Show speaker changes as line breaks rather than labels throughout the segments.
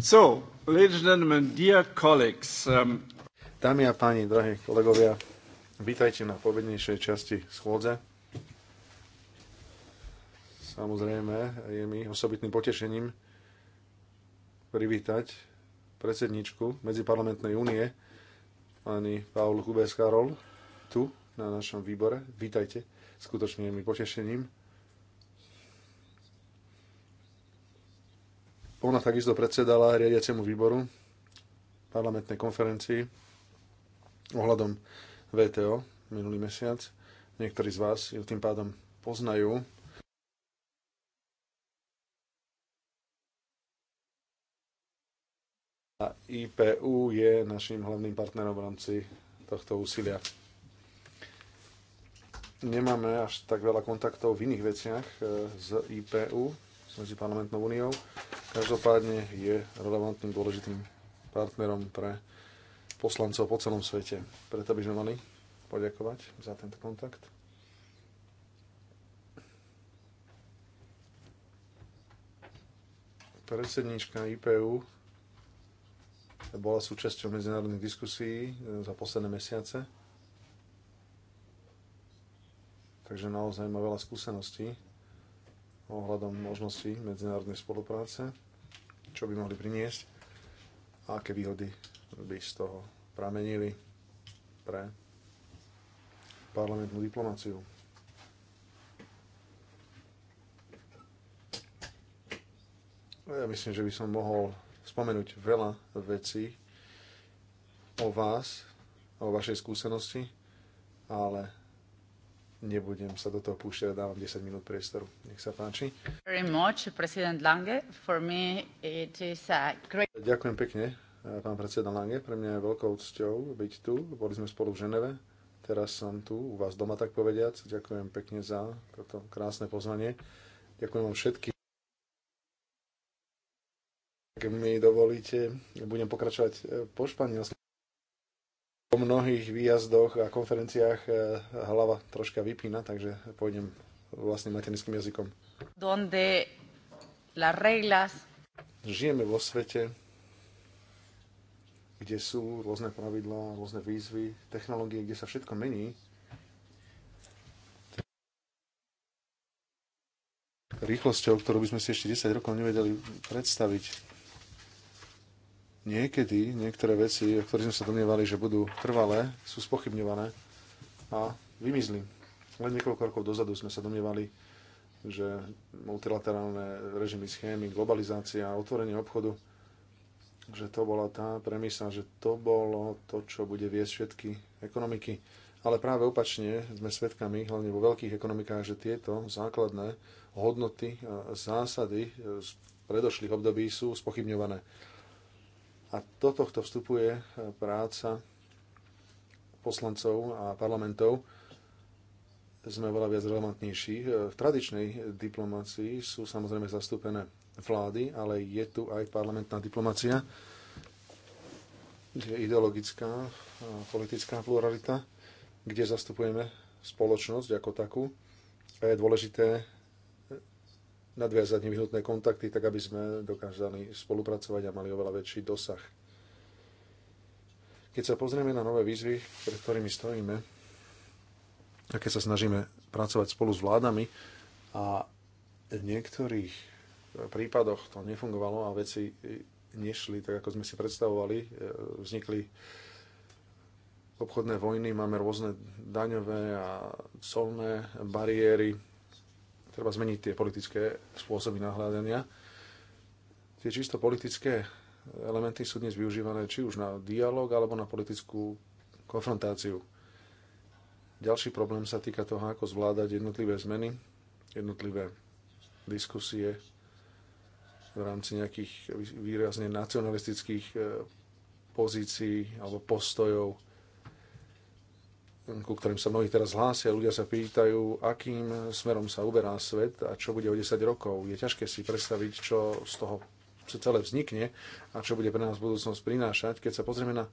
Um, Dámy a páni, drahí kolegovia, vítajte na povednejšej časti schôdze. Samozrejme, je mi osobitným potešením privítať predsedničku Medziparlamentnej únie, pani Paul Hubes Karol, tu na našom výbore. Vítajte, skutočne je mi potešením. Ona takisto predsedala riadiacemu výboru parlamentnej konferencii ohľadom VTO minulý mesiac. Niektorí z vás ju tým pádom poznajú. A IPU je našim hlavným partnerom v rámci tohto úsilia. Nemáme až tak veľa kontaktov v iných veciach eh, z IPU, s Medziparlamentnou úniou. Každopádne je relevantným, dôležitým partnerom pre poslancov po celom svete. Preto by sme mali poďakovať za tento kontakt. Predsednička IPU bola súčasťou medzinárodných diskusí eh, za posledné mesiace. Takže naozaj má veľa skúseností ohľadom možností medzinárodnej spolupráce, čo by mohli priniesť a aké výhody by z toho pramenili pre parlamentnú diplomáciu. No, ja myslím, že by som mohol spomenúť veľa vecí o vás, o vašej skúsenosti, ale nebudem sa do toho púšťať, dávam 10 minút priestoru. Nech sa páči.
Much, Lange. Great...
Ďakujem pekne, eh, pán predseda Lange. Pre mňa je veľkou cťou byť tu. Boli sme spolu v Ženeve. Teraz som tu, u vás doma, tak povediac. Ďakujem pekne za toto krásne pozvanie. Ďakujem vám všetkým. Ak mi dovolíte, budem pokračovať eh, po španielsku. Po mnohých výjazdoch a konferenciách e, hlava troška vypína, takže pôjdem vlastne materinským jazykom.
Donde las
reglas...
Žijeme vo svete, kde sú rôzne pravidlá, rôzne výzvy, technológie, kde sa všetko mení. Rýchlosťou, ktorú by sme si ešte 10 rokov nevedeli predstaviť, niekedy niektoré veci, o ktorých sme sa domnievali, že budú trvalé, sú spochybňované a vymizli. Len niekoľko rokov dozadu sme sa domnievali, že multilaterálne režimy, schémy, globalizácia a otvorenie obchodu, že to bola tá premisa, že to bolo to, čo bude viesť všetky ekonomiky. Ale práve opačne sme svedkami, hlavne vo veľkých ekonomikách, že tieto základné hodnoty a zásady z predošlých období sú spochybňované a do tohto vstupuje e, práca poslancov a parlamentov. Sme veľa viac relevantnejší. E, v tradičnej diplomácii sú samozrejme zastúpené vlády, ale je tu aj parlamentná diplomácia, kde je ideologická a politická pluralita, kde zastupujeme spoločnosť ako takú. A je dôležité nadviazať nevyhnutné kontakty, tak aby sme dokázali spolupracovať a mali oveľa väčší dosah. Keď sa pozrieme na nové výzvy, pred ktorými stojíme, a keď sa snažíme pracovať spolu s vládami a v niektorých prípadoch to nefungovalo a veci nešli tak, ako sme si predstavovali, e, vznikli obchodné vojny, máme rôzne daňové a colné bariéry, Treba zmeniť tie politické spôsoby nahľadania. Tie čisto politické elementy sú dnes využívané či už na dialog alebo na politickú konfrontáciu. Ďalší problém sa týka toho, ako zvládať jednotlivé zmeny, jednotlivé diskusie v rámci nejakých výrazne nacionalistických eh, pozícií alebo postojov ku ktorým sa mnohí teraz hlásia. Ľudia sa pýtajú, akým smerom sa uberá svet a čo bude o 10 rokov. Je ťažké si predstaviť, čo z toho celé vznikne a čo bude pre nás budúcnosť prinášať. Keď sa pozrieme na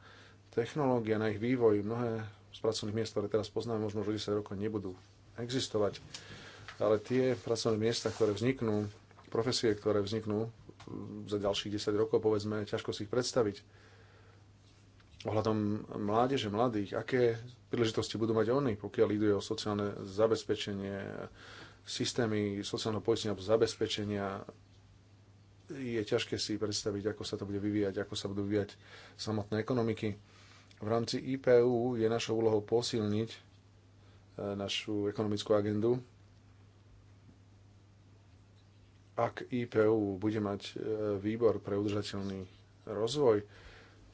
technológie, na ich vývoj, mnohé z pracovných miest, ktoré teraz poznáme, možno už 10 rokov nebudú existovať. Ale tie pracovné miesta, ktoré vzniknú, profesie, ktoré vzniknú za ďalších 10 rokov, povedzme, ťažko si ich predstaviť ohľadom mládeže, mladých, aké príležitosti budú mať oni, pokiaľ ide o sociálne zabezpečenie, systémy sociálneho poistenia alebo zabezpečenia. Je ťažké si predstaviť, ako sa to bude vyvíjať, ako sa budú vyvíjať samotné ekonomiky. V rámci IPU je našou úlohou posilniť e, našu ekonomickú agendu. Ak IPU bude mať e, výbor pre udržateľný rozvoj,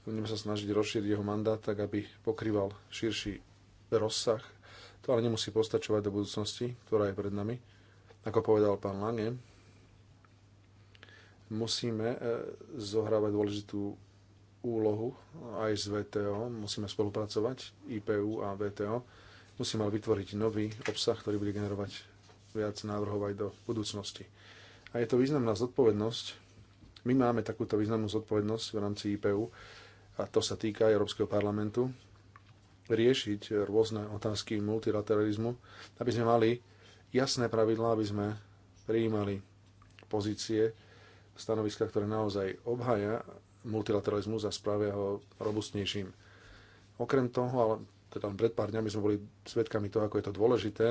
Budeme sa snažiť rozšíriť jeho mandát tak, aby pokrýval širší rozsah. To ale nemusí postačovať do budúcnosti, ktorá je pred nami. Ako povedal pán Lange, musíme e, zohrávať dôležitú úlohu aj s VTO, musíme spolupracovať, IPU a VTO. Musíme ale vytvoriť nový obsah, ktorý bude generovať viac návrhov aj do budúcnosti. A je to významná zodpovednosť. My máme takúto významnú zodpovednosť v rámci IPU, a to sa týka Európskeho parlamentu, riešiť rôzne otázky multilateralizmu, aby sme mali jasné pravidlá, aby sme prijímali pozície, stanoviska, ktoré naozaj obhaja multilateralizmu a spravia ho robustnejším. Okrem toho, ale teda pred pár dňami sme boli svedkami toho, ako je to dôležité,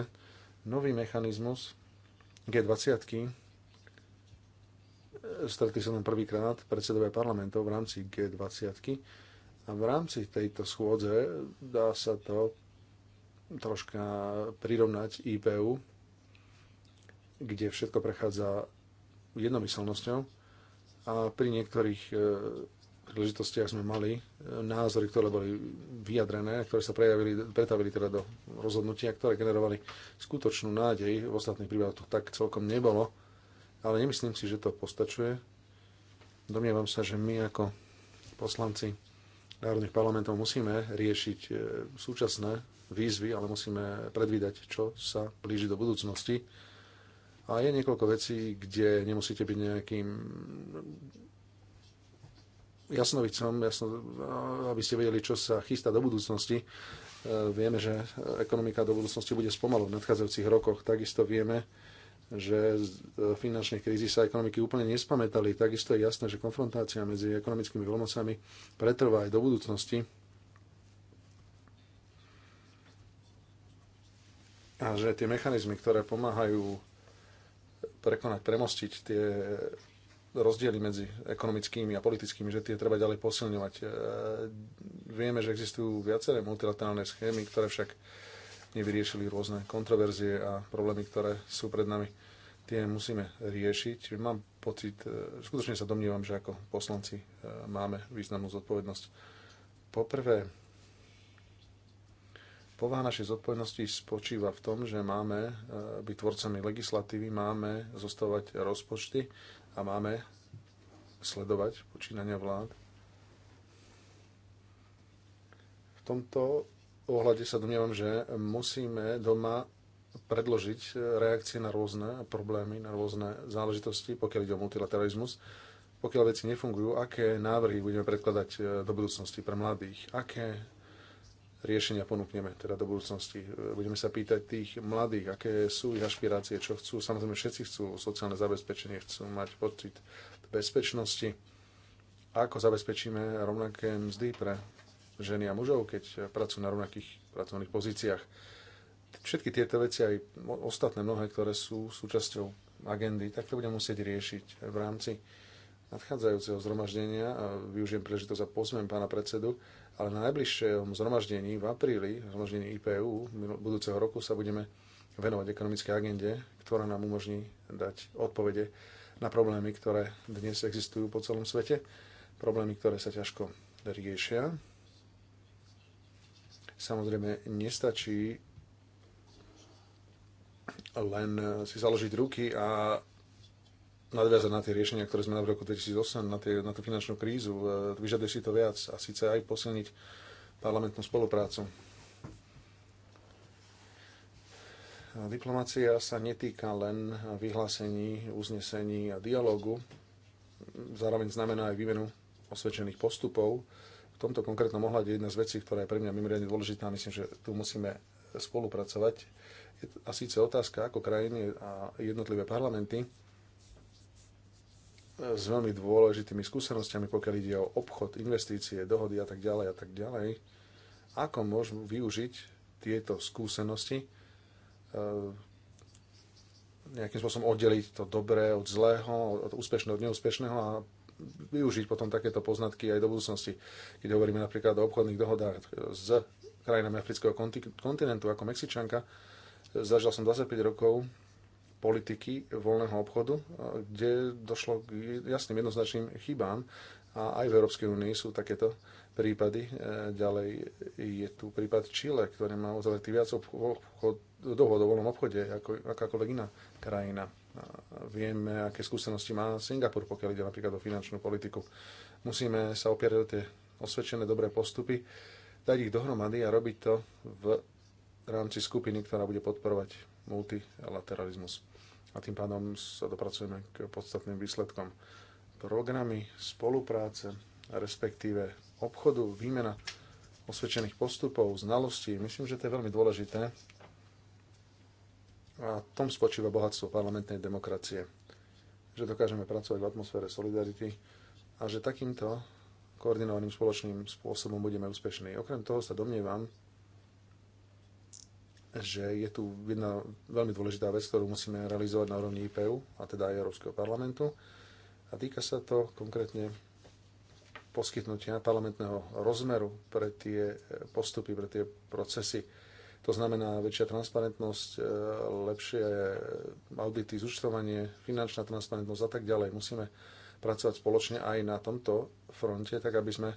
nový mechanizmus G20 stretli sa len prvýkrát predsedovia parlamentov v rámci G20 a v rámci tejto schôdze dá sa to troška prirovnať IPU, kde všetko prechádza jednomyselnosťou a pri niektorých e, príležitostiach sme mali e, názory, ktoré boli vyjadrené, ktoré sa prejavili, pretavili teda do rozhodnutia, ktoré generovali skutočnú nádej. V ostatných prípadoch to tak celkom nebolo ale nemyslím si, že to postačuje. Domnievam sa, že my ako poslanci národných parlamentov musíme riešiť e, súčasné výzvy, ale musíme predvídať, čo sa blíži do budúcnosti. A je niekoľko vecí, kde nemusíte byť nejakým jasnovicom, jasno, aby ste vedeli, čo sa chystá do budúcnosti. E, vieme, že ekonomika do budúcnosti bude spomalu v nadchádzajúcich rokoch. Takisto vieme, že z e, finančnej krízy sa ekonomiky úplne nespamätali. Takisto je jasné, že konfrontácia medzi ekonomickými veľmocami pretrvá aj do budúcnosti. A že tie mechanizmy, ktoré pomáhajú prekonať, premostiť tie rozdiely medzi ekonomickými a politickými, že tie treba ďalej posilňovať. E, vieme, že existujú viaceré multilaterálne schémy, ktoré však nevyriešili rôzne kontroverzie a problémy, ktoré sú pred nami. Tie musíme riešiť. Mám pocit, e, skutočne sa domnievam, že ako poslanci e, máme významnú zodpovednosť. Poprvé, povaha našej zodpovednosti spočíva v tom, že máme e, byť tvorcami legislatívy, máme zostavovať rozpočty a máme sledovať počínania vlád. V tomto ohľade sa domnievam, že musíme doma predložiť reakcie na rôzne problémy, na rôzne záležitosti, pokiaľ ide o multilateralizmus, pokiaľ veci nefungujú, aké návrhy budeme predkladať e, do budúcnosti pre mladých, aké riešenia ponúkneme teda do budúcnosti. E, budeme sa pýtať tých mladých, aké sú ich ašpirácie, čo chcú. Samozrejme, všetci chcú sociálne zabezpečenie, chcú mať pocit bezpečnosti. Ako zabezpečíme rovnaké mzdy pre ženy a mužov, keď pracujú na rovnakých pracovných pozíciách. Všetky tieto veci aj ostatné mnohé, ktoré sú súčasťou agendy, tak to budem musieť riešiť v rámci nadchádzajúceho zhromaždenia. Využijem príležitosť a pozmem pána predsedu, ale na najbližšom zhromaždení v apríli, zhromaždení IPU budúceho roku sa budeme venovať ekonomickej agende, ktorá nám umožní dať odpovede na problémy, ktoré dnes existujú po celom svete, problémy, ktoré sa ťažko riešia Samozrejme, nestačí len eh, si založiť ruky a nadviazať na tie riešenia, ktoré sme v roku 2008, na, tie, na tú finančnú krízu. Eh, vyžaduje si to viac a síce aj posilniť parlamentnú spoluprácu. Eh, diplomácia sa netýka len vyhlásení, uznesení a dialogu. Zároveň znamená aj výmenu osvedčených postupov, tomto konkrétnom ohľade jedna z vecí, ktorá je pre mňa mimoriadne dôležitá, myslím, že tu musíme spolupracovať, a síce otázka, ako krajiny a jednotlivé parlamenty e, s veľmi dôležitými skúsenostiami, pokiaľ ide o obchod, investície, dohody a tak ďalej a tak ďalej, ako môžu využiť tieto skúsenosti e, nejakým spôsobom oddeliť to dobré od zlého, od úspešného od neúspešného a využiť potom takéto poznatky aj do budúcnosti, keď hovoríme napríklad o obchodných dohodách s krajinami afrického kontinentu ako Mexičanka. Zažil som 25 rokov politiky voľného obchodu, kde došlo k jasným jednoznačným chybám a aj v Európskej únii sú takéto prípady. E, ďalej je tu prípad Čile, ktorý má uzavretý viac obchod, dohod o voľnom obchode ako akákoľvek iná krajina. Vieme, aké skúsenosti má Singapur, pokiaľ ide napríklad o finančnú politiku. Musíme sa opierať o tie osvedčené dobré postupy, dať ich dohromady a robiť to v rámci skupiny, ktorá bude podporovať multilateralizmus. A tým pádom sa dopracujeme k podstatným výsledkom. Programy spolupráce, respektíve obchodu, výmena osvedčených postupov, znalostí. Myslím, že to je veľmi dôležité a tom spočíva bohatstvo parlamentnej demokracie. Že dokážeme pracovať v atmosfére solidarity a že takýmto koordinovaným spoločným spôsobom budeme úspešní. Okrem toho sa domnievam, že je tu jedna veľmi dôležitá vec, ktorú musíme realizovať na úrovni IPU, a teda aj Európskeho parlamentu. A týka sa to konkrétne poskytnutia parlamentného rozmeru pre tie postupy, pre tie procesy, to znamená väčšia transparentnosť, e, lepšie audity, zúčtovanie, finančná transparentnosť a tak ďalej. Musíme pracovať spoločne aj na tomto fronte, tak aby sme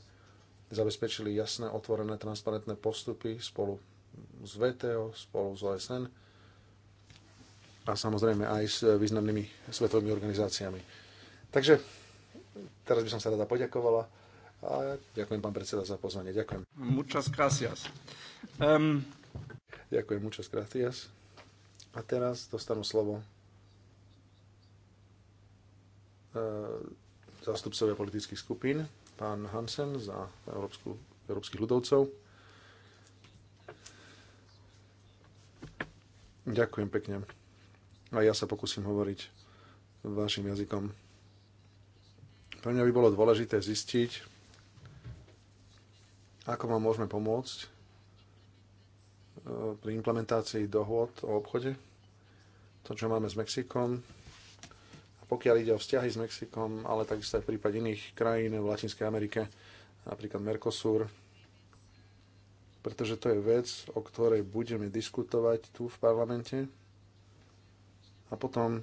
zabezpečili jasné, otvorené, transparentné postupy spolu s VTO, spolu s OSN a samozrejme aj s významnými svetovými organizáciami. Takže teraz by som sa rada poďakovala a ďakujem pán predseda za pozvanie. Ďakujem.
Muchas gracias. Um...
Ďakujem, muchas gracias. A teraz dostanú slovo e, zástupcovia politických skupín, pán Hansen za Európsku, Európskych ľudovcov. Ďakujem pekne. A ja sa pokúsim hovoriť vašim jazykom. Pre mňa by bolo dôležité zistiť, ako vám môžeme pomôcť Eh, pri implementácii dohôd o obchode, to, čo máme s Mexikom, a pokiaľ ide o vzťahy s Mexikom, ale takisto aj v prípade iných krajín v Latinskej Amerike, napríklad Mercosur, pretože to je vec, o ktorej budeme diskutovať tu v parlamente a potom,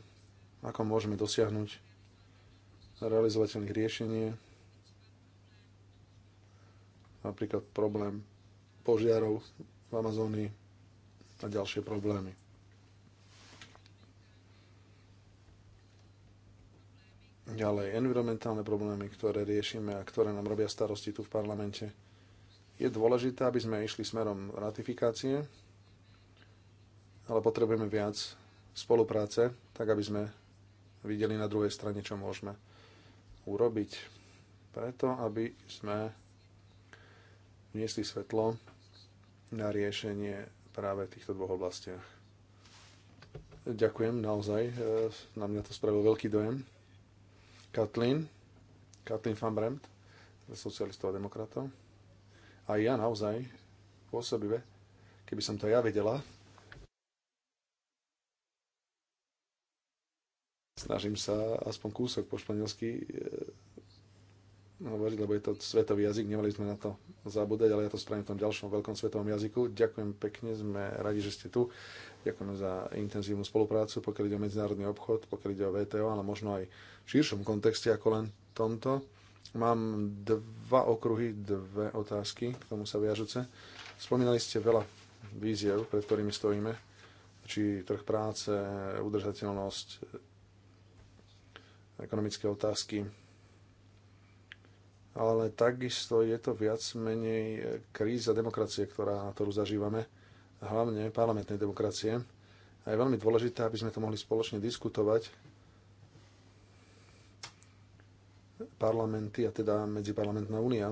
ako môžeme dosiahnuť realizovateľných riešenie, napríklad problém požiarov v Amazónii a ďalšie problémy. Ďalej, environmentálne problémy, ktoré riešime a ktoré nám robia starosti tu v parlamente. Je dôležité, aby sme išli smerom ratifikácie, ale potrebujeme viac spolupráce, tak aby sme videli na druhej strane, čo môžeme urobiť. Preto, aby sme vniesli svetlo na riešenie práve týchto dvoch oblastiach. Ďakujem, naozaj. E, na mňa to spravil veľký dojem. Katlin Katlin van Bremt, socialistov a demokratov. A ja naozaj, pôsobivé, keby som to ja vedela, snažím sa aspoň kúsok po španielsky e, hovoriť, lebo je to svetový jazyk, nemali sme na to zabúdať, ale ja to spravím v tom ďalšom veľkom svetovom jazyku. Ďakujem pekne, sme radi, že ste tu. ďakujem za intenzívnu spoluprácu, pokiaľ ide o medzinárodný obchod, pokiaľ ide o VTO, ale možno aj v širšom kontexte ako len tomto. Mám dva okruhy, dve otázky, k tomu sa viažúce. Spomínali ste veľa víziev, pred ktorými stojíme, či trh práce, udržateľnosť, ekonomické otázky, ale takisto je to viac menej kríza demokracie, ktorá, ktorú zažívame, hlavne parlamentnej demokracie. A je veľmi dôležité, aby sme to mohli spoločne diskutovať. Parlamenty, a teda Medziparlamentná únia.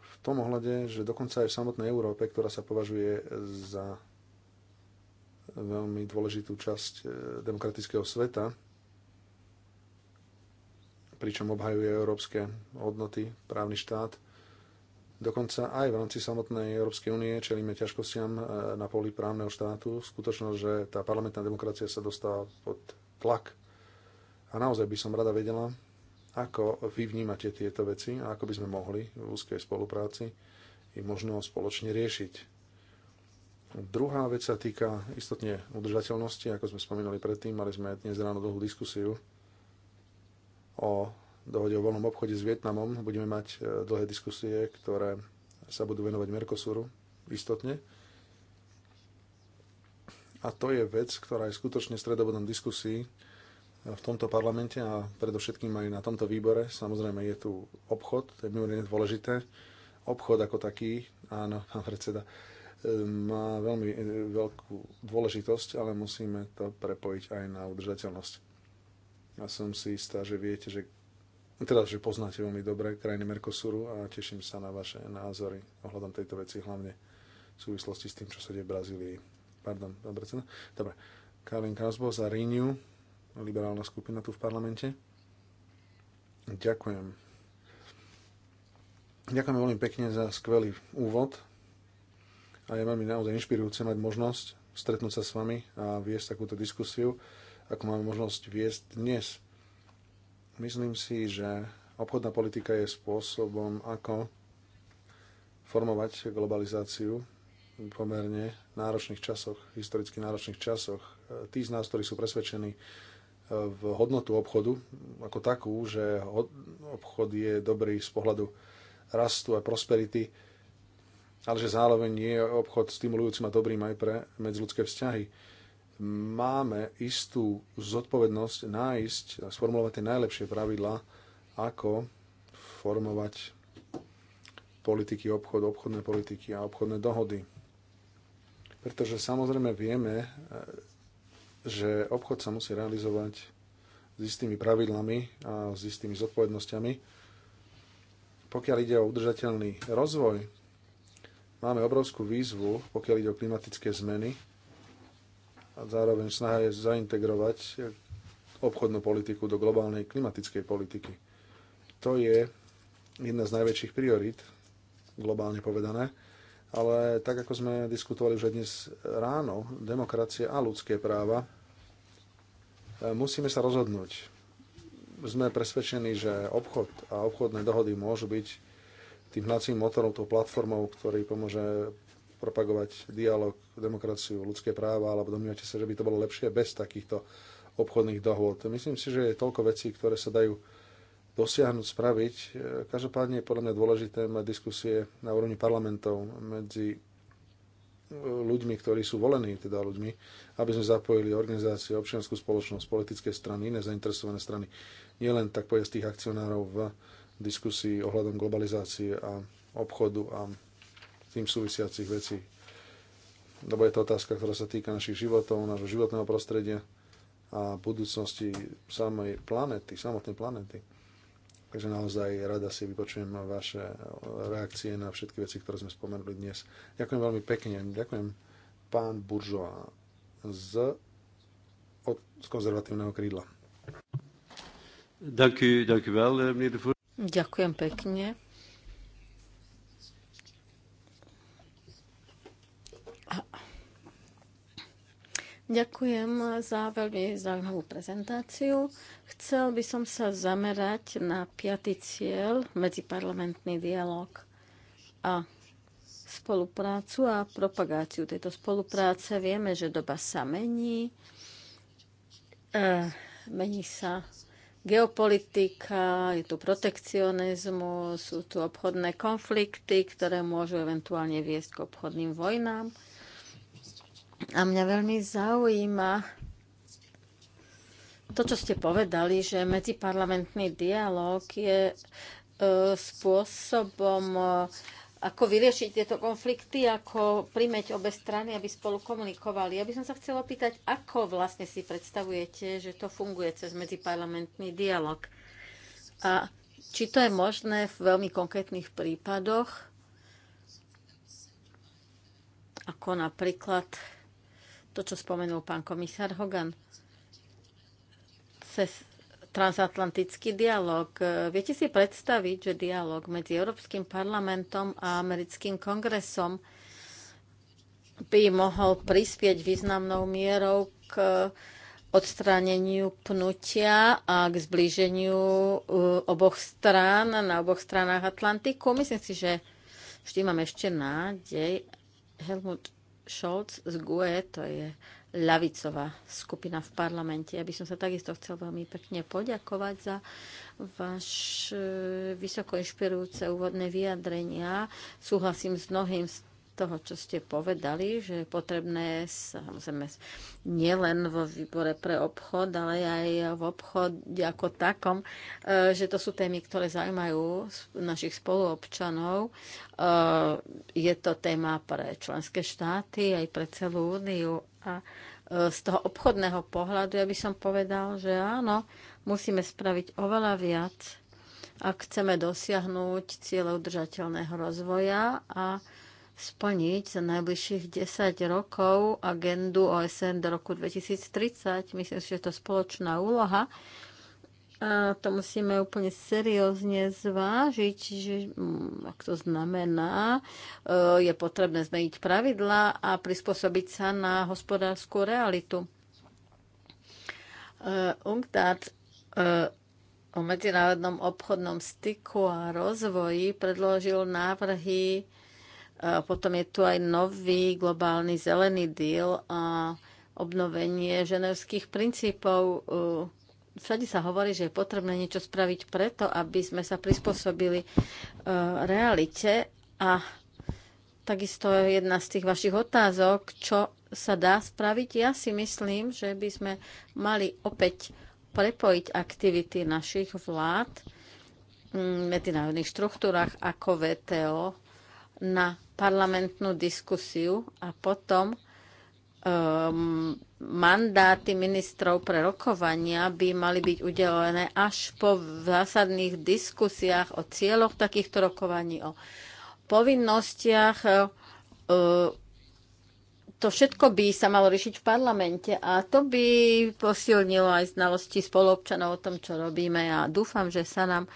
V tom ohľade, že dokonca aj v samotnej Európe, ktorá sa považuje za veľmi dôležitú časť eh, demokratického sveta, pričom obhajuje európske hodnoty, právny štát. Dokonca aj v rámci samotnej Európskej únie čelíme ťažkostiam eh, na poli právneho štátu. Skutočnosť, že tá parlamentná demokracia sa dostáva pod tlak. A naozaj by som rada vedela, ako vy vnímate tieto veci a ako by sme mohli v úzkej spolupráci ich možno spoločne riešiť. Druhá vec sa týka istotne udržateľnosti, ako sme spomínali predtým, mali sme dnes ráno dlhú diskusiu o dohode o voľnom obchode s Vietnamom. Budeme mať e, dlhé diskusie, ktoré sa budú venovať Mercosuru, istotne. A to je vec, ktorá je skutočne stredobodom diskusii e, v tomto parlamente a predovšetkým aj na tomto výbore. Samozrejme je tu obchod, to je mimoriadne dôležité. Obchod ako taký, áno, pán predseda, e, má veľmi veľkú dôležitosť, ale musíme to prepojiť aj na udržateľnosť. A som si istá, že viete, že teda, že poznáte veľmi dobre krajiny Mercosuru a teším sa na vaše názory ohľadom tejto veci, hlavne v súvislosti s tým, čo sa deje v Brazílii. Pardon, dobre cena. Dobre. Karin Kasbo za Renew, liberálna skupina tu v parlamente. Ďakujem. Ďakujem veľmi pekne za skvelý úvod a je veľmi naozaj inšpirujúce mať možnosť stretnúť sa s vami a viesť takúto diskusiu ako máme možnosť viesť dnes. Myslím si, že obchodná politika je spôsobom, ako formovať globalizáciu v pomerne náročných časoch, historicky náročných časoch. Tí z nás, ktorí sú presvedčení eh, v hodnotu obchodu ako takú, že obchod je dobrý z pohľadu rastu a prosperity, ale že zároveň nie je obchod stimulujúcim a dobrým aj pre medziludské vzťahy máme istú zodpovednosť nájsť a sformulovať tie najlepšie pravidlá, ako formovať politiky obchod, obchodné politiky a obchodné dohody. Pretože samozrejme vieme, e, že obchod sa musí realizovať s istými pravidlami a s istými zodpovednosťami. Pokiaľ ide o udržateľný rozvoj, máme obrovskú výzvu, pokiaľ ide o klimatické zmeny, a zároveň snaha je zaintegrovať obchodnú politiku do globálnej klimatickej politiky. To je jedna z najväčších priorít, globálne povedané, ale tak ako sme diskutovali už dnes ráno, demokracie a ľudské práva, e, musíme sa rozhodnúť. Sme presvedčení, že obchod a obchodné dohody môžu byť tým hnacím motorom, tou platformou, ktorý pomôže propagovať dialog, demokraciu, ľudské práva, alebo domnívate sa, že by to bolo lepšie bez takýchto obchodných dohôd. Myslím si, že je toľko vecí, ktoré sa dajú dosiahnuť, spraviť. Každopádne je podľa mňa dôležité mať diskusie na úrovni parlamentov medzi e, ľuďmi, ktorí sú volení, teda ľuďmi, aby sme zapojili organizácie, občianskú spoločnosť, politické strany, iné zainteresované strany, nielen tak povedať tých akcionárov v diskusii ohľadom globalizácie a obchodu a tým súvisiacich vecí. Lebo je to otázka, ktorá sa týka našich životov, nášho životného prostredia a budúcnosti samej planety, samotnej planety. Takže naozaj rada si vypočujem vaše reakcie na všetky veci, ktoré sme spomenuli dnes. Ďakujem veľmi pekne. Ďakujem pán Buržová z, od, z konzervatívneho krídla. Ďakujem, eh, ďakujem,
ďakujem pekne. Ďakujem za veľmi zaujímavú prezentáciu. Chcel by som sa zamerať na piaty cieľ, medziparlamentný dialog a spoluprácu a propagáciu tejto spolupráce. Vieme, že doba sa mení, e, mení sa geopolitika, je tu protekcionizmus, sú tu obchodné konflikty, ktoré môžu eventuálne viesť k obchodným vojnám. A mňa veľmi zaujíma to, čo ste povedali, že medziparlamentný dialog je e, spôsobom, e, ako vyriešiť tieto konflikty, ako primeť obe strany, aby spolu komunikovali. Ja by som sa chcela pýtať, ako vlastne si predstavujete, že to funguje cez medziparlamentný dialog. A či to je možné v veľmi konkrétnych prípadoch, ako napríklad to, čo spomenul pán komisár Hogan, cez transatlantický dialog. Viete si predstaviť, že dialog medzi Európskym parlamentom a americkým kongresom by mohol prispieť významnou mierou k odstráneniu pnutia a k zblíženiu uh, oboch strán na oboch stranách Atlantiku. Myslím si, že vždy mám ešte nádej. Helmut Scholz z GUE, to je ľavicová skupina v parlamente. Ja by som sa takisto chcel veľmi pekne poďakovať za vaše vysoko inšpirujúce úvodné vyjadrenia. Súhlasím s mnohým z toho, čo ste povedali, že je potrebné samozrejme nielen vo výbore pre obchod, ale aj v obchod ako takom, e, že to sú témy, ktoré zaujímajú našich spoluobčanov. E, je to téma pre členské štáty, aj pre celú úniu a e, z toho obchodného pohľadu ja by som povedal, že áno, musíme spraviť oveľa viac, ak chceme dosiahnuť cieľe udržateľného rozvoja a splniť za najbližších 10 rokov agendu OSN do roku 2030. Myslím, si, že je to spoločná úloha. A to musíme úplne seriózne zvážiť, že mm, ak to znamená, e, je potrebné zmeniť pravidla a prispôsobiť sa na hospodárskú realitu. E, UNCTAD e, o medzinárodnom obchodnom styku a rozvoji predložil návrhy potom je tu aj nový globálny zelený díl a obnovenie ženevských princípov. Všade sa hovorí, že je potrebné niečo spraviť preto, aby sme sa prispôsobili e, realite a takisto jedna z tých vašich otázok, čo sa dá spraviť. Ja si myslím, že by sme mali opäť prepojiť aktivity našich vlád v medzinárodných štruktúrach ako VTO na parlamentnú diskusiu a potom um, mandáty ministrov pre rokovania by mali byť udelené až po zásadných diskusiách o cieľoch takýchto rokovaní, o povinnostiach. E, e, to všetko by sa malo riešiť v parlamente a to by posilnilo aj znalosti spoluobčanov o tom, čo robíme a dúfam, že sa nám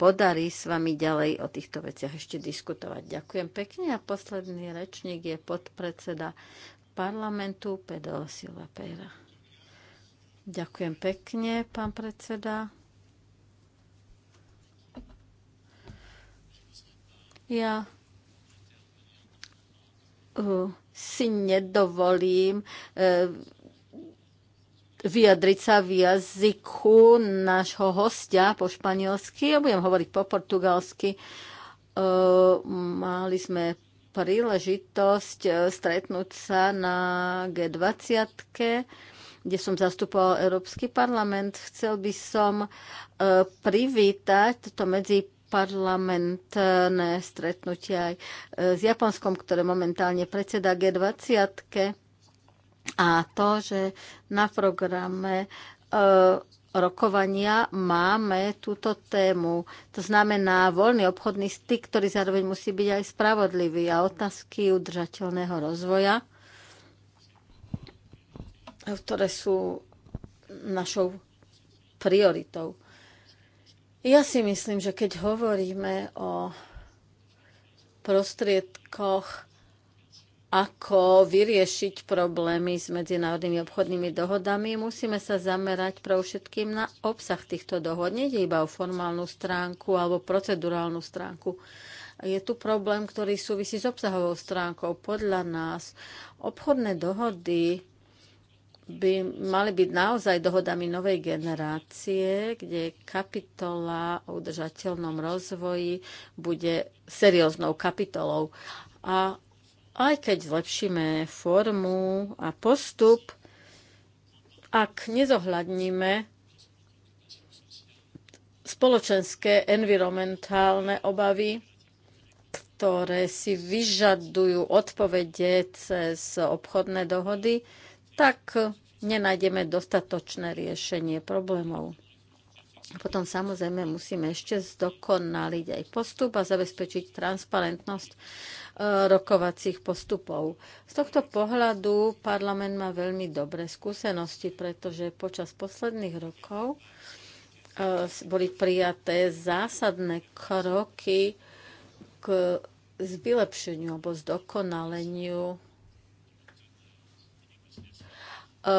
podarí s vami ďalej o týchto veciach ešte diskutovať. Ďakujem pekne a posledný rečník je podpredseda parlamentu Pedro Silva Pera. Ďakujem pekne, pán predseda. Ja uh, si nedovolím uh, vyjadriť sa v jazyku nášho hostia po španielsky. Ja budem hovoriť po portugalsky. E, mali sme príležitosť e, stretnúť sa na G20, kde som zastupoval Európsky parlament. Chcel by som e, privítať toto medzi parlamentné stretnutie aj s Japonskom, ktoré momentálne predseda G20. -ke a to, že na programe e, rokovania máme túto tému. To znamená voľný obchodný styk, ktorý zároveň musí byť aj spravodlivý a otázky udržateľného rozvoja, ktoré sú našou prioritou. Ja si myslím, že keď hovoríme o prostriedkoch ako vyriešiť problémy s medzinárodnými obchodnými dohodami, musíme sa zamerať pre všetkým na obsah týchto dohod. Nie iba o formálnu stránku alebo procedurálnu stránku. Je tu problém, ktorý súvisí s obsahovou stránkou. Podľa nás obchodné dohody by mali byť naozaj dohodami novej generácie, kde kapitola o udržateľnom rozvoji bude serióznou kapitolou. A aj keď zlepšíme formu a postup, ak nezohľadníme spoločenské environmentálne obavy, ktoré si vyžadujú odpovede cez obchodné dohody, tak nenájdeme dostatočné riešenie problémov. Potom samozrejme musíme ešte zdokonaliť aj postup a zabezpečiť transparentnosť E, rokovacích postupov. Z tohto pohľadu parlament má veľmi dobré skúsenosti, pretože počas posledných rokov e, boli prijaté zásadné kroky k vylepšeniu alebo zdokonaleniu E,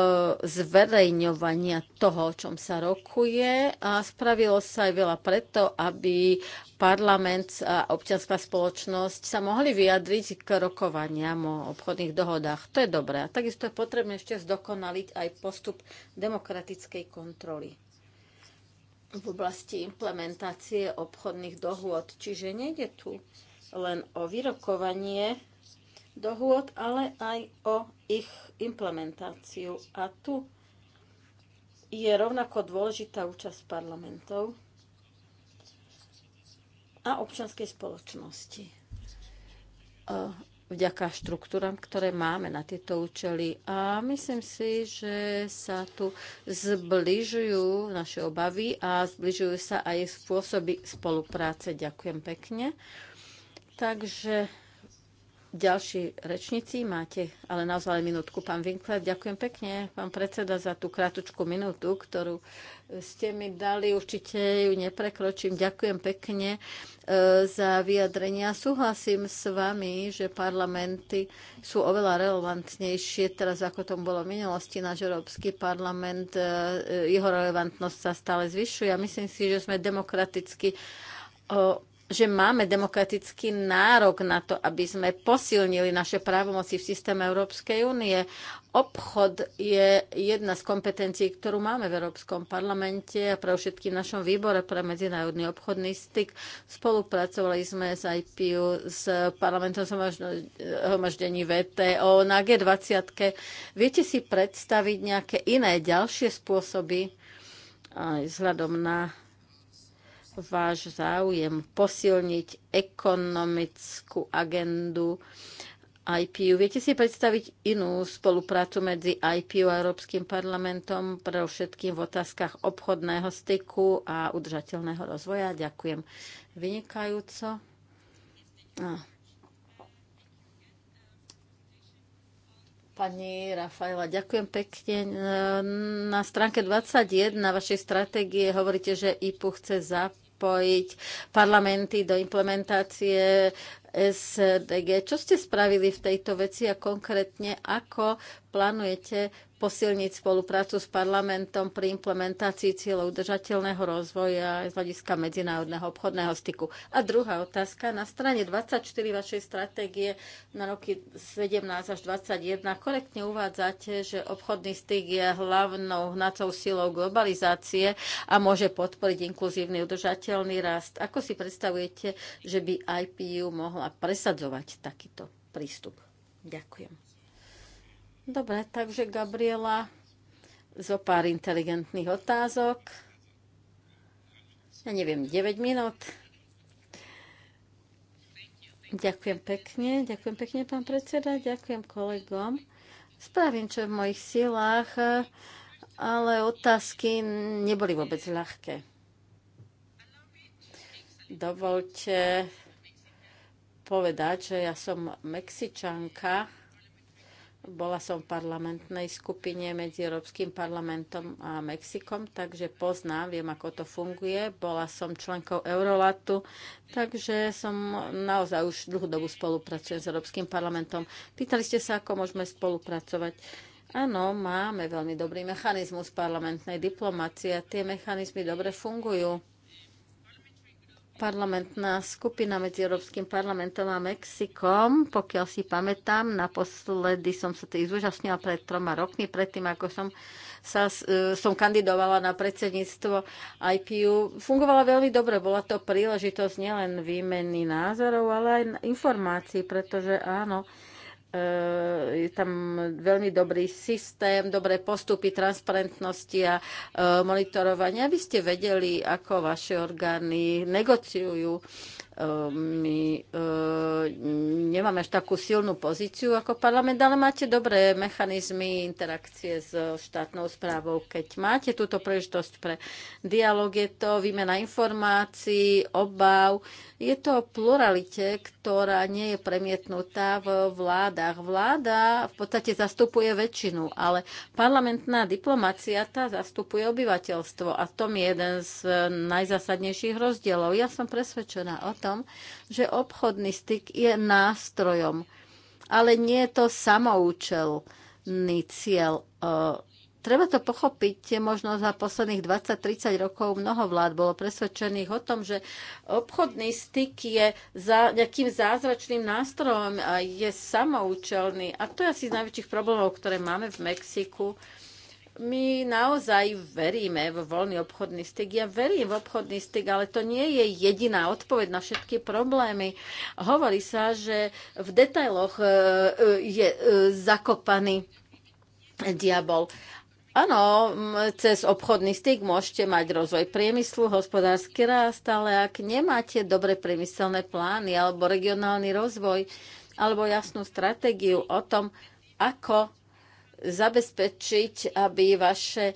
zverejňovania toho, o čom sa rokuje a spravilo sa aj veľa preto, aby parlament a občianská spoločnosť sa mohli vyjadriť k rokovaniam o obchodných dohodách. To je dobré. A takisto je potrebné ešte zdokonaliť aj postup demokratickej kontroly v oblasti implementácie obchodných dohôd. Čiže nejde tu len o vyrokovanie dohôd, ale aj o ich implementáciu. A tu je rovnako dôležitá účasť parlamentov a občanskej spoločnosti. Vďaka štruktúram, ktoré máme na tieto účely. A myslím si, že sa tu zbližujú naše obavy a zbližujú sa aj spôsoby spolupráce. Ďakujem pekne. Takže ďalší rečníci máte, ale naozaj minútku, pán Winkler. Ďakujem pekne, pán predseda, za tú krátku minútu, ktorú ste mi dali. Určite ju neprekročím. Ďakujem pekne e, za vyjadrenia. Súhlasím s vami, že parlamenty sú oveľa relevantnejšie teraz, ako tom bolo v minulosti. Náš Európsky parlament, e, jeho relevantnosť sa stále zvyšuje myslím si, že sme demokraticky že máme demokratický nárok na to, aby sme posilnili naše právomoci v systéme Európskej únie. Obchod je jedna z kompetencií, ktorú máme v Európskom parlamente a pre všetky v našom výbore pre medzinárodný obchodný styk. Spolupracovali sme s IPU, s parlamentom zhromaždení VTO na G20. Viete si predstaviť nejaké iné ďalšie spôsoby, aj vzhľadom na váš záujem posilniť ekonomickú agendu IPU. Viete si predstaviť inú spoluprácu medzi IPU a Európskym parlamentom pre všetkým v otázkach obchodného styku a udržateľného rozvoja? Ďakujem vynikajúco. Pani Rafaela, ďakujem pekne. Na stránke 21 vašej stratégie hovoríte, že IPU chce zapojiť parlamenty do implementácie SDG. Čo ste spravili v tejto veci a konkrétne ako plánujete posilniť spoluprácu s parlamentom pri implementácii cieľov udržateľného rozvoja z hľadiska medzinárodného obchodného styku. A druhá otázka. Na strane 24 vašej stratégie na roky 17 až 21 korektne uvádzate, že obchodný styk je hlavnou hnacou silou globalizácie a môže podporiť inkluzívny udržateľný rast. Ako si predstavujete, že by IPU mohla presadzovať takýto prístup? Ďakujem. Dobre, takže Gabriela, zo pár inteligentných otázok. Ja neviem, 9 minút. Ďakujem pekne, ďakujem pekne, pán predseda, ďakujem kolegom. Spravím, čo je v mojich silách, ale otázky neboli vôbec ľahké. Dovolte povedať, že ja som Mexičanka, bola som v parlamentnej skupine medzi Európskym parlamentom a Mexikom, takže poznám, viem, ako to funguje. Bola som členkou Eurolatu, takže som naozaj už dlhú dobu spolupracujem s Európskym parlamentom. Pýtali ste sa, ako môžeme spolupracovať. Áno, máme veľmi dobrý mechanizmus parlamentnej diplomácie a tie mechanizmy dobre fungujú parlamentná skupina medzi Európskym parlamentom a Mexikom. Pokiaľ si pamätám, naposledy som sa tým zúžasnila pred troma rokmi, predtým ako som, sa, e, som kandidovala na predsedníctvo IPU. Fungovala veľmi dobre, bola to príležitosť nielen výmeny názorov, ale aj informácií, pretože áno, Eh, je tam veľmi dobrý systém, dobré postupy transparentnosti a eh, monitorovania, aby ste vedeli, ako vaše orgány negociujú my eh, nemáme až takú silnú pozíciu ako parlament, ale máte dobré mechanizmy interakcie s štátnou správou. Keď máte túto príležitosť pre dialog, je to výmena informácií, obav, je to o pluralite, ktorá nie je premietnutá v vládach. Vláda v podstate zastupuje väčšinu, ale parlamentná diplomácia tá zastupuje obyvateľstvo a tom je jeden z najzásadnejších rozdielov. Ja som presvedčená o tom, že obchodný styk je nástrojom, ale nie je to samoučelný cieľ. E, treba to pochopiť, možno za posledných 20-30 rokov mnoho vlád bolo presvedčených o tom, že obchodný styk je za nejakým zázračným nástrojom a je samoučelný. A to je asi z najväčších problémov, ktoré máme v Mexiku my naozaj veríme v voľný obchodný styk. Ja verím v obchodný styk, ale to nie je jediná odpoveď na všetky problémy. Hovorí sa, že v detailoch e, e, je e, zakopaný diabol. Áno, cez obchodný styk môžete mať rozvoj priemyslu, hospodársky rast, ale ak nemáte dobre priemyselné plány alebo regionálny rozvoj alebo jasnú stratégiu o tom, ako zabezpečiť, aby vaše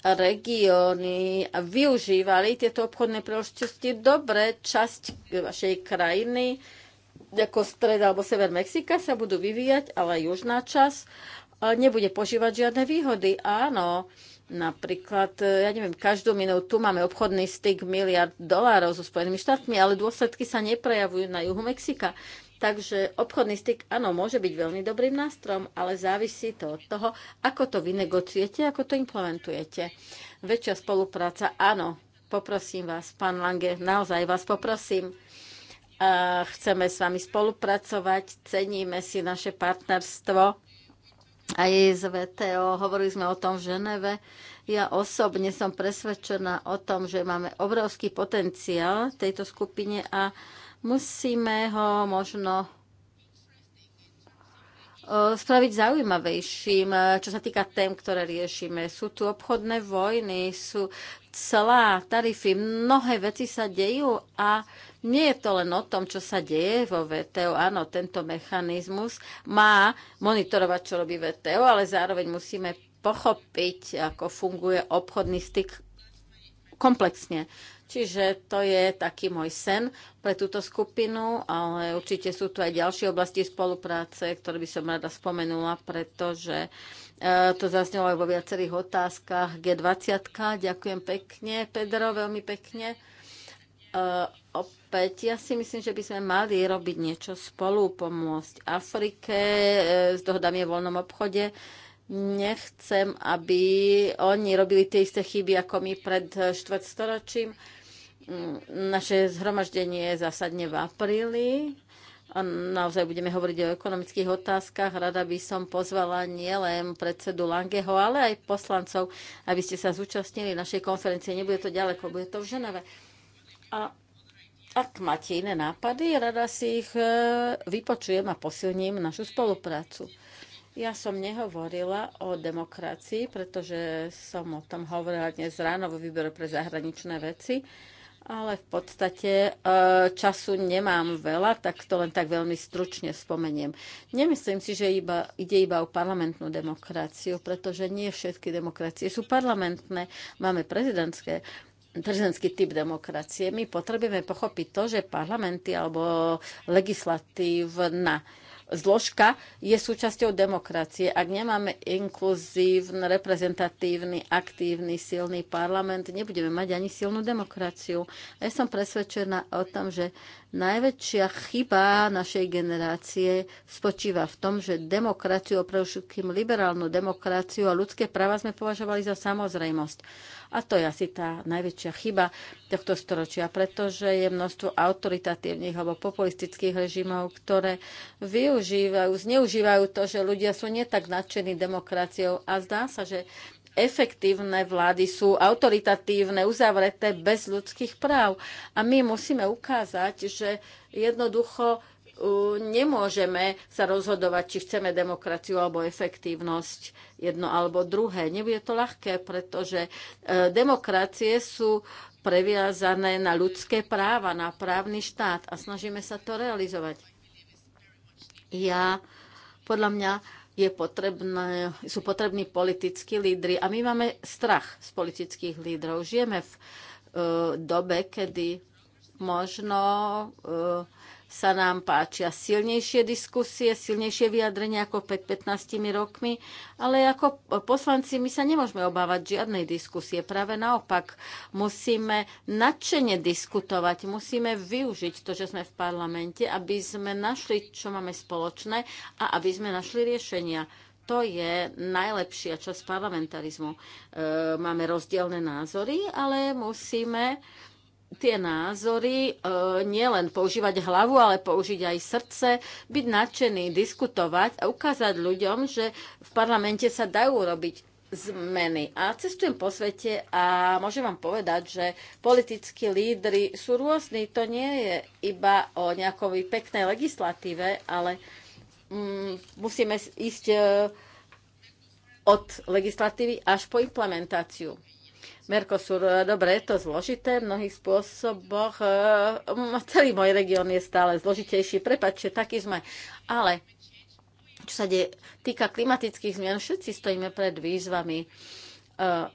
regióny využívali tieto obchodné príležitosti dobre. Časť vašej krajiny, ako stred alebo sever Mexika, sa budú vyvíjať, ale južná časť nebude požívať žiadne výhody. Áno, napríklad, ja neviem, každú minútu máme obchodný styk miliard dolárov so Spojenými štátmi, ale dôsledky sa neprejavujú na juhu Mexika. Takže obchodný styk, áno, môže byť veľmi dobrým nástrom, ale závisí to od toho, ako to vynegociujete, ako to implementujete. Väčšia spolupráca, áno, poprosím vás, pán Lange, naozaj vás poprosím. Chceme s vami spolupracovať, ceníme si naše partnerstvo aj z VTO, hovorili sme o tom v Ženeve. Ja osobne som presvedčená o tom, že máme obrovský potenciál v tejto skupine a Musíme ho možno e, spraviť zaujímavejším, e, čo sa týka tém, ktoré riešime. Sú tu obchodné vojny, sú celá tarify, mnohé veci sa dejú a nie je to len o tom, čo sa deje vo VTO. Áno, tento mechanizmus má monitorovať, čo robí VTO, ale zároveň musíme pochopiť, ako funguje obchodný styk komplexne. Čiže to je taký môj sen pre túto skupinu, ale určite sú tu aj ďalšie oblasti spolupráce, ktoré by som rada spomenula, pretože e, to zaznelo aj vo viacerých otázkach. G20, ďakujem pekne, Pedro, veľmi pekne. Uh, opäť, ja si myslím, že by sme mali robiť niečo spolu, pomôcť Afrike uh, s dohodami o voľnom obchode. Nechcem, aby oni robili tie isté chyby ako my pred štvrtstoročím. Naše zhromaždenie zasadne zásadne v apríli. A naozaj budeme hovoriť o ekonomických otázkach. Rada by som pozvala nielen predsedu Langeho, ale aj poslancov, aby ste sa zúčastnili našej konferencie. Nebude to ďaleko, bude to v Ženeve. A ak máte iné nápady, rada si ich e, vypočujem a posilním našu spoluprácu. Ja som nehovorila o demokracii, pretože som o tom hovorila dnes ráno vo výbore pre zahraničné veci ale v podstate e, času nemám veľa, tak to len tak veľmi stručne spomeniem. Nemyslím si, že iba, ide iba o parlamentnú demokraciu, pretože nie všetky demokracie sú parlamentné. Máme prezidentské prezidentský typ demokracie. My potrebujeme pochopiť to, že parlamenty alebo legislatívna zložka je súčasťou demokracie. Ak nemáme inkluzívny, reprezentatívny, aktívny, silný parlament, nebudeme mať ani silnú demokraciu. A ja som presvedčená o tom, že Najväčšia chyba našej generácie spočíva v tom, že demokraciu, všetkým liberálnu demokraciu a ľudské práva sme považovali za samozrejmosť. A to je asi tá najväčšia chyba tohto storočia, pretože je množstvo autoritatívnych alebo populistických režimov, ktoré využívajú, zneužívajú to, že ľudia sú netak nadšení demokraciou a zdá sa, že efektívne vlády sú autoritatívne, uzavreté bez ľudských práv. A my musíme ukázať, že jednoducho nemôžeme sa rozhodovať, či chceme demokraciu alebo efektívnosť, jedno alebo druhé. Nebude to ľahké, pretože e, demokracie sú previazané na ľudské práva, na právny štát a snažíme sa to realizovať. Ja, podľa mňa, je potrebné, sú potrební politickí lídry a my máme strach z politických lídrov. Žijeme v uh, dobe, kedy možno uh, sa nám páčia silnejšie diskusie, silnejšie vyjadrenia ako pred 15 rokmi, ale ako poslanci my sa nemôžeme obávať žiadnej diskusie. Práve naopak, musíme nadšene diskutovať, musíme využiť to, že sme v parlamente, aby sme našli, čo máme spoločné a aby sme našli riešenia to je najlepšia časť parlamentarizmu. E, máme rozdielne názory, ale musíme tie názory, e, nielen používať hlavu, ale použiť aj srdce, byť nadšený, diskutovať a ukázať ľuďom, že v parlamente sa dajú robiť zmeny. A cestujem po svete a môžem vám povedať, že politickí lídry sú rôzni. To nie je iba o nejakej peknej legislatíve, ale mm, musíme ísť e, od legislatívy až po implementáciu. Mercosur, eh, dobre, je to zložité v mnohých spôsoboch. Eh, celý môj región je stále zložitejší. Prepačte, taký sme. Ale čo sa de, týka klimatických zmien, všetci stojíme pred výzvami eh,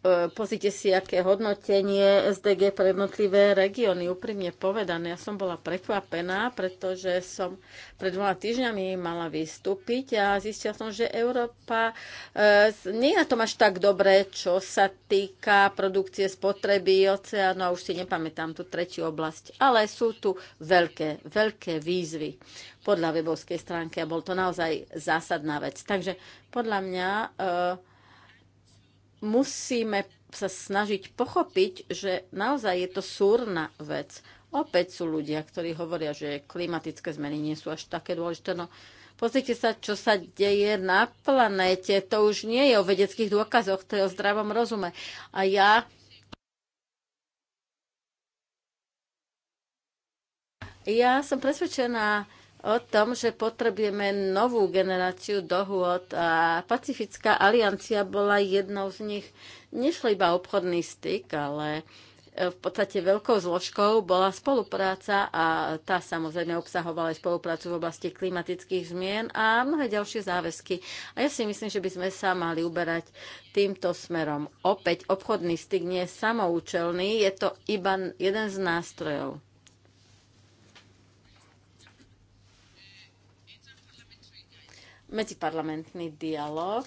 E, pozrite si, aké hodnotenie SDG pre jednotlivé regióny. Úprimne povedané, ja som bola prekvapená, pretože som pred dvoma týždňami mala vystúpiť a zistila som, že Európa e, nie je na tom až tak dobre, čo sa týka produkcie spotreby oceánu a už si nepamätám tú tretiu oblasť. Ale sú tu veľké, veľké výzvy podľa webovskej stránky a bol to naozaj zásadná vec. Takže podľa mňa e, musíme sa snažiť pochopiť, že naozaj je to súrna vec. Opäť sú ľudia, ktorí hovoria, že klimatické zmeny nie sú až také dôležité. No, pozrite sa, čo sa deje na planéte. To už nie je o vedeckých dôkazoch, to je o zdravom rozume. A ja ja som presvedčená, o tom, že potrebujeme novú generáciu dohôd a Pacifická aliancia bola jednou z nich. Nešlo iba obchodný styk, ale e, v podstate veľkou zložkou bola spolupráca a tá samozrejme obsahovala aj spoluprácu v oblasti klimatických zmien a mnohé ďalšie záväzky. A ja si myslím, že by sme sa mali uberať týmto smerom. Opäť obchodný styk nie je samoučelný, je to iba jeden z nástrojov. medziparlamentný dialog.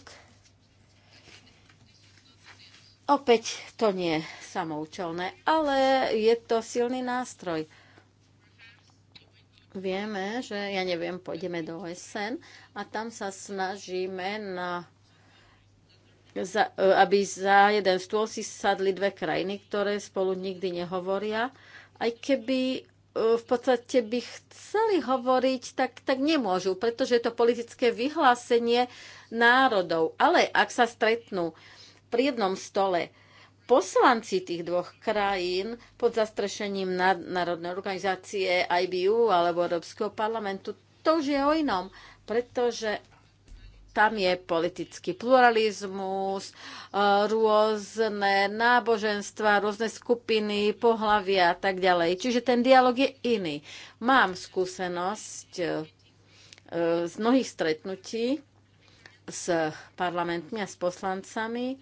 Opäť to nie je samoučelné, ale je to silný nástroj. Vieme, že, ja neviem, pôjdeme do OSN a tam sa snažíme na za, e, aby za jeden stôl si sadli dve krajiny, ktoré spolu nikdy nehovoria, aj keby v podstate by chceli hovoriť, tak, tak nemôžu, pretože je to politické vyhlásenie národov. Ale ak sa stretnú pri jednom stole poslanci tých dvoch krajín pod zastrešením Národnej organizácie IBU alebo Európskeho parlamentu, to už je o inom, pretože tam je politický pluralizmus, e, rôzne náboženstva, rôzne skupiny, pohlavia a tak ďalej. Čiže ten dialog je iný. Mám skúsenosť e, z mnohých stretnutí s parlamentmi a s poslancami,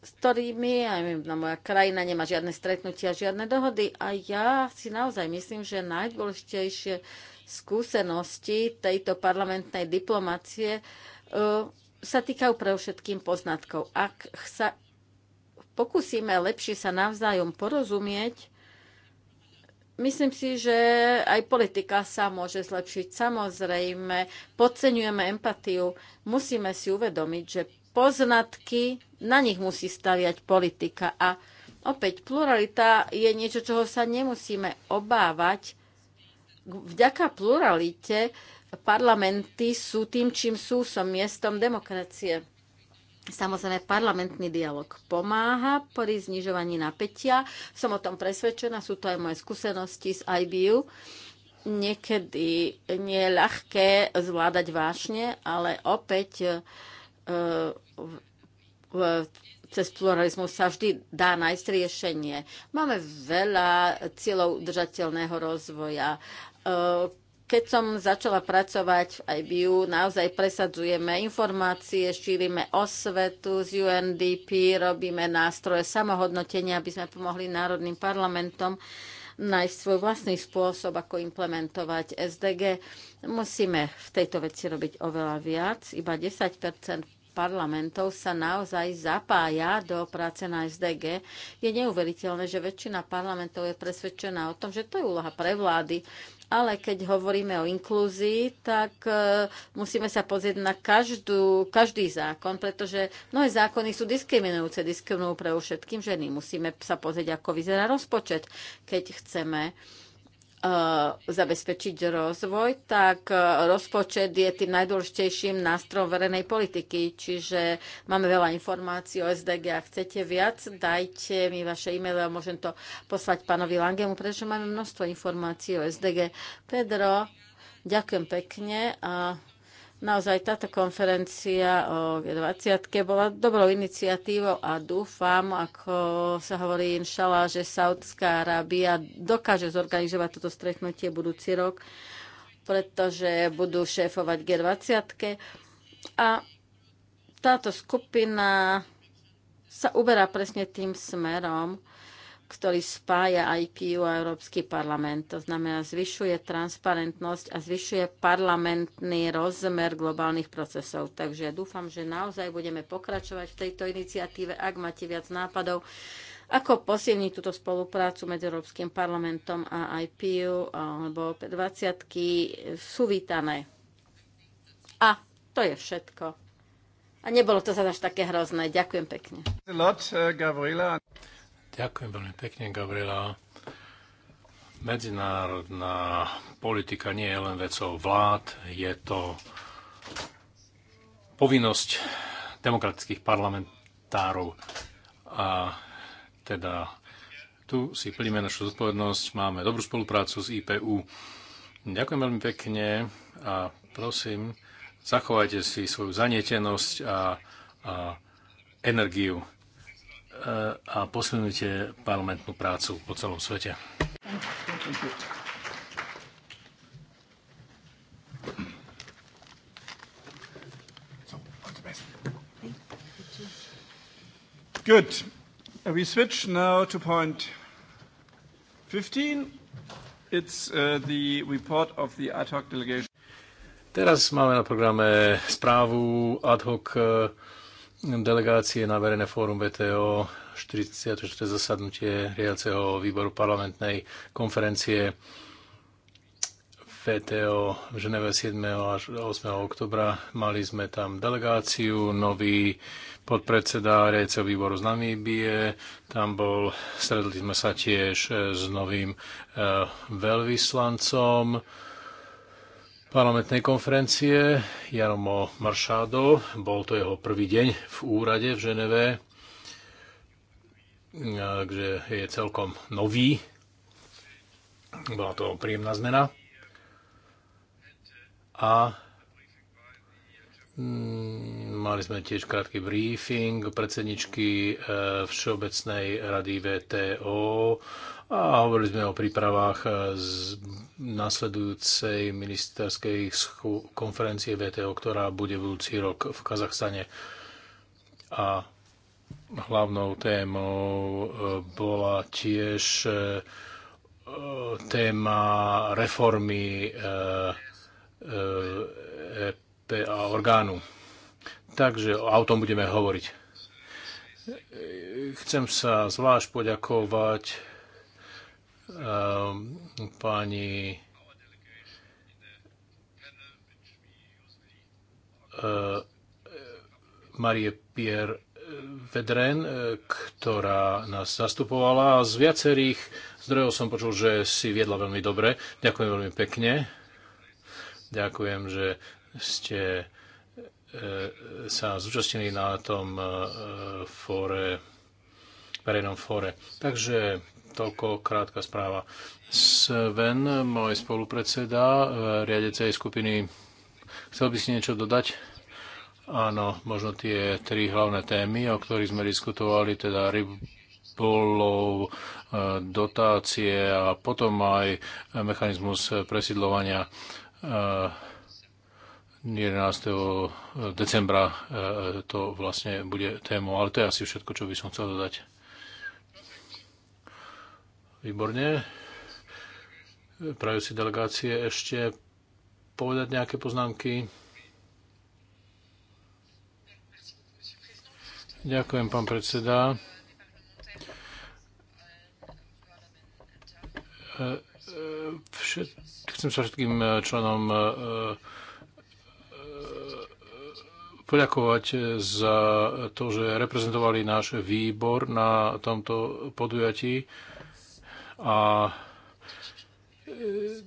s ktorými aj na moja krajina nemá žiadne stretnutia, žiadne dohody. A ja si naozaj myslím, že najdôležitejšie skúsenosti tejto parlamentnej diplomácie E, sa týkajú pre všetkým poznatkov. Ak sa pokúsime lepšie sa navzájom porozumieť, myslím si, že aj politika sa môže zlepšiť. Samozrejme, podceňujeme empatiu. Musíme si uvedomiť, že poznatky, na nich musí staviať politika. A opäť, pluralita je niečo, čoho sa nemusíme obávať. Vďaka pluralite parlamenty sú tým, čím sú, som miestom demokracie. Samozrejme, parlamentný dialog pomáha pri znižovaní napätia. Som o tom presvedčená, sú to aj moje skúsenosti z IBU. Niekedy nie je ľahké zvládať vášne, ale opäť e, v, cez pluralizmus sa vždy dá nájsť riešenie. Máme veľa cieľov udržateľného rozvoja, e, keď som začala pracovať v IBU, naozaj presadzujeme informácie, šírime osvetu z UNDP, robíme nástroje samohodnotenia, aby sme pomohli národným parlamentom nájsť svoj vlastný spôsob, ako implementovať SDG. Musíme v tejto veci robiť oveľa viac. Iba 10 parlamentov sa naozaj zapája do práce na SDG. Je neuveriteľné, že väčšina parlamentov je presvedčená o tom, že to je úloha pre vlády ale keď hovoríme o inklúzii, tak e, musíme sa pozrieť na každú, každý zákon, pretože mnohé zákony sú diskriminujúce, diskriminujú pre všetkým ženy. Musíme sa pozrieť, ako vyzerá rozpočet, keď chceme uh, E, zabezpečiť rozvoj, tak e, rozpočet je tým najdôležitejším nástrojom verejnej politiky. Čiže máme veľa informácií o SDG a chcete viac, dajte mi vaše e-maily a môžem to poslať pánovi Langemu, pretože máme množstvo informácií o SDG. Pedro, ďakujem pekne a Naozaj táto konferencia o 20 bola dobrou iniciatívou a dúfam, ako sa hovorí inšala, že Saudská Arábia dokáže zorganizovať toto stretnutie budúci rok, pretože budú šéfovať G20. A táto skupina sa uberá presne tým smerom, ktorý spája IPU a Európsky parlament. To znamená, zvyšuje transparentnosť a zvyšuje parlamentný rozmer globálnych procesov. Takže dúfam, že naozaj budeme pokračovať v tejto iniciatíve. Ak máte viac nápadov, ako posilniť túto spoluprácu medzi Európskym parlamentom a IPU alebo 20 sú vítané. A to je všetko. A nebolo to zase až také hrozné. Ďakujem pekne.
Ďakujem veľmi pekne, Gabriela.
Medzinárodná politika nie je len vecou vlád, je to povinnosť demokratických parlamentárov a teda tu si plníme našu zodpovednosť, máme dobrú spoluprácu s IPU. Ďakujem veľmi pekne a prosím, zachovajte si svoju zanietenosť a, a energiu a posunujte parlamentnú prácu po celom svete.
Good. We switch now to point 15. It's uh, the report of the ad hoc delegation. Teraz
máme na programe správu ad hoc uh, delegácie na verejné fórum VTO 44. zasadnutie riadceho výboru parlamentnej konferencie VTO v Ženeve 7. až 8. oktobra. Mali sme tam delegáciu, nový podpredseda riadceho výboru z Namíbie, tam bol, stredli sme sa tiež s novým eh, veľvyslancom, parlamentnej konferencie Jaromo Maršádo. Bol to jeho prvý deň v úrade v Ženeve, takže je celkom nový. Bola to príjemná zmena. A mm, mali sme tiež krátky briefing predsedničky eh, Všeobecnej rady VTO a hovorili sme o prípravách e, z nasledujúcej ministerskej konferencie VTO, ktorá bude budúci rok v Kazachstane. A hlavnou témou e, bola tiež e, téma reformy EP a orgánu. Takže o tom budeme hovoriť. Chcem sa zvlášť poďakovať Ehm, pani eh, Marie Pierre Vedren, eh, ktorá nás zastupovala. Z viacerých zdrojov som počul, že si viedla veľmi dobre. Ďakujem veľmi pekne. Ďakujem, že ste eh, sa zúčastnili na tom fóre, verejnom fóre. Takže Toľko krátka správa. Sven, môj spolupredseda eh, riadecej skupiny, chcel by si niečo dodať? Áno, možno tie tri hlavné témy, o ktorých sme diskutovali, teda rybolov, eh, dotácie a potom aj mechanizmus presidlovania 11. Eh, decembra to vlastne bude tému, ale to je asi všetko, čo by som chcel dodať. Výborne. Prajú si delegácie ešte povedať nejaké poznámky? Ďakujem, pán predseda. Chcem sa všetkým členom e, e, poďakovať za to, že reprezentovali náš výbor na tomto podujatí. A e,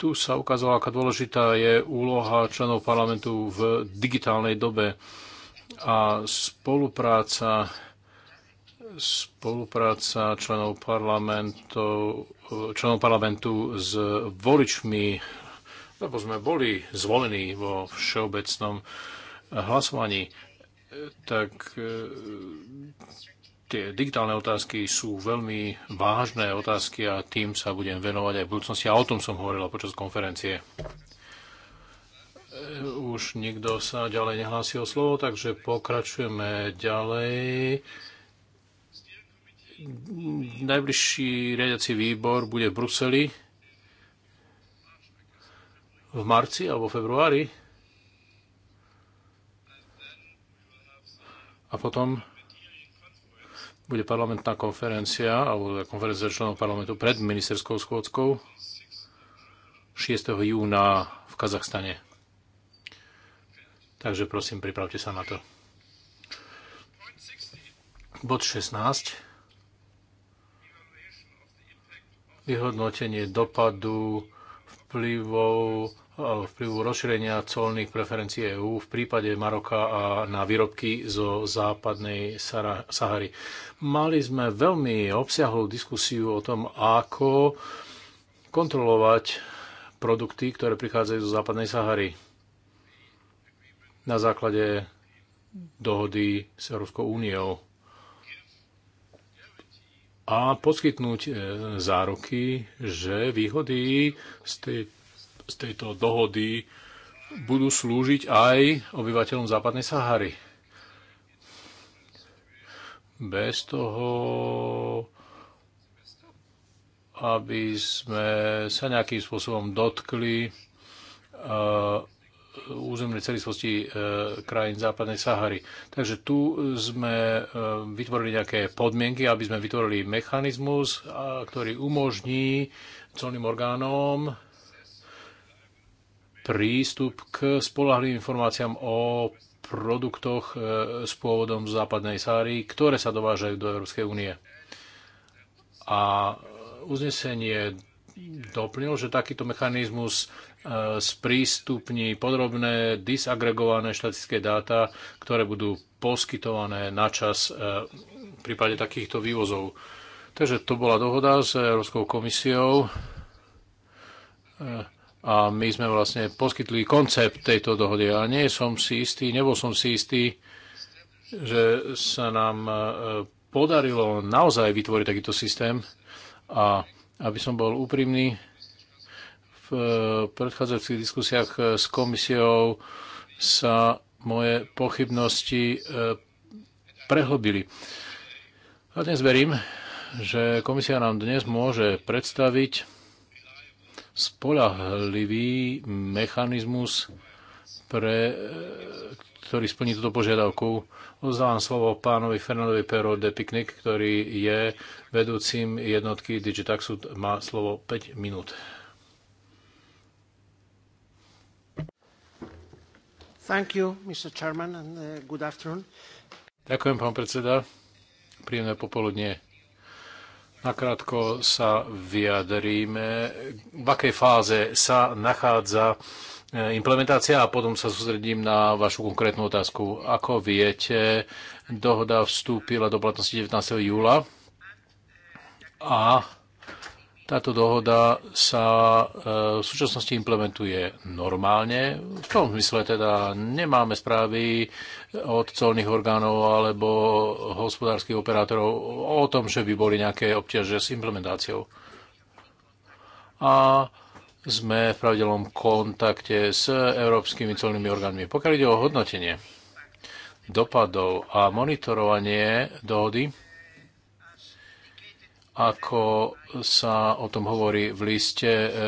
tu sa ukázala, aká dôležitá je úloha členov parlamentu v digitálnej dobe a spolupráca spolupráca členov parlamentu, členov parlamentu s voličmi, lebo sme boli zvolení vo všeobecnom hlasovaní, tak e, tie digitálne otázky sú veľmi vážne otázky a tým sa budem venovať aj v budúcnosti. A o tom som hovorila počas konferencie. E, už nikto sa ďalej nehlási o slovo, takže pokračujeme ďalej. Najbližší riadiaci výbor bude v Bruseli v marci alebo februári. A potom bude parlamentná konferencia alebo teda konferencia členov parlamentu pred ministerskou schôdzkou 6. júna v Kazachstane. Takže prosím, pripravte sa na to. Bod 16. Vyhodnotenie dopadu vplyvov vplyvu rozšírenia colných preferencií EÚ v prípade Maroka a na výrobky zo západnej Sahary. Mali sme veľmi obsiahlú diskusiu o tom, ako kontrolovať produkty, ktoré prichádzajú zo západnej Sahary na základe dohody s Európskou úniou a poskytnúť e, záruky, že výhody z tej z tejto dohody budú slúžiť aj obyvateľom západnej Sahary. Bez toho, aby sme sa nejakým spôsobom dotkli územnej celistvosti e, krajín západnej Sahary. Takže tu sme e, vytvorili nejaké podmienky, aby sme vytvorili mechanizmus, ktorý umožní colným orgánom prístup k spolahlivým informáciám o produktoch e, s pôvodom z západnej Sáry, ktoré sa dovážajú do Európskej únie. A uznesenie doplnil, že takýto mechanizmus e, sprístupní podrobné disagregované štatické dáta, ktoré budú poskytované na čas e, v prípade takýchto vývozov. Takže to bola dohoda s Európskou komisiou a my sme vlastne poskytli koncept tejto dohody, ale nie som si istý, nebol som si istý, že sa nám e, podarilo naozaj vytvoriť takýto systém a aby som bol úprimný, v e, predchádzajúcich diskusiách e, s komisiou sa moje pochybnosti prehlbili. A dnes verím, že komisia nám dnes môže predstaviť spolahlivý mechanizmus, pre, e, ktorý splní túto požiadavku. Odzávam slovo pánovi Fernandovi Pero de Piknik, ktorý je vedúcim jednotky Digitaxu. Má slovo 5 minút.
Thank you, Mr. Chairman, and uh, good afternoon.
Ďakujem, pán predseda. Príjemné popoludnie. Nakrátko sa vyjadríme, v akej fáze sa nachádza eh, implementácia a potom sa sústredím na vašu konkrétnu otázku. Ako viete, dohoda vstúpila do platnosti 19. júla a táto dohoda sa e, v súčasnosti implementuje normálne. V tom zmysle teda nemáme správy od colných orgánov alebo hospodárskych operátorov o tom, že by boli nejaké obťaže s implementáciou. A sme v pravidelnom kontakte s európskymi colnými orgánmi. Pokiaľ ide o hodnotenie dopadov a monitorovanie dohody, ako sa o tom hovorí v liste e, e,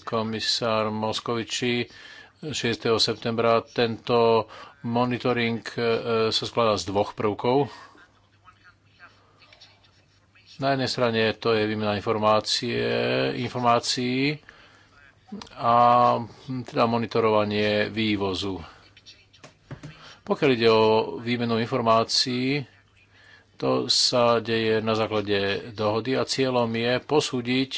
komisár Moskoviči 6. septembra. Tento monitoring e, sa skladá z dvoch prvkov. Na jednej strane to je výmena informácie, informácií a teda monitorovanie vývozu. Pokiaľ ide o výmenu informácií, to sa deje na základe dohody a cieľom je posúdiť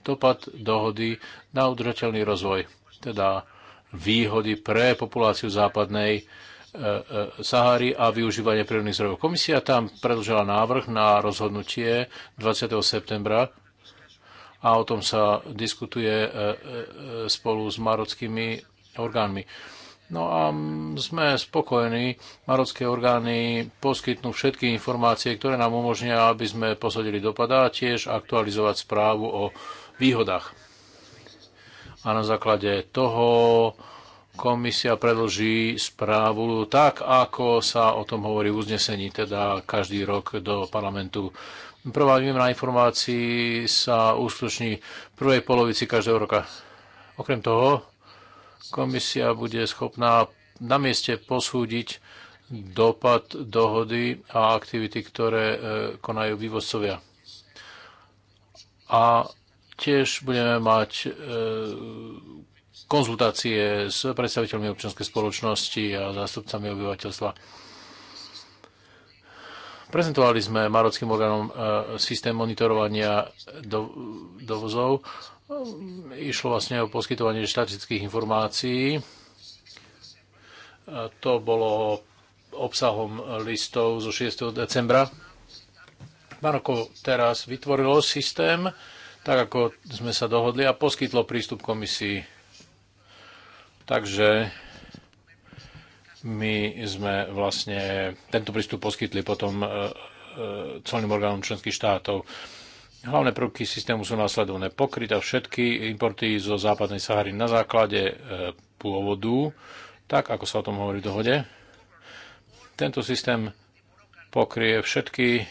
dopad dohody na udržateľný rozvoj, teda výhody pre populáciu západnej e, e, Sahary a využívanie prírodných zdrojov. Komisia tam predlžila návrh na rozhodnutie 20. septembra a o tom sa diskutuje e, spolu s marockými orgánmi. No a sme spokojní, marocké orgány poskytnú všetky informácie, ktoré nám umožnia, aby sme posadili dopadá, tiež aktualizovať správu o výhodách. A na základe toho komisia predlží správu tak, ako sa o tom hovorí v uznesení, teda každý rok do parlamentu. Prvá výmena informácií sa uskutoční v prvej polovici každého roka. Okrem toho, komisia bude schopná na mieste posúdiť dopad dohody a aktivity, ktoré e, konajú vývozcovia. A tiež budeme mať e, konzultácie s predstaviteľmi občianskej spoločnosti a zástupcami obyvateľstva. Prezentovali sme marockým orgánom e, systém monitorovania dovozov Išlo vlastne o poskytovanie štatických informácií. To bolo obsahom listov zo 6. decembra. Maroko teraz vytvorilo systém, tak ako sme sa dohodli, a poskytlo prístup komisii. Takže my sme vlastne tento prístup poskytli potom e, e, celým orgánom členských štátov. Hlavné prvky systému sú následovné. Pokryť a všetky importy zo západnej Sahary na základe e, pôvodu, tak ako sa o tom hovorí v dohode. Tento systém pokrie všetky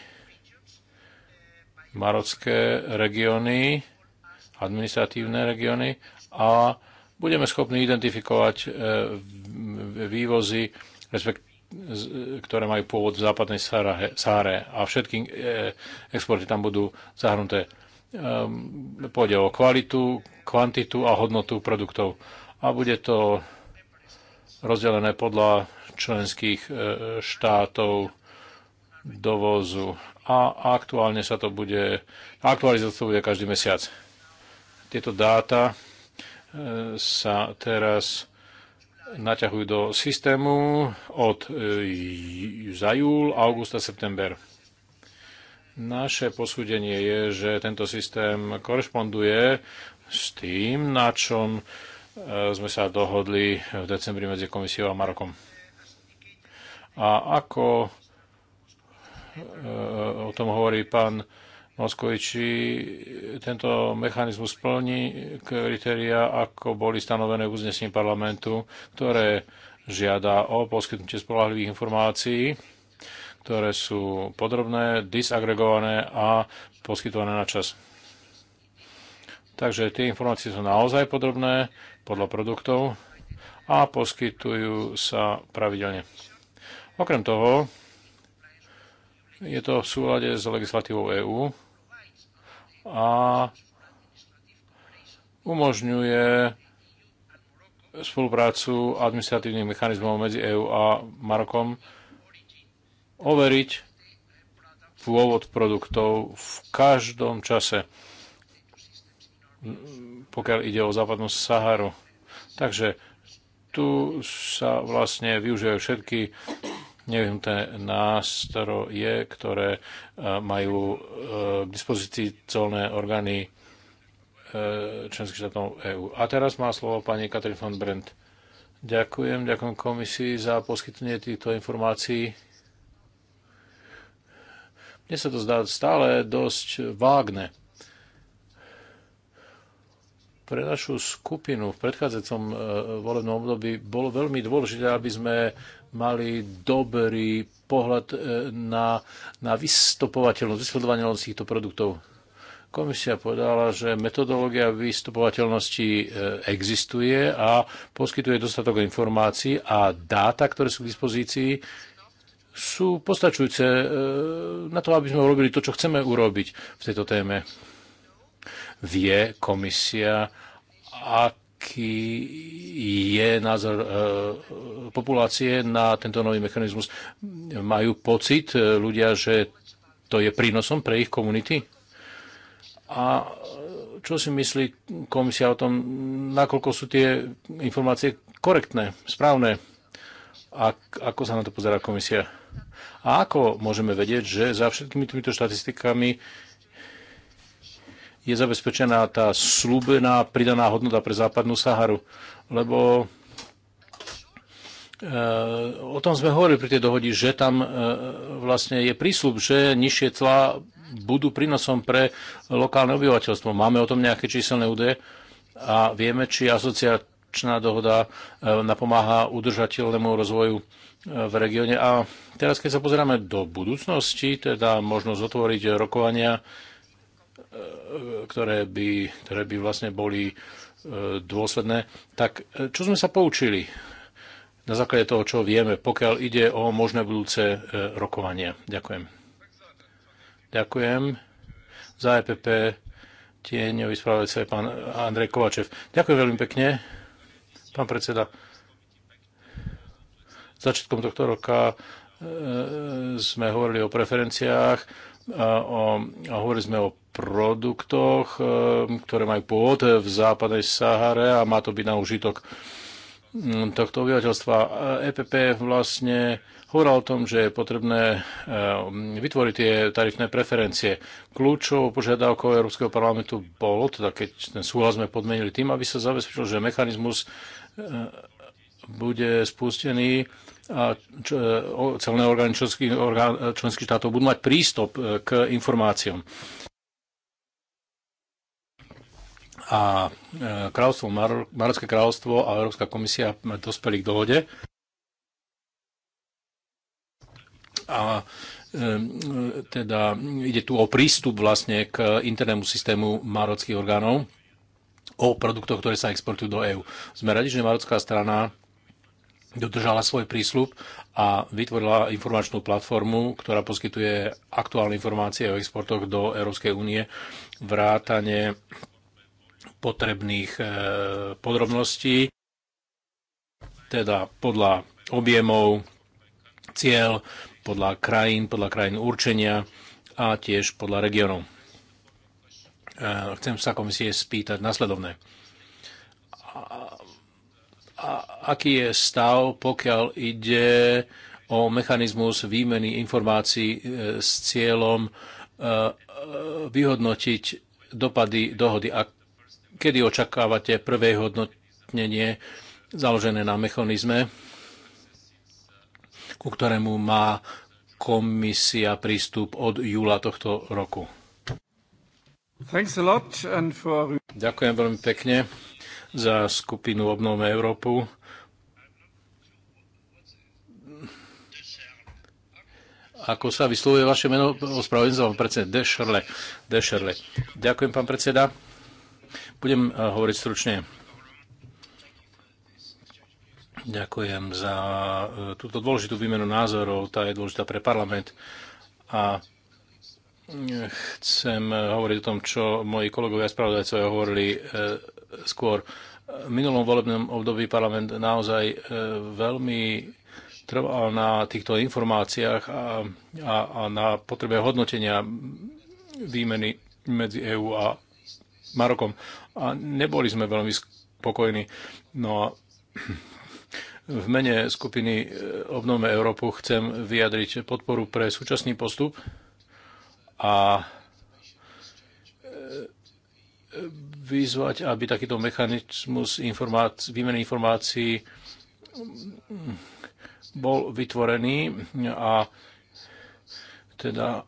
marocké regióny, administratívne regióny a budeme schopní identifikovať e, vývozy, respektíve ktoré majú pôvod v západnej Sáre a všetky e, exporty tam budú zahrnuté. Ehm, pôjde o kvalitu, kvantitu a hodnotu produktov. A bude to rozdelené podľa členských e, štátov dovozu. A aktuálne sa to bude, aktualizovať to bude každý mesiac. Tieto dáta e, sa teraz naťahujú do systému od e, za júl, augusta, september. Naše posúdenie je, že tento systém korešponduje s tým, na čom e, sme sa dohodli v decembri medzi komisiou a Marokom. A ako e, o tom hovorí pán Moskvy, či tento mechanizmus splní kritéria, ako boli stanovené v uznesení parlamentu, ktoré žiada o poskytnutie spolahlivých informácií, ktoré sú podrobné, disagregované a poskytované na čas. Takže tie informácie sú naozaj podrobné podľa produktov a poskytujú sa pravidelne. Okrem toho, je to v súlade s legislatívou EÚ a umožňuje spoluprácu administratívnych mechanizmov medzi EÚ a Marokom overiť pôvod produktov v každom čase, pokiaľ ide o západnú Saharu. Takže tu sa vlastne využívajú všetky nevyhnuté nástroje, ktoré e, majú e, k dispozícii colné orgány e, členských štátov EÚ. A teraz má slovo pani Katrin von Brent. Ďakujem, ďakujem komisii za poskytnutie týchto informácií. Mne sa to zdá stále dosť vágne. Pre našu skupinu v predchádzajúcom volebnom období bolo veľmi dôležité, aby sme mali dobrý pohľad e, na, na vystopovateľnosť, vysledovateľnosť týchto produktov. Komisia povedala, že metodológia vystupovateľnosti e, existuje a poskytuje dostatok informácií a dáta, ktoré sú k dispozícii, sú postačujúce e, na to, aby sme urobili to, čo chceme urobiť v tejto téme. Vie komisia, a aký je názor e, populácie na tento nový mechanizmus. Majú pocit e, ľudia, že to je prínosom pre ich komunity? A čo si myslí komisia o tom, nakoľko sú tie informácie korektné, správne? A ako sa na to pozerá komisia? A ako môžeme vedieť, že za všetkými týmito štatistikami je zabezpečená tá slúbená pridaná hodnota pre západnú Saharu. Lebo eh, o tom sme hovorili pri tej dohodi, že tam eh, vlastne je prísľub, že nižšie tla budú prínosom pre lokálne obyvateľstvo. Máme o tom nejaké číselné údaje a vieme, či asociačná dohoda eh, napomáha udržateľnému rozvoju v regióne. A teraz, keď sa pozeráme do budúcnosti, teda možnosť otvoriť rokovania E, ktoré by, ktoré by vlastne boli e, dôsledné. Tak e, čo sme sa poučili na základe toho, čo vieme, pokiaľ ide o možné budúce rokovania? Ďakujem. Ďakujem. Za EPP tieňový spravodajca je pán Andrej Kovačev. Ďakujem veľmi pekne, pán predseda. Začiatkom tohto roka sme hovorili o preferenciách o, a hovorili sme o produktoch, e, ktoré majú pôvod v západnej Sahare a má to byť na užitok mm, tohto obyvateľstva. EPP vlastne hovoril o tom, že je potrebné e, vytvoriť tie tarifné preferencie. Kľúčovou požiadavkou Európskeho parlamentu bolo, teda keď ten súhlas sme podmenili tým, aby sa zabezpečilo, že mechanizmus e, bude spustený E, celné orgány členských, orgán, e, štátov budú mať prístup e, k informáciám. A kráľovstvo, Marocké kráľovstvo a Európska komisia dospeli k dohode. A teda ide tu o prístup vlastne k internému systému marockých orgánov o produktoch, ktoré sa exportujú do EÚ. Sme radi, že marocká strana dodržala svoj prísľub a vytvorila informačnú platformu, ktorá poskytuje aktuálne informácie o exportoch do Európskej únie, vrátane potrebných e, podrobností, teda podľa objemov, cieľ, podľa krajín, podľa krajín určenia a tiež podľa regionov. E, chcem sa komisie spýtať nasledovné aký je stav, pokiaľ ide o mechanizmus výmeny informácií e, s cieľom e, e, vyhodnotiť dopady dohody a kedy očakávate prvé hodnotenie založené na mechanizme, ku ktorému má komisia prístup od júla tohto roku. Ďakujem veľmi pekne za skupinu Obnovme Európu. Ako sa vyslovuje vaše meno? Ospravedlňujem sa vám, predseda Dešerle. Dešerle. Ďakujem, pán predseda. Budem eh, hovoriť stručne. Ďakujem za eh, túto dôležitú výmenu názorov. Tá je dôležitá pre parlament. A Chcem hovoriť o tom, čo moji kolegovia spravodajcovia hovorili eh, skôr. V minulom volebnom období parlament naozaj eh, veľmi trval na týchto informáciách a, a, a na potrebe hodnotenia výmeny medzi EÚ a Marokom. A neboli sme veľmi spokojní. No a v mene skupiny eh, Obnome Európu chcem vyjadriť podporu pre súčasný postup a e, vyzvať, aby takýto mechanizmus informáci- výmeny informácií mm, bol vytvorený a teda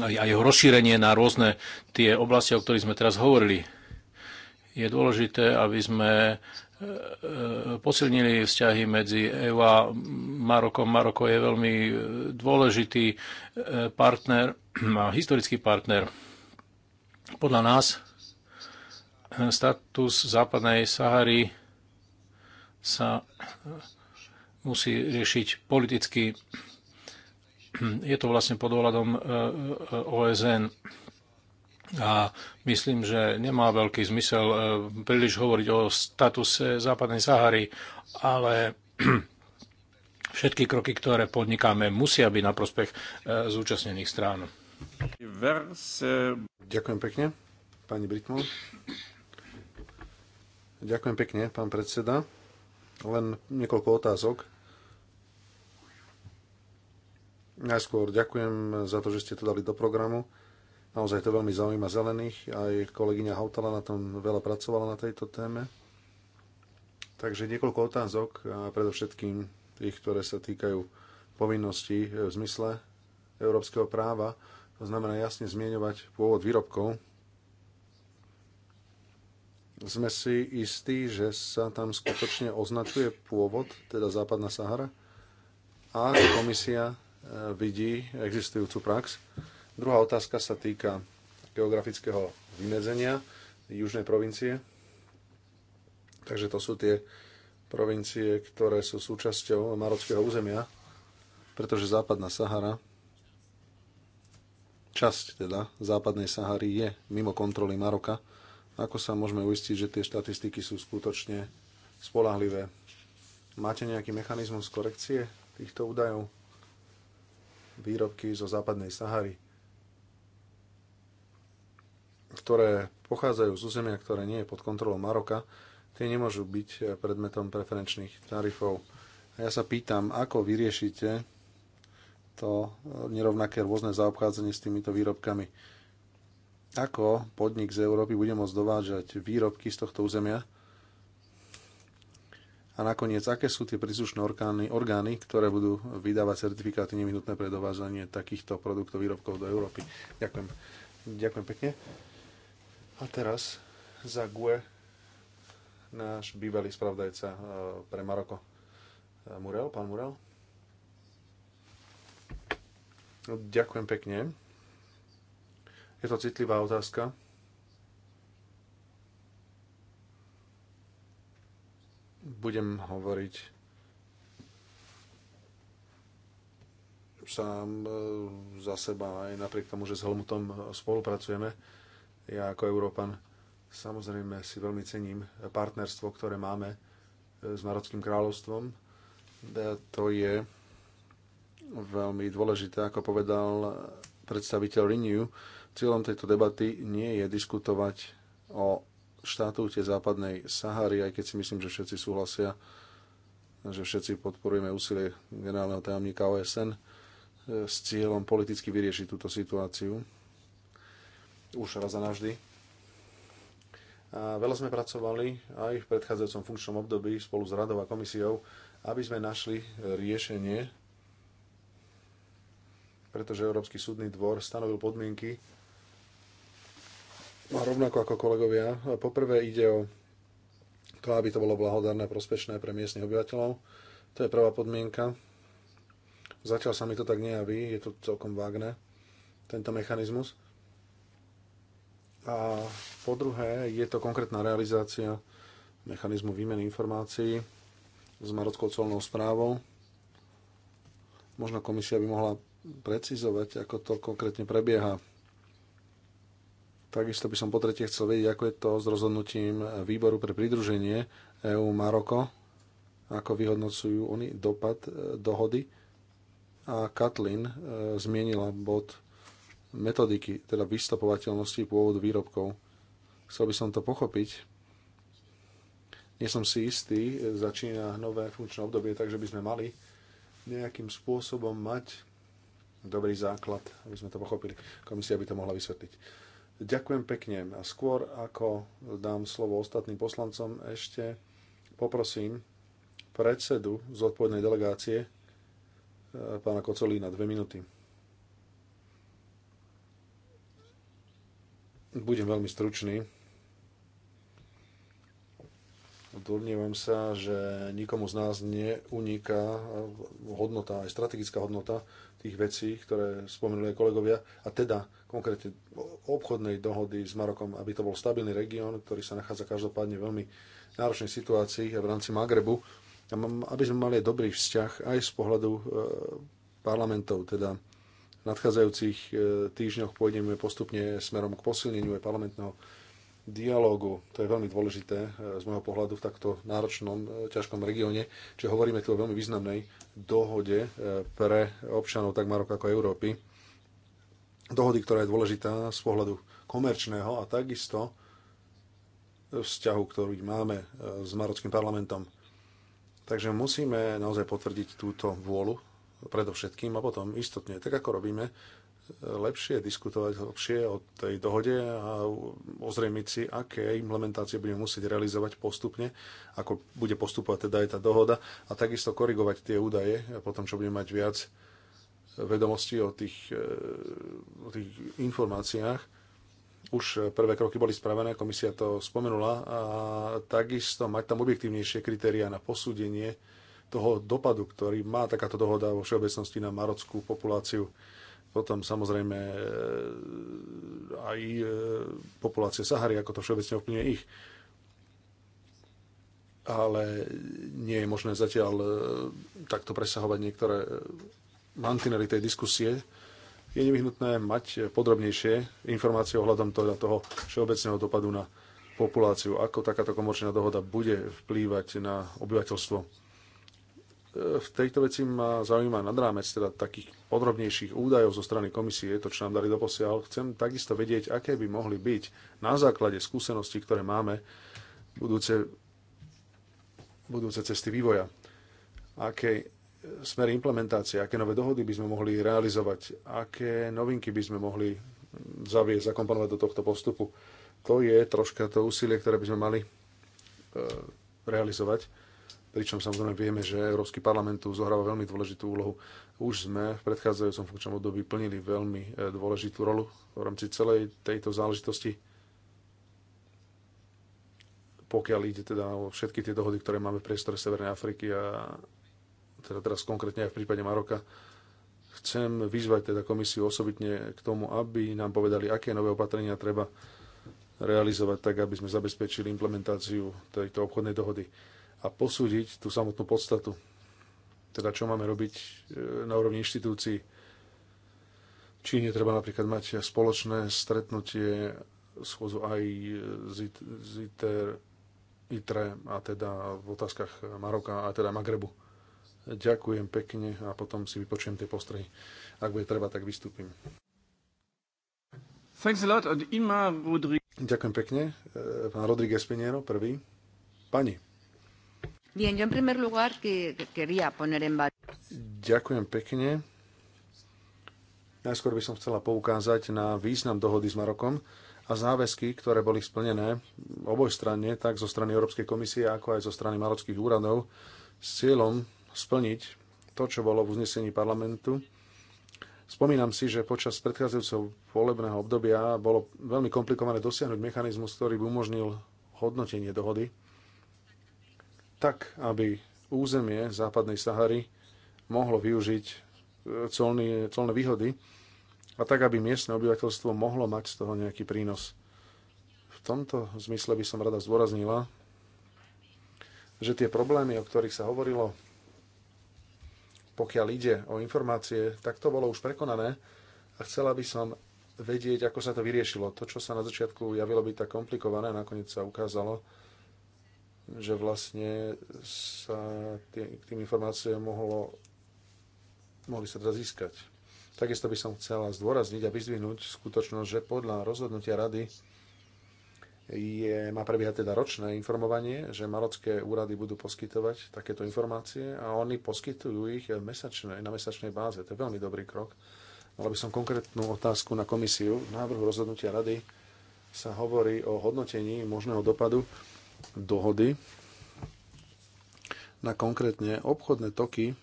aj jeho rozšírenie na rôzne tie oblasti, o ktorých sme teraz hovorili. Je dôležité, aby sme posilnili vzťahy medzi EU a Marokom. Maroko je veľmi e, dôležitý e, partner a historický partner. Podľa nás e, status západnej Sahary sa musí riešiť politicky. Je to vlastne pod ohľadom OSN. A myslím, že nemá veľký zmysel e, príliš hovoriť o statuse západnej Sahary, ale všetky kroky, ktoré podnikáme, musia byť na prospech e, zúčastnených strán.
Ďakujem pekne,
pani Britmo. Ďakujem pekne, pán predseda. Len niekoľko otázok. Najskôr ďakujem za to, že ste to dali do programu Naozaj to veľmi zaujíma zelených. Aj kolegyňa Hautala na tom veľa pracovala na tejto téme. Takže niekoľko otázok a predovšetkým tých, ktoré sa týkajú povinností v zmysle európskeho práva. To znamená jasne zmieňovať pôvod výrobkov. Sme si istí, že sa tam skutočne označuje pôvod, teda západná Sahara. A komisia eh, vidí existujúcu prax Druhá otázka sa týka geografického vymedzenia južnej provincie. Takže to sú tie provincie, ktoré sú súčasťou marockého územia, pretože západná Sahara, časť teda západnej Sahary je mimo kontroly Maroka. Ako sa môžeme uistiť, že tie štatistiky sú skutočne spolahlivé? Máte nejaký mechanizmus korekcie týchto údajov? Výrobky zo západnej Sahary ktoré pochádzajú z územia, ktoré nie je pod kontrolou Maroka, tie nemôžu byť eh, predmetom preferenčných tarifov. A ja sa pýtam, ako vyriešite to eh, nerovnaké rôzne zaobchádzanie s týmito výrobkami. Ako podnik z Európy bude môcť dovážať výrobky z tohto územia? A nakoniec, aké sú tie príslušné orgány, orgány ktoré budú vydávať certifikáty nevyhnutné pre dovážanie takýchto produktov, výrobkov do Európy? Ďakujem. Ďakujem pekne. A teraz za GUE náš bývalý spravdajca eh, pre Maroko. Eh, Murel, pán Murel. No, ďakujem pekne. Je to citlivá otázka. Budem hovoriť sám eh, za seba, aj napriek tomu, že s Helmutom spolupracujeme ja ako Európan samozrejme si veľmi cením partnerstvo, ktoré máme e, s Marockým kráľovstvom. E, to je veľmi dôležité, ako povedal predstaviteľ Renew. Cieľom tejto debaty nie je diskutovať o štatúte západnej Sahary, aj keď si myslím, že všetci súhlasia, že všetci podporujeme úsilie generálneho tajomníka OSN e, s cieľom politicky vyriešiť túto situáciu už raz a navždy. A veľa sme pracovali aj v predchádzajúcom funkčnom období spolu s radou a komisiou, aby sme našli riešenie, pretože Európsky súdny dvor stanovil podmienky a rovnako ako kolegovia. Poprvé ide o to, aby to bolo blahodárne a prospešné pre miestnych obyvateľov. To je prvá podmienka. Zatiaľ sa mi to tak nejaví, je to celkom vágne, tento mechanizmus. A po druhé, je to konkrétna realizácia mechanizmu výmeny informácií s Marockou colnou správou. Možno komisia by mohla precizovať, ako to konkrétne prebieha. Takisto by som po tretie chcel vedieť, ako je to s rozhodnutím výboru pre pridruženie EU Maroko, ako vyhodnocujú oni dopad eh, dohody. A Katlin eh, zmienila bod metodiky, teda vystopovateľnosti pôvodu výrobkov. Chcel by som to pochopiť. Nie som si istý, e, začína nové funkčné obdobie, takže by sme mali nejakým spôsobom mať dobrý základ, aby sme to pochopili. Komisia by to mohla vysvetliť. Ďakujem pekne. A skôr, ako dám slovo ostatným poslancom, ešte poprosím predsedu zodpovednej delegácie, e, pána Kocolína, dve minúty. Budem veľmi stručný. Domnievam sa, že nikomu z nás neuniká hodnota, aj strategická hodnota tých vecí, ktoré spomenuli aj kolegovia, a teda konkrétne obchodnej dohody s Marokom, aby to bol stabilný región, ktorý sa nachádza každopádne v veľmi náročnej situácii v rámci Magrebu, aby sme mali dobrý vzťah aj z pohľadu e, parlamentov, teda v nadchádzajúcich e, týždňoch pôjdeme postupne smerom k posilneniu aj parlamentného dialógu. To je veľmi dôležité e, z môjho pohľadu v takto náročnom, e, ťažkom regióne. čo hovoríme tu o veľmi významnej dohode pre občanov tak Maroka ako Európy. Dohody, ktorá je dôležitá z pohľadu komerčného a takisto vzťahu, ktorý máme s Marockým parlamentom. Takže musíme naozaj potvrdiť túto vôľu predovšetkým a potom istotne, tak ako robíme, lepšie diskutovať lepšie o tej dohode a ozrejmiť si, aké implementácie budeme musieť realizovať postupne, ako bude postupovať teda aj tá dohoda a takisto korigovať tie údaje a potom, čo budeme mať viac vedomostí o tých, eh, o tých informáciách, už prvé kroky boli spravené, komisia to spomenula, a takisto mať tam objektívnejšie kritériá na posúdenie toho dopadu, ktorý má takáto dohoda vo všeobecnosti na marockú populáciu. Potom samozrejme e, aj e, populácie Sahary, ako to všeobecne ovplyvňuje ich. Ale nie je možné zatiaľ e, takto presahovať niektoré mantinely tej diskusie. Je nevyhnutné mať podrobnejšie informácie ohľadom toho, teda toho všeobecného dopadu na populáciu, ako takáto komorčná dohoda bude vplývať na obyvateľstvo E, v tejto veci ma zaujíma nad rámec teda takých podrobnejších údajov zo strany komisie, to, čo nám dali doposiaľ. Chcem takisto vedieť, aké by mohli byť na základe skúseností, ktoré máme, budúce, budúce cesty vývoja. Aké e, smery implementácie, aké nové dohody by sme mohli realizovať, aké novinky by sme mohli mm, zaviesť, zakomponovať do tohto postupu. To je troška to úsilie, ktoré by sme mali e, realizovať pričom samozrejme vieme, že Európsky parlament tu zohráva veľmi dôležitú úlohu. Už sme v predchádzajúcom funkčnom období plnili veľmi e, dôležitú rolu v rámci celej tejto záležitosti, pokiaľ ide teda o všetky tie dohody, ktoré máme v priestore Severnej Afriky a teda teraz konkrétne aj v prípade Maroka. Chcem vyzvať teda komisiu osobitne k tomu, aby nám povedali, aké nové opatrenia treba realizovať tak, aby sme zabezpečili implementáciu tejto obchodnej dohody a posúdiť tú samotnú podstatu. Teda čo máme robiť e, na úrovni inštitúcií. Číne treba napríklad mať spoločné stretnutie schôzu aj z, z ITER, ITRE a teda v otázkach Maroka a teda Magrebu. Ďakujem pekne a potom si vypočujem tie postrehy. Ak bude treba, tak vystúpim.
Ďakujem pekne.
E, pán Rodríguez Piniero, prvý. Pani.
Bien, yo
en primer lugar que, que quería poner en
Ďakujem pekne. Najskôr by som chcela poukázať na význam dohody s Marokom a záväzky, ktoré boli splnené oboj strane, tak zo strany Európskej komisie, ako aj zo strany marockých úradov, s cieľom splniť to, čo bolo v uznesení parlamentu. Spomínam si, že počas predchádzajúceho volebného obdobia bolo veľmi komplikované dosiahnuť mechanizmus, ktorý by umožnil hodnotenie dohody tak, aby územie západnej Sahary mohlo využiť e, colný, colné výhody a tak, aby miestne obyvateľstvo mohlo mať z toho nejaký prínos. V tomto zmysle by som rada zdôraznila, že tie problémy, o ktorých sa hovorilo, pokiaľ ide o informácie, tak to bolo už prekonané a chcela by som vedieť, ako sa to vyriešilo. To, čo sa na začiatku javilo byť tak komplikované, nakoniec sa ukázalo, že vlastne sa tý, k tým informáciám mohlo, mohli sa teda získať. Takisto by som chcela zdôrazniť a vyzvihnúť skutočnosť, že podľa rozhodnutia rady je, má prebiehať teda ročné informovanie, že marocké úrady budú poskytovať takéto informácie a oni poskytujú ich mesačne, na mesačnej báze. To je veľmi dobrý krok. Mala by som konkrétnu otázku na komisiu. V návrhu rozhodnutia rady sa hovorí o hodnotení možného dopadu dohody na konkrétne obchodné toky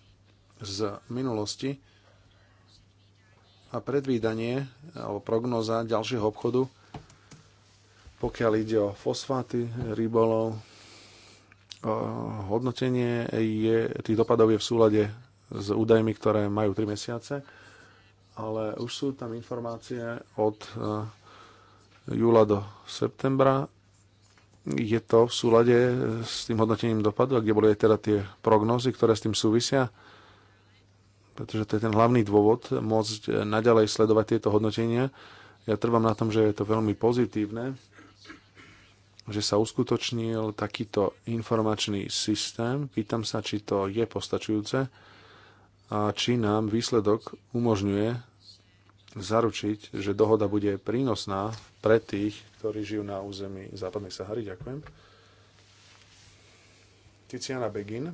z minulosti a predvídanie alebo prognoza ďalšieho obchodu, pokiaľ ide o fosfáty, rybolov, hodnotenie je, tých dopadov je v súlade s údajmi, ktoré majú 3 mesiace, ale už sú tam informácie od e, júla do septembra je to v súlade e, s tým hodnotením dopadu a kde boli aj teda tie prognózy, ktoré s tým súvisia? Pretože to je ten hlavný dôvod e, môcť e, naďalej sledovať tieto hodnotenia. Ja trvám na tom, že je to veľmi pozitívne, že sa uskutočnil takýto informačný systém. Pýtam sa, či to je postačujúce a či nám výsledok umožňuje zaručiť, že dohoda bude prínosná pre tých, ktorí žijú na území západnej Sahary. Ďakujem. Tiziana Begin.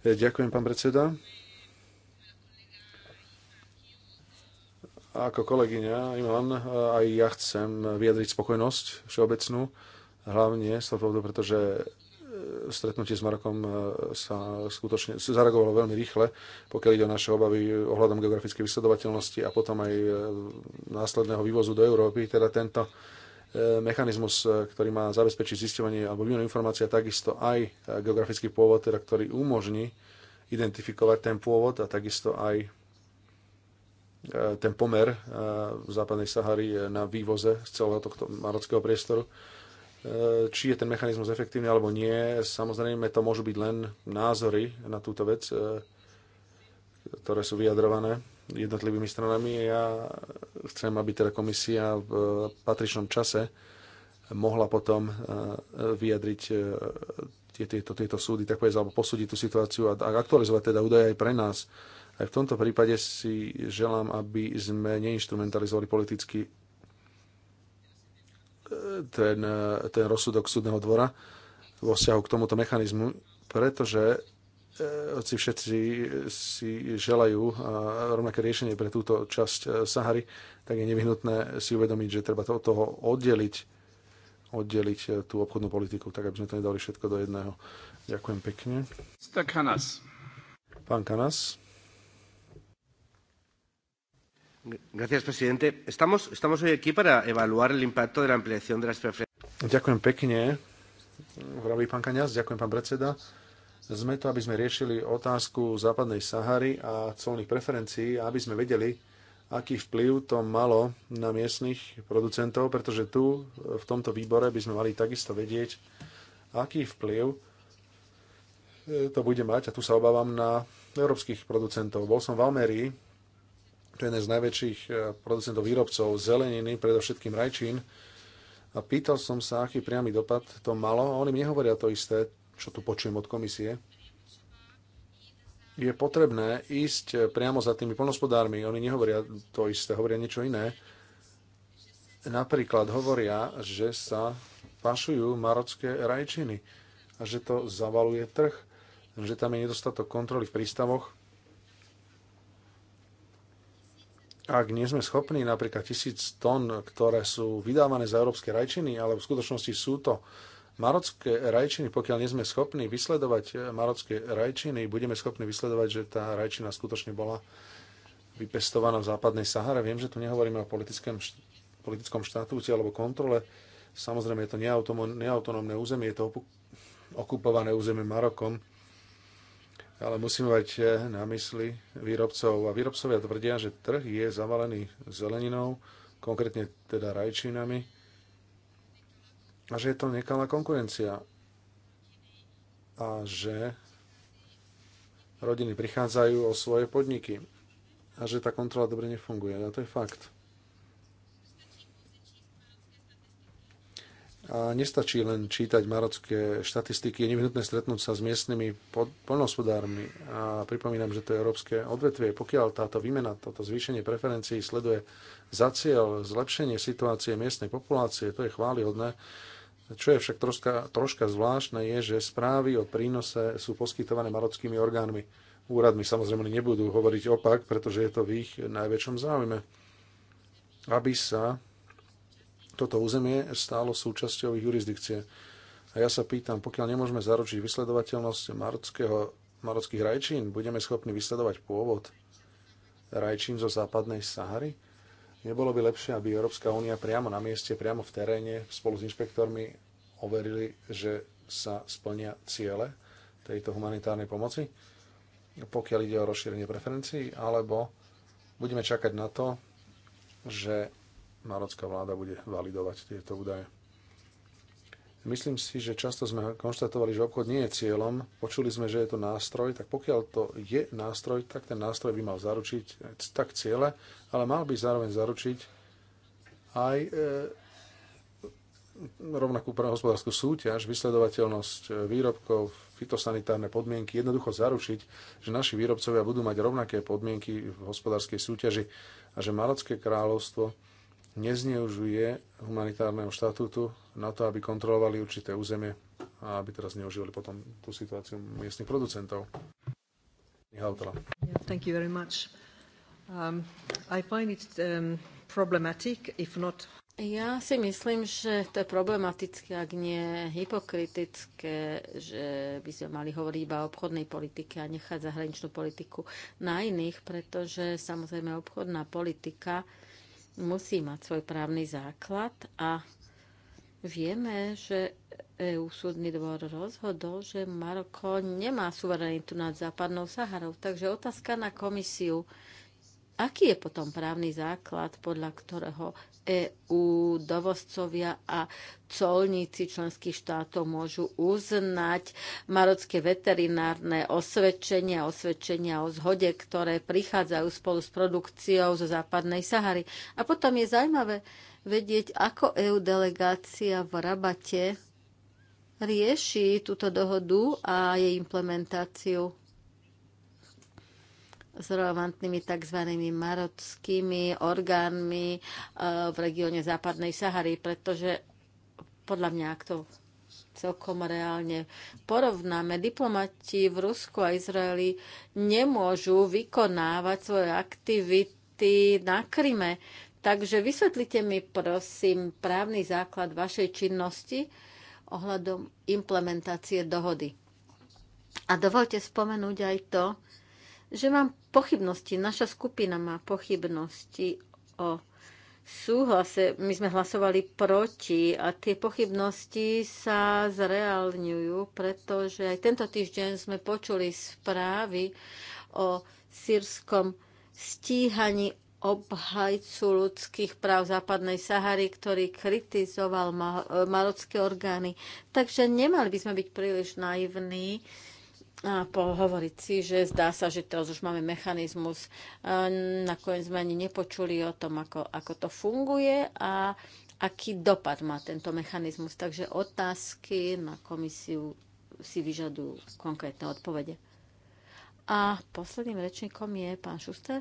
E, ďakujem, pán predseda. Ako kolegyňa Iman, e, aj ja chcem vyjadriť spokojnosť všeobecnú, hlavne z toho pretože stretnutie s Marokom e, sa skutočne zareagovalo veľmi rýchle, pokiaľ ide o naše obavy ohľadom geografickej vysledovateľnosti a potom aj e, následného vývozu do Európy. Teda tento e, mechanizmus, ktorý má zabezpečiť zistovanie alebo výmenu informácia, takisto aj geografický pôvod, teda ktorý umožní identifikovať ten pôvod a takisto aj ten pomer v západnej Sahary na vývoze z celého tohto marockého priestoru Eh, či je ten mechanizmus efektívny alebo nie, samozrejme to môžu byť len názory na túto vec, eh, ktoré sú vyjadrované jednotlivými stranami. Ja chcem, aby teda komisia v eh, patričnom čase mohla potom vyjadriť tieto, tieto súdy, tak povedz, alebo posúdiť tú situáciu a, a aktualizovať teda údaje aj pre nás. Aj v tomto prípade si želám, aby sme neinstrumentalizovali politicky ten, ten rozsudok súdneho dvora vo vzťahu k tomuto mechanizmu, pretože e, hoci všetci si želajú rovnaké riešenie pre túto časť e, Sahary, tak je nevyhnutné si uvedomiť, že treba to od toho oddeliť, oddeliť e, tú obchodnú politiku, tak aby sme to nedali všetko do jedného. Ďakujem pekne. Pán Kanas.
Gracias, presidente. Estamos, estamos hoy aquí para evaluar el impacto de la ampliación de las preferencias.
Ďakujem pekne, hovorí pán Kaňaz, ďakujem pán predseda. Sme to, aby sme riešili otázku západnej Sahary a colných preferencií, aby sme vedeli, aký vplyv to malo na miestnych producentov, pretože tu v tomto výbore by sme mali takisto vedieť, aký vplyv e, to bude mať. A tu sa obávam na európskych producentov. Bol som v Almerii, to je jeden z najväčších eh, producentov výrobcov zeleniny, predovšetkým rajčín. A pýtal som sa, aký priamy dopad to malo a oni mi nehovoria to isté, čo tu počujem od komisie. Je potrebné ísť eh, priamo za tými polnospodármi. Oni nehovoria to isté, hovoria niečo iné. Napríklad hovoria, že sa pašujú marocké rajčiny a že to zavaluje trh, že tam je nedostatok kontroly v prístavoch ak nie sme schopní napríklad tisíc tón, ktoré sú vydávané za európske rajčiny, ale v skutočnosti sú to marocké rajčiny, pokiaľ nie sme schopní vysledovať marocké rajčiny, budeme schopní vysledovať, že tá rajčina skutočne bola vypestovaná v západnej Sahare. Viem, že tu nehovoríme o politickom, politickom štatúte alebo kontrole. Samozrejme, je to neautonómne územie, je to okupované územie Marokom ale musíme mať eh, na mysli výrobcov. A výrobcovia tvrdia, že trh je zavalený zeleninou, konkrétne teda rajčinami, a že je to nekalá konkurencia. A že rodiny prichádzajú o svoje podniky. A že tá kontrola dobre nefunguje. A to je fakt. A nestačí len čítať marocké štatistiky, je nevyhnutné stretnúť sa s miestnymi poľnohospodármi. A pripomínam, že to je európske odvetvie. Pokiaľ táto výmena, toto zvýšenie preferencií sleduje za cieľ zlepšenie situácie miestnej populácie, to je chválihodné. Čo je však troška, troška zvláštne, je, že správy o prínose sú poskytované marockými orgánmi. Úradmi samozrejme nebudú hovoriť opak, pretože je to v ich najväčšom záujme. Aby sa toto územie stálo súčasťou ich jurisdikcie. A ja sa pýtam, pokiaľ nemôžeme zaručiť vysledovateľnosť marockých rajčín, budeme schopní vysledovať pôvod rajčín zo západnej Sahary? Nebolo by lepšie, aby Európska únia priamo na mieste, priamo v teréne spolu s inšpektormi overili, že sa splnia ciele tejto humanitárnej pomoci, pokiaľ ide o rozšírenie preferencií, alebo budeme čakať na to, že marocká vláda bude validovať tieto údaje. Myslím si, že často sme konštatovali, že obchod nie je cieľom. Počuli sme, že je to nástroj, tak pokiaľ to je nástroj, tak ten nástroj by mal zaručiť tak ciele, ale mal by zároveň zaručiť aj e, rovnakú hospodárskú súťaž, vysledovateľnosť e, výrobkov, fitosanitárne podmienky, jednoducho zaručiť, že naši výrobcovia budú mať rovnaké podmienky v hospodárskej súťaži a že Marocké kráľovstvo nezneužuje humanitárneho štatútu na to, aby kontrolovali určité územie a aby teraz neužívali potom tú situáciu miestnych producentov.
thank you very much. Um, I find it um, problematic, if not ja si myslím, že to je problematické, ak nie hypokritické, že by sme mali hovoriť iba o obchodnej politike a nechať zahraničnú politiku na iných, pretože samozrejme obchodná politika musí mať svoj právny základ a vieme, že EU súdny dvor rozhodol, že Maroko nemá suverenitu nad západnou Saharou. Takže otázka na komisiu, aký je potom právny základ, podľa ktorého EÚ, dovozcovia a colníci členských štátov môžu uznať marocké veterinárne osvedčenia, osvedčenia o zhode, ktoré prichádzajú spolu s produkciou zo západnej Sahary. A potom je zaujímavé vedieť, ako EÚ delegácia v Rabate rieši túto dohodu a jej implementáciu s relevantnými tzv. marockými orgánmi e, v regióne západnej Sahary, pretože podľa mňa, ak to celkom reálne porovnáme, diplomati v Rusku a Izraeli nemôžu vykonávať svoje aktivity na Kryme. Takže vysvetlite mi, prosím, právny základ vašej činnosti ohľadom implementácie dohody. A dovolte spomenúť aj to, že mám pochybnosti, naša skupina má pochybnosti o súhlase. My sme hlasovali proti a tie pochybnosti sa zreálňujú, pretože aj tento týždeň sme počuli správy o sírskom stíhaní obhajcu ľudských práv západnej Sahary, ktorý kritizoval marocké orgány. Takže nemali by sme byť príliš naivní a pohovoriť si, že zdá sa, že teraz už máme mechanizmus. Nakoniec sme ani nepočuli o tom, ako, ako to funguje a aký dopad má tento mechanizmus. Takže otázky na komisiu si vyžadujú konkrétne odpovede. A posledným rečníkom je pán Šuster.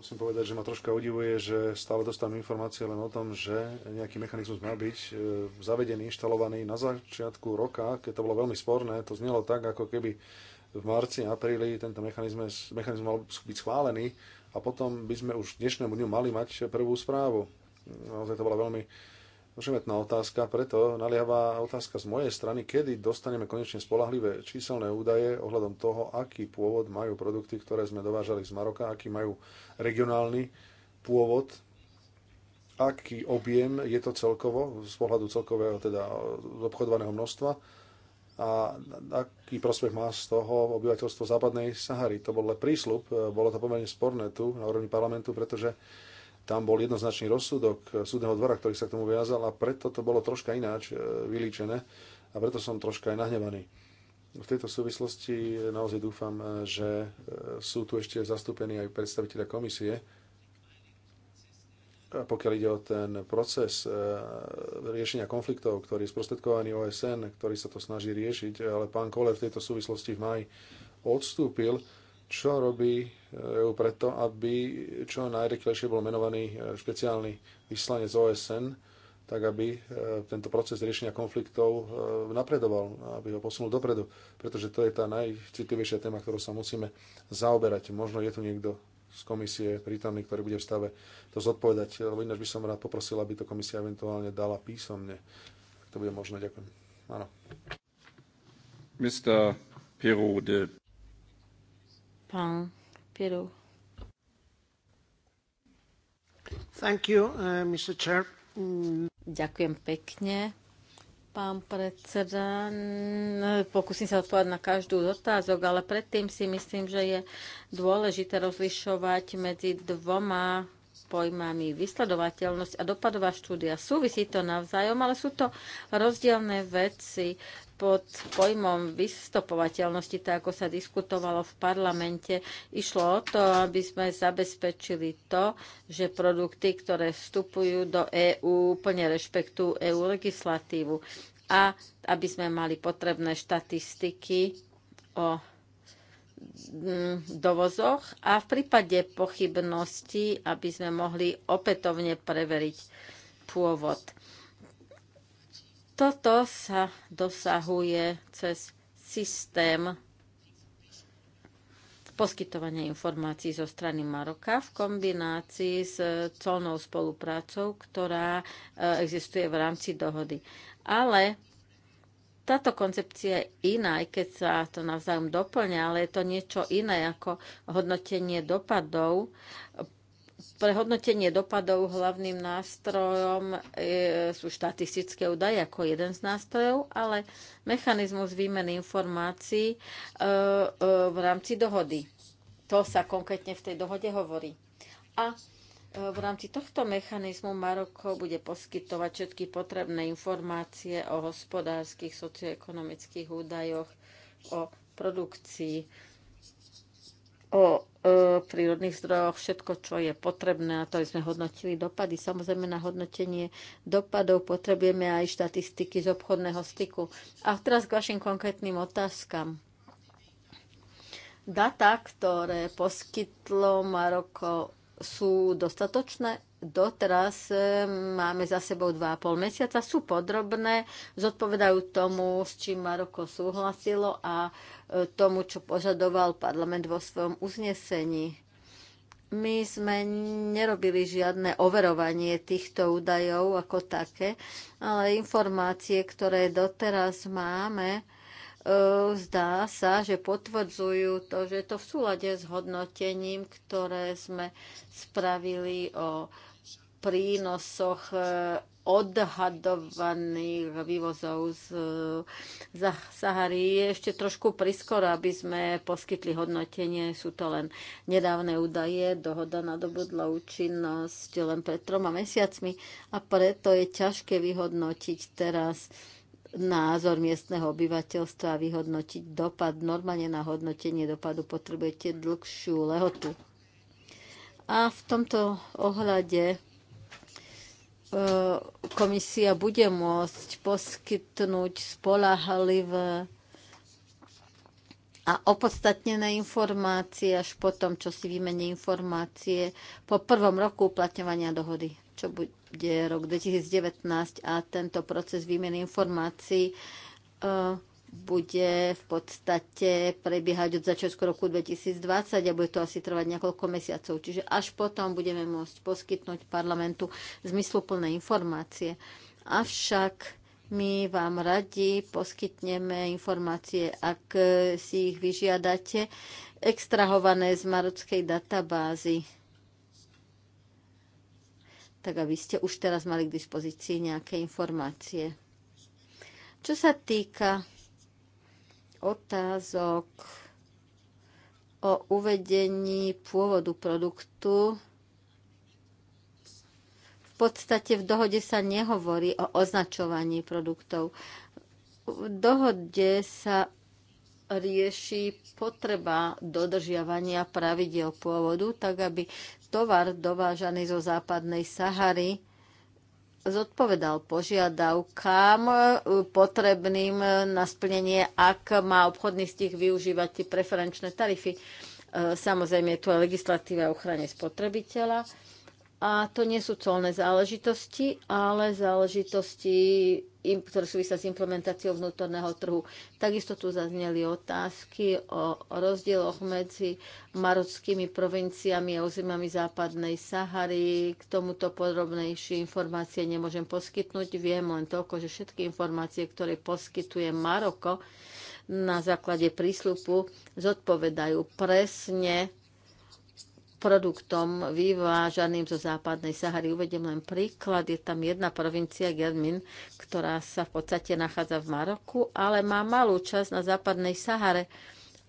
Musím povedať, že ma troška udivuje, že stále dostávam informácie len o tom, že nejaký mechanizmus má byť e, zavedený, inštalovaný na začiatku roka, keď to bolo veľmi sporné. To znelo tak, ako keby v marci, apríli tento mechanizmus, mechanizmus mal byť schválený a potom by sme už dnešnému dňu mali mať prvú správu. Naozaj to bola veľmi Ošemetná otázka, preto naliehavá otázka z mojej strany, kedy dostaneme konečne spolahlivé číselné údaje ohľadom toho, aký pôvod majú produkty, ktoré sme dovážali z Maroka, aký majú regionálny pôvod, aký objem je to celkovo, z pohľadu celkového teda obchodovaného množstva a aký prospech má z toho obyvateľstvo západnej Sahary. To bol prísľub, bolo to pomerne sporné tu na úrovni parlamentu, pretože tam bol jednoznačný rozsudok eh, súdneho dvora, ktorý sa k tomu viazal a preto to bolo troška ináč eh, vylíčené a preto som troška aj nahnevaný. V tejto súvislosti eh, naozaj dúfam, že sú tu ešte zastúpení aj predstaviteľa komisie. A pokiaľ ide o ten proces riešenia konfliktov, ktorý je sprostredkovaný OSN, ktorý sa to snaží riešiť, ale pán Koler v tejto súvislosti v maj odstúpil, čo robí eh, EU preto, aby čo najrychlejšie bol menovaný eh, špeciálny vyslanec OSN, tak aby eh, tento proces riešenia konfliktov napredoval, aby ho posunul dopredu, pretože to je tá najcitlivejšia téma, ktorou sa musíme zaoberať. Možno je tu niekto z komisie prítomný, ktorý bude v stave to zodpovedať, lebo ináč by som rád poprosil, aby to komisia eventuálne dala písomne.
Ak to bude možné, ďakujem. Áno. Mr. Pirode.
Pán Pirov. Thank you, uh, Mr. Chair. Ďakujem pekne, pán predseda. Pokúsim sa odpovedať na každú z otázok, ale predtým si myslím, že je dôležité rozlišovať medzi dvoma pojmami vysledovateľnosť a dopadová štúdia. Súvisí to navzájom, ale sú to rozdielne veci pod pojmom vystopovateľnosti, tak ako sa diskutovalo v parlamente, išlo o to, aby sme zabezpečili to, že produkty, ktoré vstupujú do EÚ, plne rešpektujú EÚ legislatívu a aby sme mali potrebné štatistiky o Mm, dovozoch a v prípade pochybnosti, aby sme mohli opätovne preveriť pôvod. Toto sa dosahuje cez systém poskytovania informácií zo strany Maroka v kombinácii s colnou spoluprácou, ktorá e, existuje v rámci dohody. Ale táto koncepcia je iná, aj keď sa to navzájom doplňa, ale je to niečo iné ako hodnotenie dopadov. Pre hodnotenie dopadov hlavným nástrojom e, sú štatistické údaje ako jeden z nástrojov, ale mechanizmus výmeny informácií e, e, v rámci dohody. To sa konkrétne v tej dohode hovorí. A E, v rámci tohto mechanizmu Maroko bude poskytovať všetky potrebné informácie o hospodárskych, socioekonomických údajoch, o produkcii, o e, prírodných zdrojoch, všetko, čo je potrebné, na to sme hodnotili dopady. Samozrejme, na hodnotenie dopadov potrebujeme aj štatistiky z obchodného styku. A teraz k vašim konkrétnym otázkam. Data, ktoré poskytlo Maroko sú dostatočné. Doteraz e, máme za sebou 2,5 mesiaca, sú podrobné, zodpovedajú tomu, s čím Maroko súhlasilo a e, tomu, čo požadoval parlament vo svojom uznesení. My sme nerobili žiadne overovanie týchto údajov ako také, ale informácie, ktoré doteraz máme, Ehm, zdá sa, že potvrdzujú to, že je to v súlade s hodnotením, ktoré sme spravili o prínosoch eh, odhadovaných vývozov z eh, Sahary je ešte trošku priskoro, aby sme poskytli hodnotenie. Sú to len nedávne údaje, dohoda nadobudla účinnosť len pred troma mesiacmi a preto je ťažké vyhodnotiť teraz názor miestneho obyvateľstva a vyhodnotiť dopad. Normálne na hodnotenie dopadu potrebujete dlhšiu lehotu. A v tomto ohľade e, komisia bude môcť poskytnúť spolahlivé a opodstatnené informácie až po tom, čo si vymení informácie po prvom roku uplatňovania dohody, čo, je rok 2019 a tento proces výmeny informácií e, bude v podstate prebiehať od začiatku roku 2020 a bude to asi trvať niekoľko mesiacov. Čiže až potom budeme môcť poskytnúť parlamentu zmysluplné informácie. Avšak my vám radi poskytneme informácie, ak si ich vyžiadate, extrahované z marockej databázy tak aby ste už teraz mali k dispozícii nejaké informácie. Čo sa týka otázok o uvedení pôvodu produktu, v podstate v dohode sa nehovorí o označovaní produktov. V dohode sa rieši potreba dodržiavania pravidel pôvodu, tak aby tovar dovážaný zo západnej Sahary zodpovedal požiadavkám e, potrebným na splnenie, ak má obchodný stih využívať tie preferenčné tarify. E, samozrejme, tu je legislatíva o ochrane spotrebiteľa. A to nie sú colné záležitosti, ale záležitosti ktoré súvisia s implementáciou vnútorného trhu. Takisto tu zazneli otázky o rozdieloch medzi marockými provinciami a územami západnej Sahary. K tomuto podrobnejšie informácie nemôžem poskytnúť. Viem len toľko, že všetky informácie, ktoré poskytuje Maroko na základe príslupu, zodpovedajú presne produktom vyvážaným zo západnej Sahary. Uvediem len príklad. Je tam jedna provincia, Germin, ktorá sa v podstate nachádza v Maroku, ale má malú časť na západnej Sahare.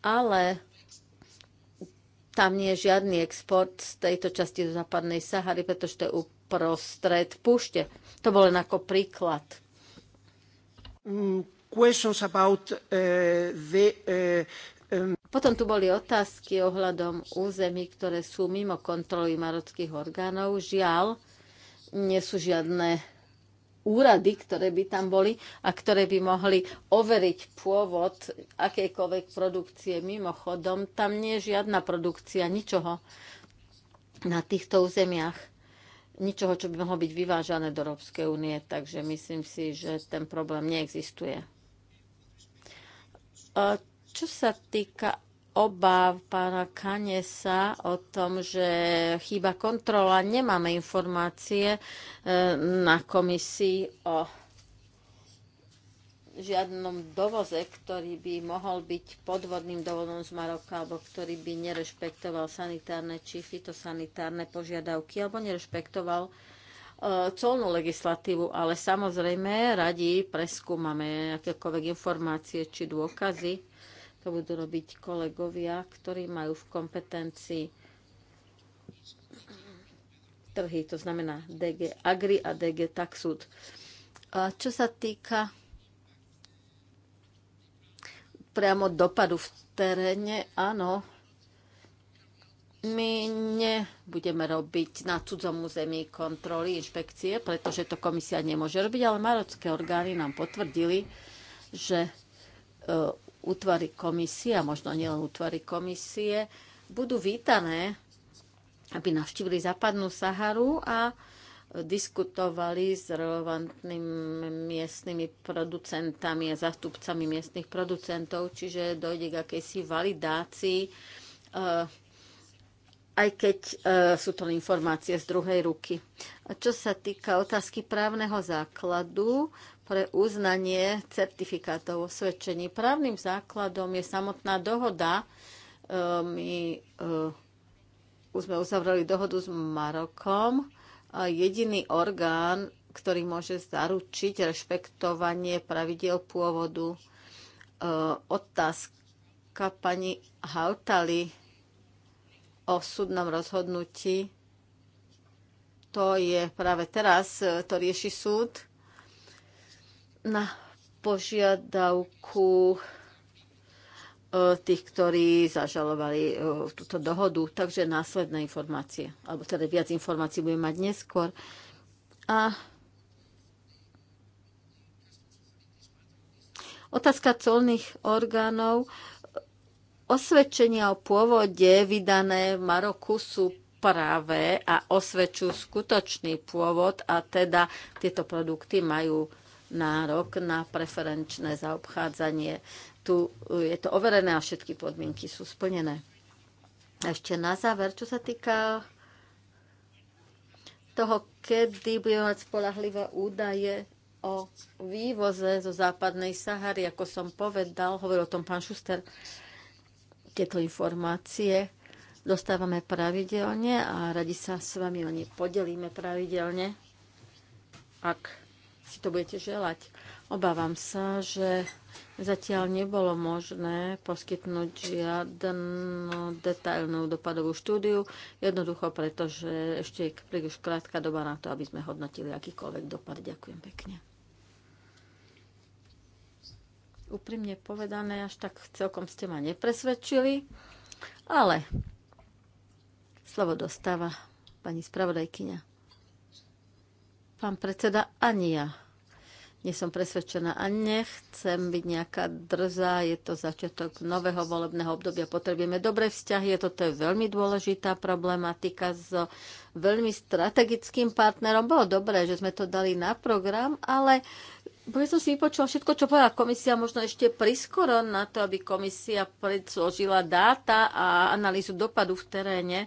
Ale tam nie je žiadny export z tejto časti do západnej Sahary, pretože to je uprostred púšte. To bol len ako príklad. Mm, questions about uh, the uh, potom tu boli otázky ohľadom území, ktoré sú mimo kontroly marockých orgánov. Žiaľ, nie sú žiadne úrady, ktoré by tam boli a ktoré by mohli overiť pôvod akejkoľvek produkcie. Mimochodom, tam nie je žiadna produkcia ničoho na týchto územiach. Ničoho, čo by mohlo byť vyvážané do Európskej únie. Takže myslím si, že ten problém neexistuje. Čo sa týka obáv pána Kanesa o tom, že chýba kontrola, nemáme informácie e, na komisii o žiadnom dovoze, ktorý by mohol byť podvodným dovozom z Maroka, alebo ktorý by nerešpektoval sanitárne či fitosanitárne požiadavky, alebo nerešpektoval e, colnú legislatívu, ale samozrejme radi preskúmame akékoľvek informácie či dôkazy to budú robiť kolegovia, ktorí majú v kompetencii trhy, to znamená DG Agri a DG Taxud. A čo sa týka priamo dopadu v teréne, áno, my nebudeme robiť na cudzom území kontroly, inšpekcie, pretože to komisia nemôže robiť, ale marocké orgány nám potvrdili, že e, útvary komisie, a možno nielen útvary komisie, budú vítané, aby navštívili západnú Saharu a diskutovali s relevantnými miestnymi producentami a zastupcami miestnych producentov, čiže dojde k akejsi validácii, eh, aj keď eh, sú to informácie z druhej ruky. A čo sa týka otázky právneho základu, pre uznanie certifikátov o svedčení. Právnym základom je samotná dohoda. E, my e, už sme uzavreli dohodu s Marokom. Jediný orgán, ktorý môže zaručiť rešpektovanie pravidiel pôvodu. E, otázka pani Hautali o súdnom rozhodnutí. To je práve teraz, to rieši súd na požiadavku e, tých, ktorí zažalovali e, túto dohodu. Takže následné informácie, alebo teda viac informácií budeme mať neskôr. A otázka colných orgánov. Osvedčenia o pôvode vydané v Maroku sú práve a osvedčujú skutočný pôvod a teda tieto produkty majú nárok na preferenčné zaobchádzanie. Tu e, je to overené a všetky podmienky sú splnené. ešte na záver, čo sa týka toho, kedy budeme mať spolahlivé údaje o vývoze zo západnej Sahary, ako som povedal, hovoril o tom pán Šuster, tieto informácie dostávame pravidelne a radi sa s vami o ne podelíme pravidelne, ak si to budete želať. Obávam sa, že zatiaľ nebolo možné poskytnúť žiadnu detailnú dopadovú štúdiu, jednoducho preto, že ešte je príliš krátka doba na to, aby sme hodnotili akýkoľvek dopad. Ďakujem pekne úprimne povedané, až tak celkom ste ma nepresvedčili, ale slovo dostáva pani spravodajkyňa. Pán predseda, ani ja. Nie som presvedčená a nechcem byť nejaká drzá. Je to začiatok nového volebného obdobia. Potrebujeme dobré vzťahy. Toto je veľmi dôležitá problematika s veľmi strategickým partnerom. Bolo dobré, že sme to dali na program, ale ja som si vypočula všetko, čo povedala komisia, možno ešte priskoro na to, aby komisia predložila dáta a analýzu dopadu v teréne.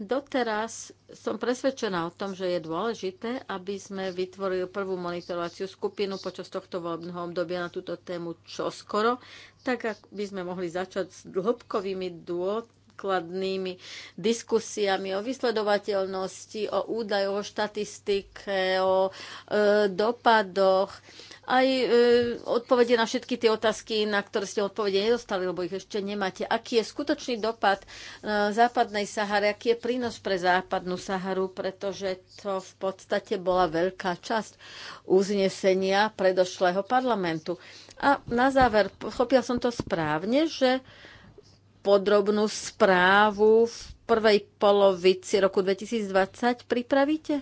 Doteraz som presvedčená o tom, že je dôležité, aby sme vytvorili prvú monitorovaciu skupinu počas tohto voľbného obdobia na túto tému čoskoro, tak aby sme mohli začať s hĺbkovými dôvodmi základnými diskusiami o vysledovateľnosti, o údajoch, o štatistike, o e, dopadoch, aj e, odpovede na všetky tie otázky, na ktoré ste odpovede nedostali, lebo ich ešte nemáte. Aký je skutočný dopad e, západnej Sahary, aký je prínos pre západnú Saharu, pretože to v podstate bola veľká časť uznesenia predošlého parlamentu. A na záver, pochopil som to správne, že podrobnú správu v prvej polovici roku 2020 pripravíte?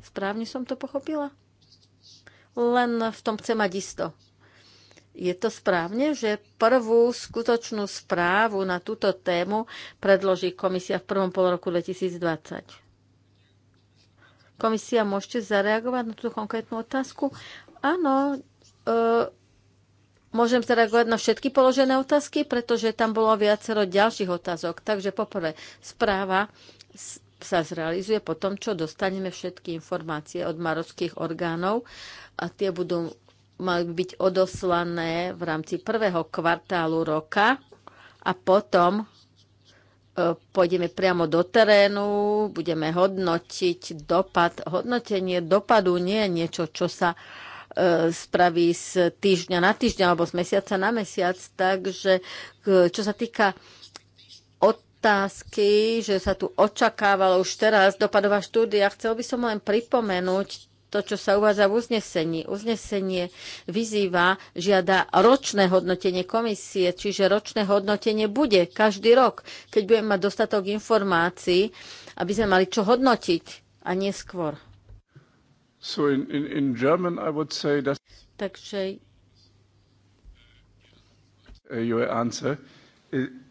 Správne som to pochopila? Len v tom chcem mať isto. Je to správne, že prvú skutočnú správu na túto tému predloží komisia v prvom pol roku 2020? Komisia, môžete zareagovať na tú konkrétnu otázku? Áno, e Môžem zareagovať teda na všetky položené otázky, pretože tam bolo viacero ďalších otázok. Takže poprvé, správa sa zrealizuje po tom, čo dostaneme všetky informácie od marockých orgánov a tie budú mali byť odoslané v rámci prvého kvartálu roka a potom e, pôjdeme priamo do terénu, budeme hodnotiť dopad. Hodnotenie dopadu nie je niečo, čo sa uh, spraví z týždňa na týždeň alebo z mesiaca na mesiac. Takže čo sa týka otázky, že sa tu očakávalo už teraz dopadová štúdia, chcel by som len pripomenúť to, čo sa uvádza v uznesení. Uznesenie vyzýva, žiada ročné hodnotenie komisie, čiže ročné hodnotenie bude každý rok, keď budeme mať dostatok informácií, aby sme mali čo hodnotiť a neskôr.
So in, in, in German I would say that Takže uh, your answer in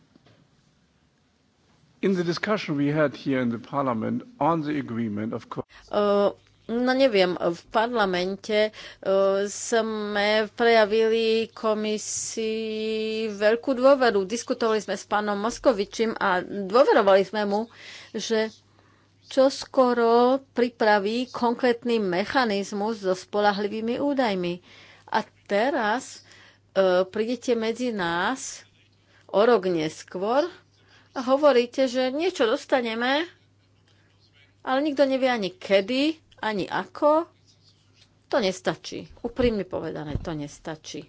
the discussion we had here in the parliament on the agreement of course
uh, No neviem, v parlamente uh, sme prejavili komisii veľkú dôveru. Diskutovali sme s pánom Moskovičím a dôverovali sme mu, že čo skoro pripraví konkrétny mechanizmus so spolahlivými údajmi. A teraz e, prídete medzi nás o rok neskôr a hovoríte, že niečo dostaneme, ale nikto nevie ani kedy, ani ako. To nestačí. Úprimne povedané, to nestačí.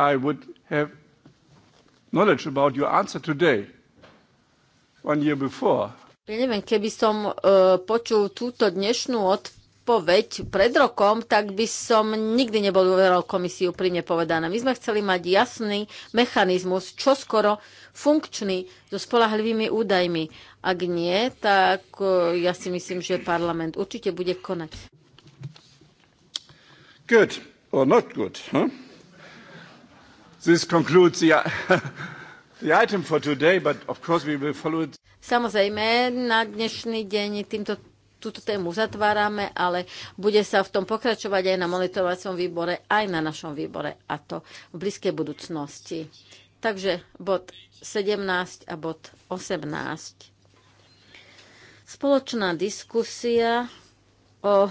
I would have knowledge about your answer today, one year before.
Ja neviem, keby som e, počul túto dnešnú odpoveď pred rokom, tak by som nikdy nebol uveral komisiu pri nepovedané. My sme chceli mať jasný mechanizmus, čo skoro funkčný, so spolahlivými údajmi. Ak nie, tak e, ja si myslím, že parlament určite bude konať.
Good or not good, huh? This concludes the...
Samozrejme, na dnešný deň týmto túto tému zatvárame, ale bude sa v tom pokračovať aj na monitorovacom výbore, aj na našom výbore, a to v blízkej budúcnosti. Takže bod 17 a bod 18. Spoločná diskusia o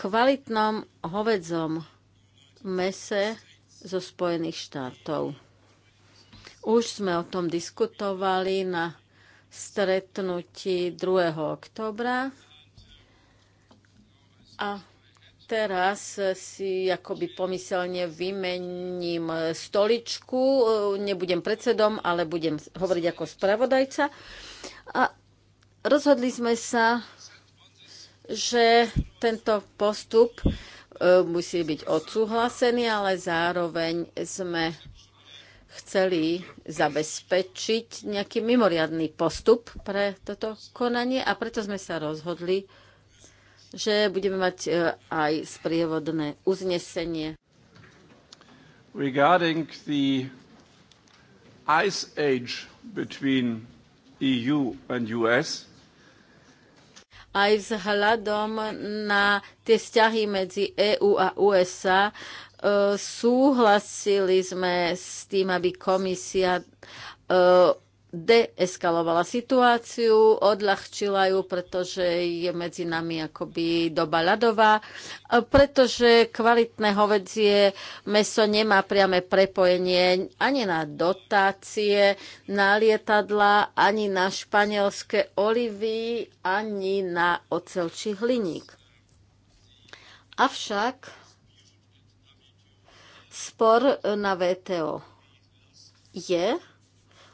kvalitnom hovedzom mese zo Spojených štátov. Už sme o tom diskutovali na stretnutí 2. oktobra a teraz si akoby pomyselne vymením stoličku, nebudem predsedom, ale budem hovoriť ako spravodajca. A rozhodli sme sa, že tento postup e, musí byť odsúhlasený, ale zároveň sme chceli zabezpečiť nejaký mimoriadný postup pre toto konanie a preto sme sa rozhodli, že budeme mať e, aj sprievodné uznesenie.
Regarding the ice age between EU and US,
aj vzhľadom na tie vzťahy medzi EU a USA súhlasili sme s tým, aby komisia e, deeskalovala situáciu, odľahčila ju, pretože je medzi nami akoby doba ľadová, e, pretože kvalitné hovedzie meso nemá priame prepojenie ani na dotácie, na lietadla, ani na španielské olivy, ani na ocel či hliník. Avšak spor na VTO je,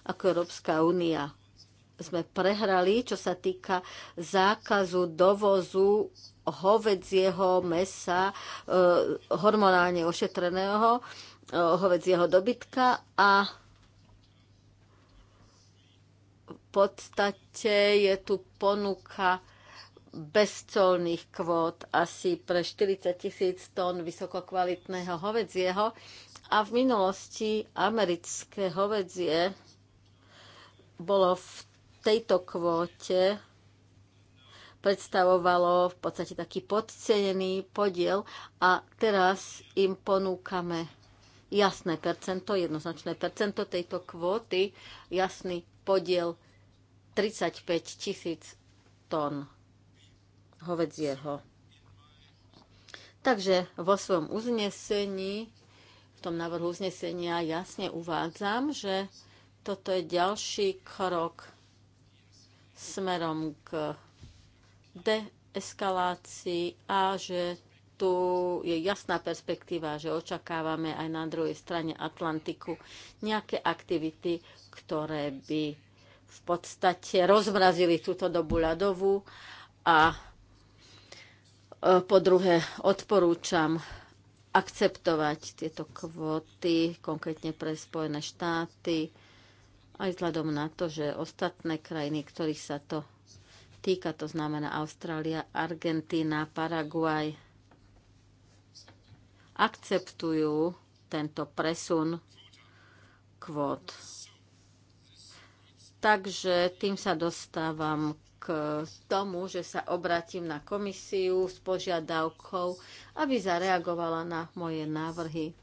ako Európska únia sme prehrali, čo sa týka zákazu dovozu hovedzieho mesa, eh, hormonálne ošetreného eh, hovedzieho dobytka a v podstate je tu ponuka bezcolných kvót asi pre 40 tisíc tón vysokokvalitného hovedzieho a v minulosti americké hovedzie bolo v tejto kvóte predstavovalo v podstate taký podcenený podiel a teraz im ponúkame jasné percento, jednoznačné percento tejto kvóty, jasný podiel 35 tisíc tón hovedzieho. Takže vo svojom uznesení, v tom návrhu uznesenia jasne uvádzam, že toto je ďalší krok smerom k deeskalácii a že tu je jasná perspektíva, že očakávame aj na druhej strane Atlantiku nejaké aktivity, ktoré by v podstate rozmrazili túto dobu ľadovú a Eh, po druhé, odporúčam akceptovať tieto kvóty, konkrétne pre Spojené štáty, aj vzhľadom na to, že ostatné krajiny, ktorých sa to týka, to znamená Austrália, Argentína, Paraguaj, akceptujú tento presun kvót. Takže tým sa dostávam k tomu, že sa obratím na komisiu s požiadavkou, aby zareagovala na moje návrhy.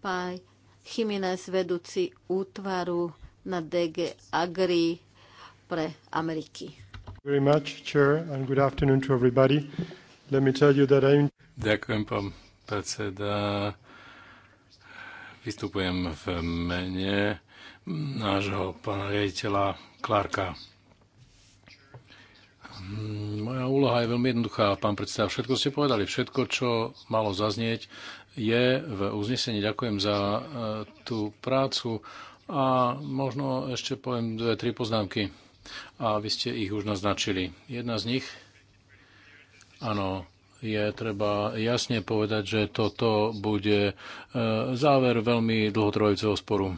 Pán Chimines, vedúci útvaru na DG Agri pre Ameriky. Very
much, Chair, and good afternoon to everybody. Let me tell you that I'm... Ďakujem, pán predseda. Vystupujem v mene nášho pána riaditeľa Clarka Mm, moja úloha je veľmi jednoduchá, pán predseda. Všetko ste povedali, všetko, čo malo zaznieť, je v uznesení. Ďakujem za e, tú prácu a možno ešte poviem dve, tri poznámky. A vy ste ich už naznačili. Jedna z nich, áno, je treba jasne povedať, že toto bude e, záver veľmi dlhotrvajúceho sporu.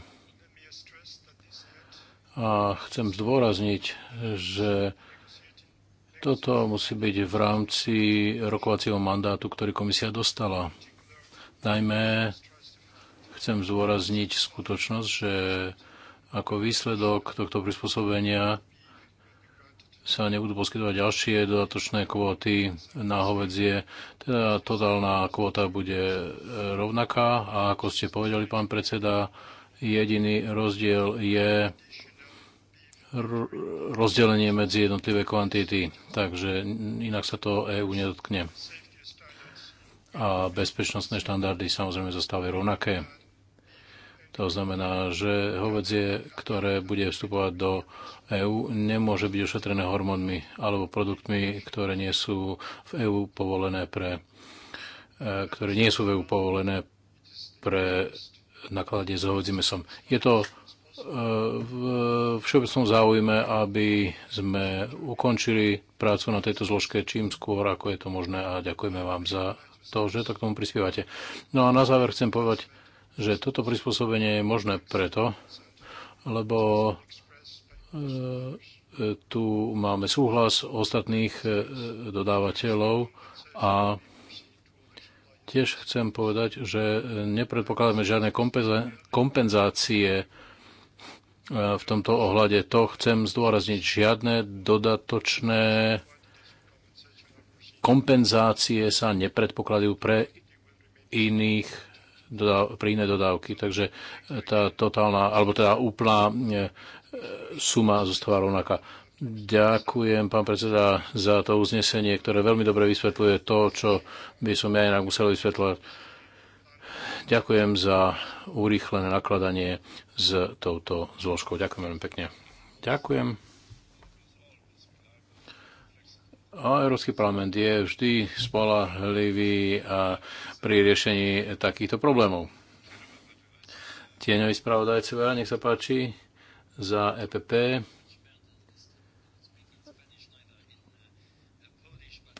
A chcem zdôrazniť, že toto musí byť v rámci rokovacieho mandátu, ktorý komisia dostala. Najmä chcem zdôrazniť skutočnosť, že ako výsledok tohto prispôsobenia sa nebudú poskytovať ďalšie dodatočné kvóty na hovedzie. Teda totálna kvóta bude rovnaká a ako ste povedali, pán predseda, jediný rozdiel je rozdelenie medzi jednotlivé kvantity, takže inak sa to EÚ nedotkne. A bezpečnostné štandardy samozrejme zostávajú rovnaké. To znamená, že hovedzie, ktoré bude vstupovať do EÚ, nemôže byť ošetrené hormónmi alebo produktmi, ktoré nie sú v EÚ povolené pre e, ktoré nie sú v EU povolené pre nakladanie s hovedzím mesom. Je to v všeobecnom záujme, aby sme ukončili prácu na tejto zložke čím skôr, ako je to možné a ďakujeme vám za to, že to k tomu prispievate. No a na záver chcem povedať, že toto prispôsobenie je možné preto, lebo e, tu máme súhlas ostatných e, dodávateľov a tiež chcem povedať, že nepredpokladáme žiadne kompenzácie E, v tomto ohľade. To chcem zdôrazniť. Žiadne dodatočné kompenzácie sa nepredpokladajú pre iných pre iné dodávky. Takže tá totálna, alebo teda úplná e, suma zostáva rovnaká. Ďakujem, pán predseda, za to uznesenie, ktoré veľmi dobre vysvetľuje to, čo by som ja inak musel vysvetľovať Ďakujem za urýchlené nakladanie s touto zložkou. Ďakujem veľmi pekne. Ďakujem. A Európsky parlament je vždy spolahlivý pri riešení takýchto problémov. Tieňový spravodajcovia, nech sa páči, za EPP.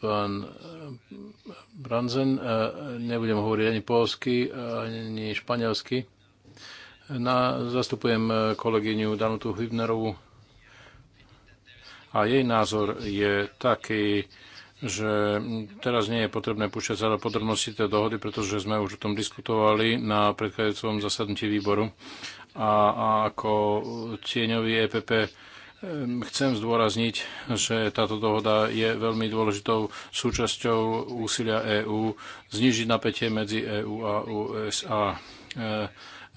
Pán Branzen, e, nebudem hovoriť ani polsky, e, ani španielsky. Na, zastupujem e, kolegyňu Danutu Hübnerovu. a jej názor je taký, že teraz nie je potrebné púšťať sa do podrobnosti tej dohody, pretože sme už o tom diskutovali na predchádzajúcom zasadnutí výboru a, a ako tieňový EPP Ehm, chcem zdôrazniť, že táto dohoda je veľmi dôležitou súčasťou úsilia EÚ znižiť napätie medzi EÚ a USA.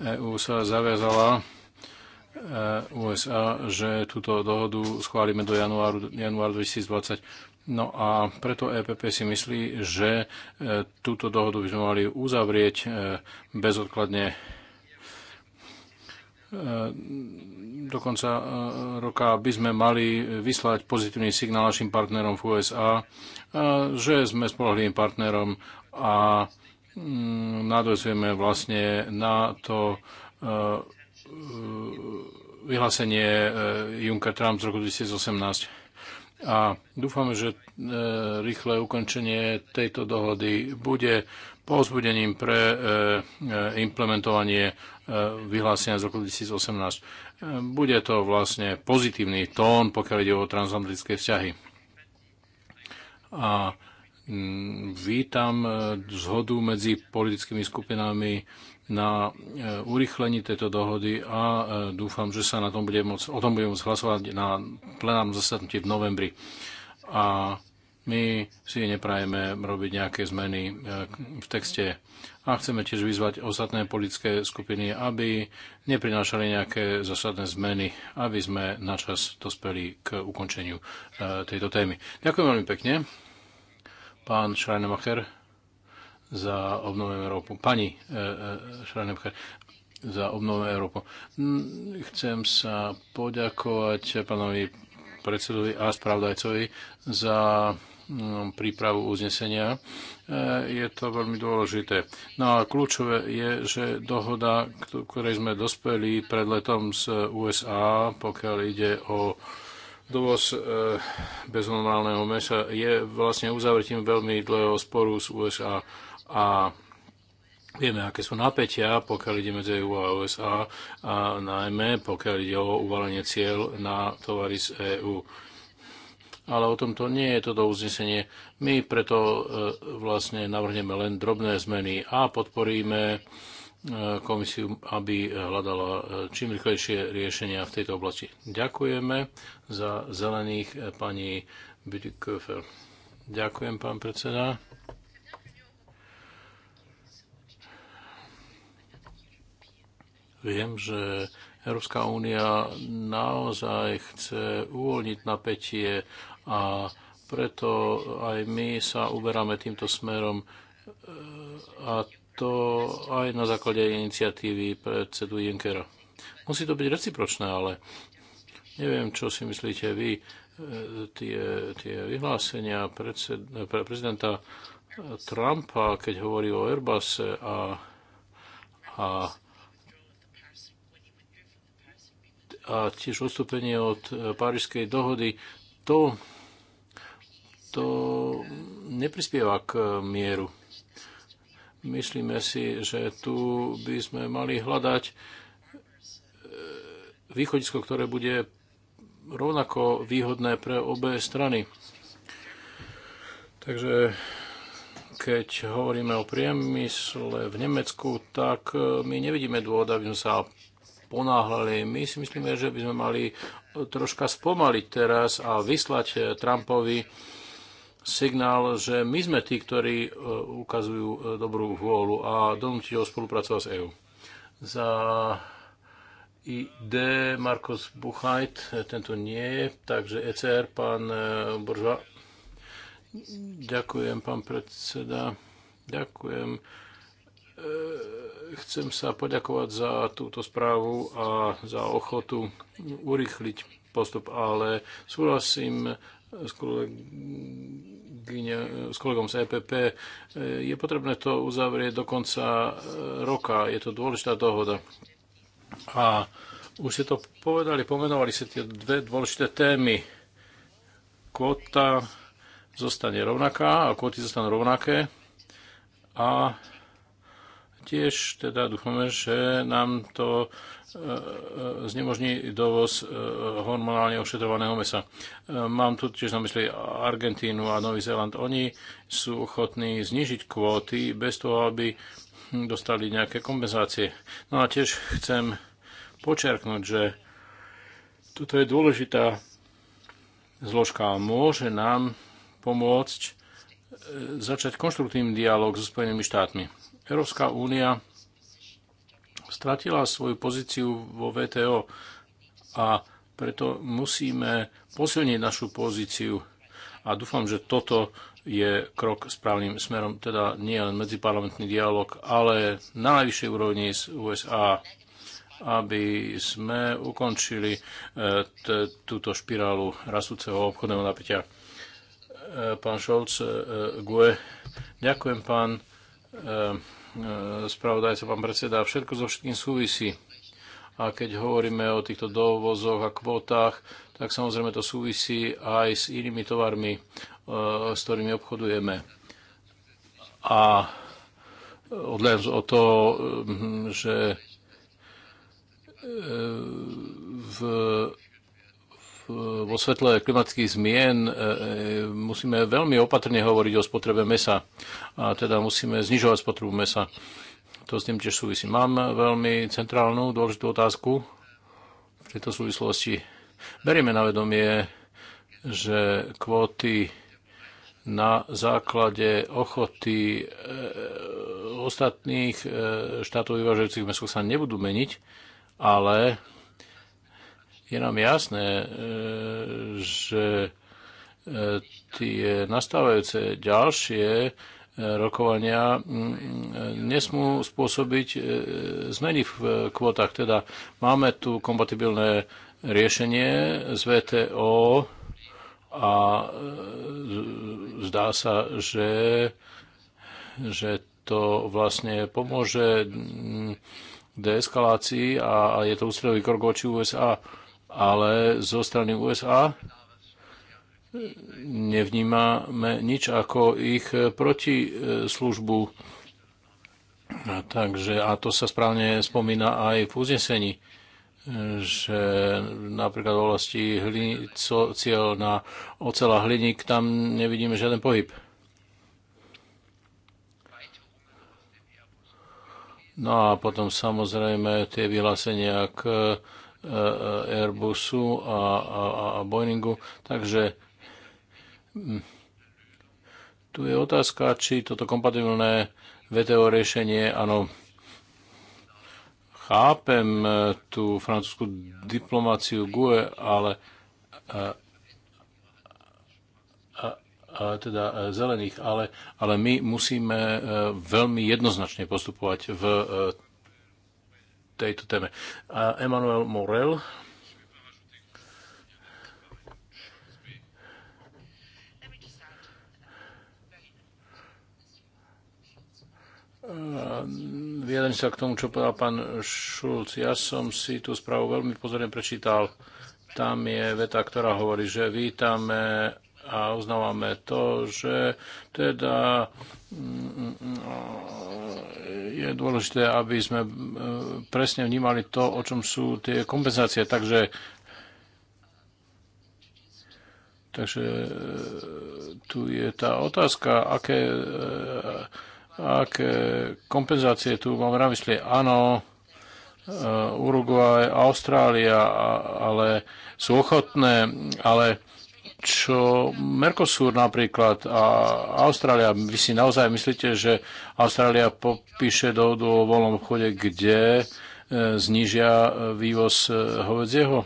EÚ e sa zaviazala e, USA, že túto dohodu schválime do januáru, januáru 2020. No a preto EPP si myslí, že e, túto dohodu by sme mali uzavrieť bezodkladne E, do konca e, roka, aby sme mali vyslať pozitívny signál našim partnerom v USA, e, že sme spolahlivým partnerom a mm, nadvezujeme vlastne na to vyhlásenie Juncker Trump z roku 2018. A dúfame, že rýchle ukončenie tejto dohody bude povzbudením pre implementovanie E, vyhlásenia z roku 2018. E, bude to vlastne pozitívny tón, pokiaľ ide o transatlantické vzťahy. A mm, vítam e, zhodu medzi politickými skupinami na urychlení tejto dohody a dúfam, že sa na tom bude môcť, o tom budeme môcť hlasovať na plenárnom zasadnutí v novembri. A my si neprajeme robiť nejaké zmeny e, v texte a chceme tiež vyzvať ostatné politické skupiny, aby neprinášali nejaké zásadné zmeny, aby sme načas dospeli k ukončeniu e, tejto témy. Ďakujem veľmi pekne, pán Schreinemacher, za obnovenú Európu. Pani e, Schreinemacher, za obnovu Európu. Chcem sa poďakovať pánovi predsedovi a spravodajcovi za Mm, prípravu uznesenia. E, je to veľmi dôležité. No a kľúčové je, že dohoda, ktorej sme dospeli pred letom z USA, pokiaľ ide o dovoz e, bezhormonálneho mesa, je vlastne uzavretím veľmi dlhého sporu z USA a Vieme, aké sú napätia, pokiaľ ide medzi EU a USA, a najmä pokiaľ ide o uvalenie cieľ na tovary z EÚ ale o tomto nie je toto uznesenie. My preto e, vlastne navrhneme len drobné zmeny a podporíme e, komisiu, aby hľadala e, čím rýchlejšie riešenia v tejto oblasti. Ďakujeme za zelených pani Büdikofer. Ďakujem, pán predseda. Viem, že Európska únia naozaj chce uvoľniť napätie a preto aj my sa uberáme týmto smerom e, a to aj na základe iniciatívy predsedu Junckera. Musí to byť recipročné, ale neviem, čo si myslíte vy. E, tie, tie vyhlásenia predsed, pre prezidenta Trumpa, keď hovorí o Airbase a, a, a tiež odstúpenie od e, Parískej dohody, to to neprispieva k e, mieru. Myslíme si, že tu by sme mali hľadať e, východisko, ktoré bude rovnako výhodné pre obe strany. Takže keď hovoríme o priemysle v Nemecku, tak e, my nevidíme dôvod, aby sme sa ponáhľali. My si myslíme, že by sme mali troška spomaliť teraz a vyslať Trumpovi signál, že my sme tí, ktorí e, ukazujú e, dobrú vôľu a donútiť ho spolupracovať s EÚ. Za ID Markus Buchajt, e, tento nie je, takže ECR, pán Buržva. Ďakujem, pán predseda. Ďakujem. E chcem sa poďakovať za túto správu a za ochotu urychliť postup, ale súhlasím s, kolegyne, s kolegom z EPP. Je potrebné to uzavrieť do konca e, roka. Je to dôležitá dohoda. A už ste to povedali, pomenovali ste tie dve dôležité témy. Kvota zostane rovnaká a kvoty zostanú rovnaké. A Tiež teda dúfame, že nám to e, e, znemožní dovoz e, hormonálne ošetrovaného mesa. Mám tu tiež na mysli Argentínu a Nový Zéland. Oni sú ochotní znižiť kvóty bez toho, aby dostali nejaké kompenzácie. No a tiež chcem počerknúť, že toto je dôležitá zložka. Môže nám pomôcť začať konštruktívny dialog so Spojenými štátmi. Európska únia stratila svoju pozíciu vo VTO a preto musíme posilniť našu pozíciu a dúfam, že toto je krok správnym smerom, teda nie len medziparlamentný dialog, ale na najvyššej úrovni z USA, aby sme ukončili e, túto špirálu rastúceho obchodného napätia. E, pán Šolc, e, GUE, ďakujem pán E, spravodajca, pán predseda, všetko so všetkým súvisí. A keď hovoríme o týchto dovozoch a kvótach, tak samozrejme to súvisí aj s inými tovarmi, e, s ktorými obchodujeme. A odľajem o to, e, že v vo svetle klimatických zmien e, e, musíme veľmi opatrne hovoriť o spotrebe mesa. A teda musíme znižovať spotrebu mesa. To s tým tiež súvisí. Mám veľmi centrálnu dôležitú otázku v tejto súvislosti. Berieme na vedomie, že kvóty na základe ochoty e, ostatných štátov vyvážajúcich meso sa nebudú meniť, ale je nám jasné, e, že e, tie nastávajúce ďalšie e, rokovania nesmú spôsobiť zmeny v kvotách. Teda máme tu kompatibilné riešenie z VTO a zdá sa, že, že to vlastne pomôže deeskalácii a je to ústredový krok voči USA ale zo strany USA nevnímame nič ako ich protislužbu. Takže, a to sa správne spomína aj v uznesení, že napríklad v oblasti cieľ na ocela hliník, tam nevidíme žiaden pohyb. No a potom samozrejme tie vyhlásenia k Eh, Airbusu a, a, a Boeingu. Takže hm, tu je otázka, či toto kompatibilné VTO riešenie, áno, chápem eh, tú francúzsku diplomáciu GUE, ale eh, a, teda zelených, ale, ale my musíme veľmi jednoznačne postupovať v tejto téme. A Emmanuel Morel. Viedem sa k tomu, čo povedal pán Šulc. Ja som si tú správu veľmi pozorne prečítal. Tam je veta, ktorá hovorí, že vítame a uznávame to, že teda je dôležité, aby sme e, presne vnímali to, o čom sú tie kompenzácie. Takže, takže e, tu je tá otázka, aké, e, aké kompenzácie tu mám na mysli. Áno, Uruguay, Austrália, ale sú ochotné, ale čo Mercosur napríklad a Austrália. Vy si naozaj myslíte, že Austrália popíše dohodu o voľnom obchode, kde e, znižia e, vývoz e, hovedzieho?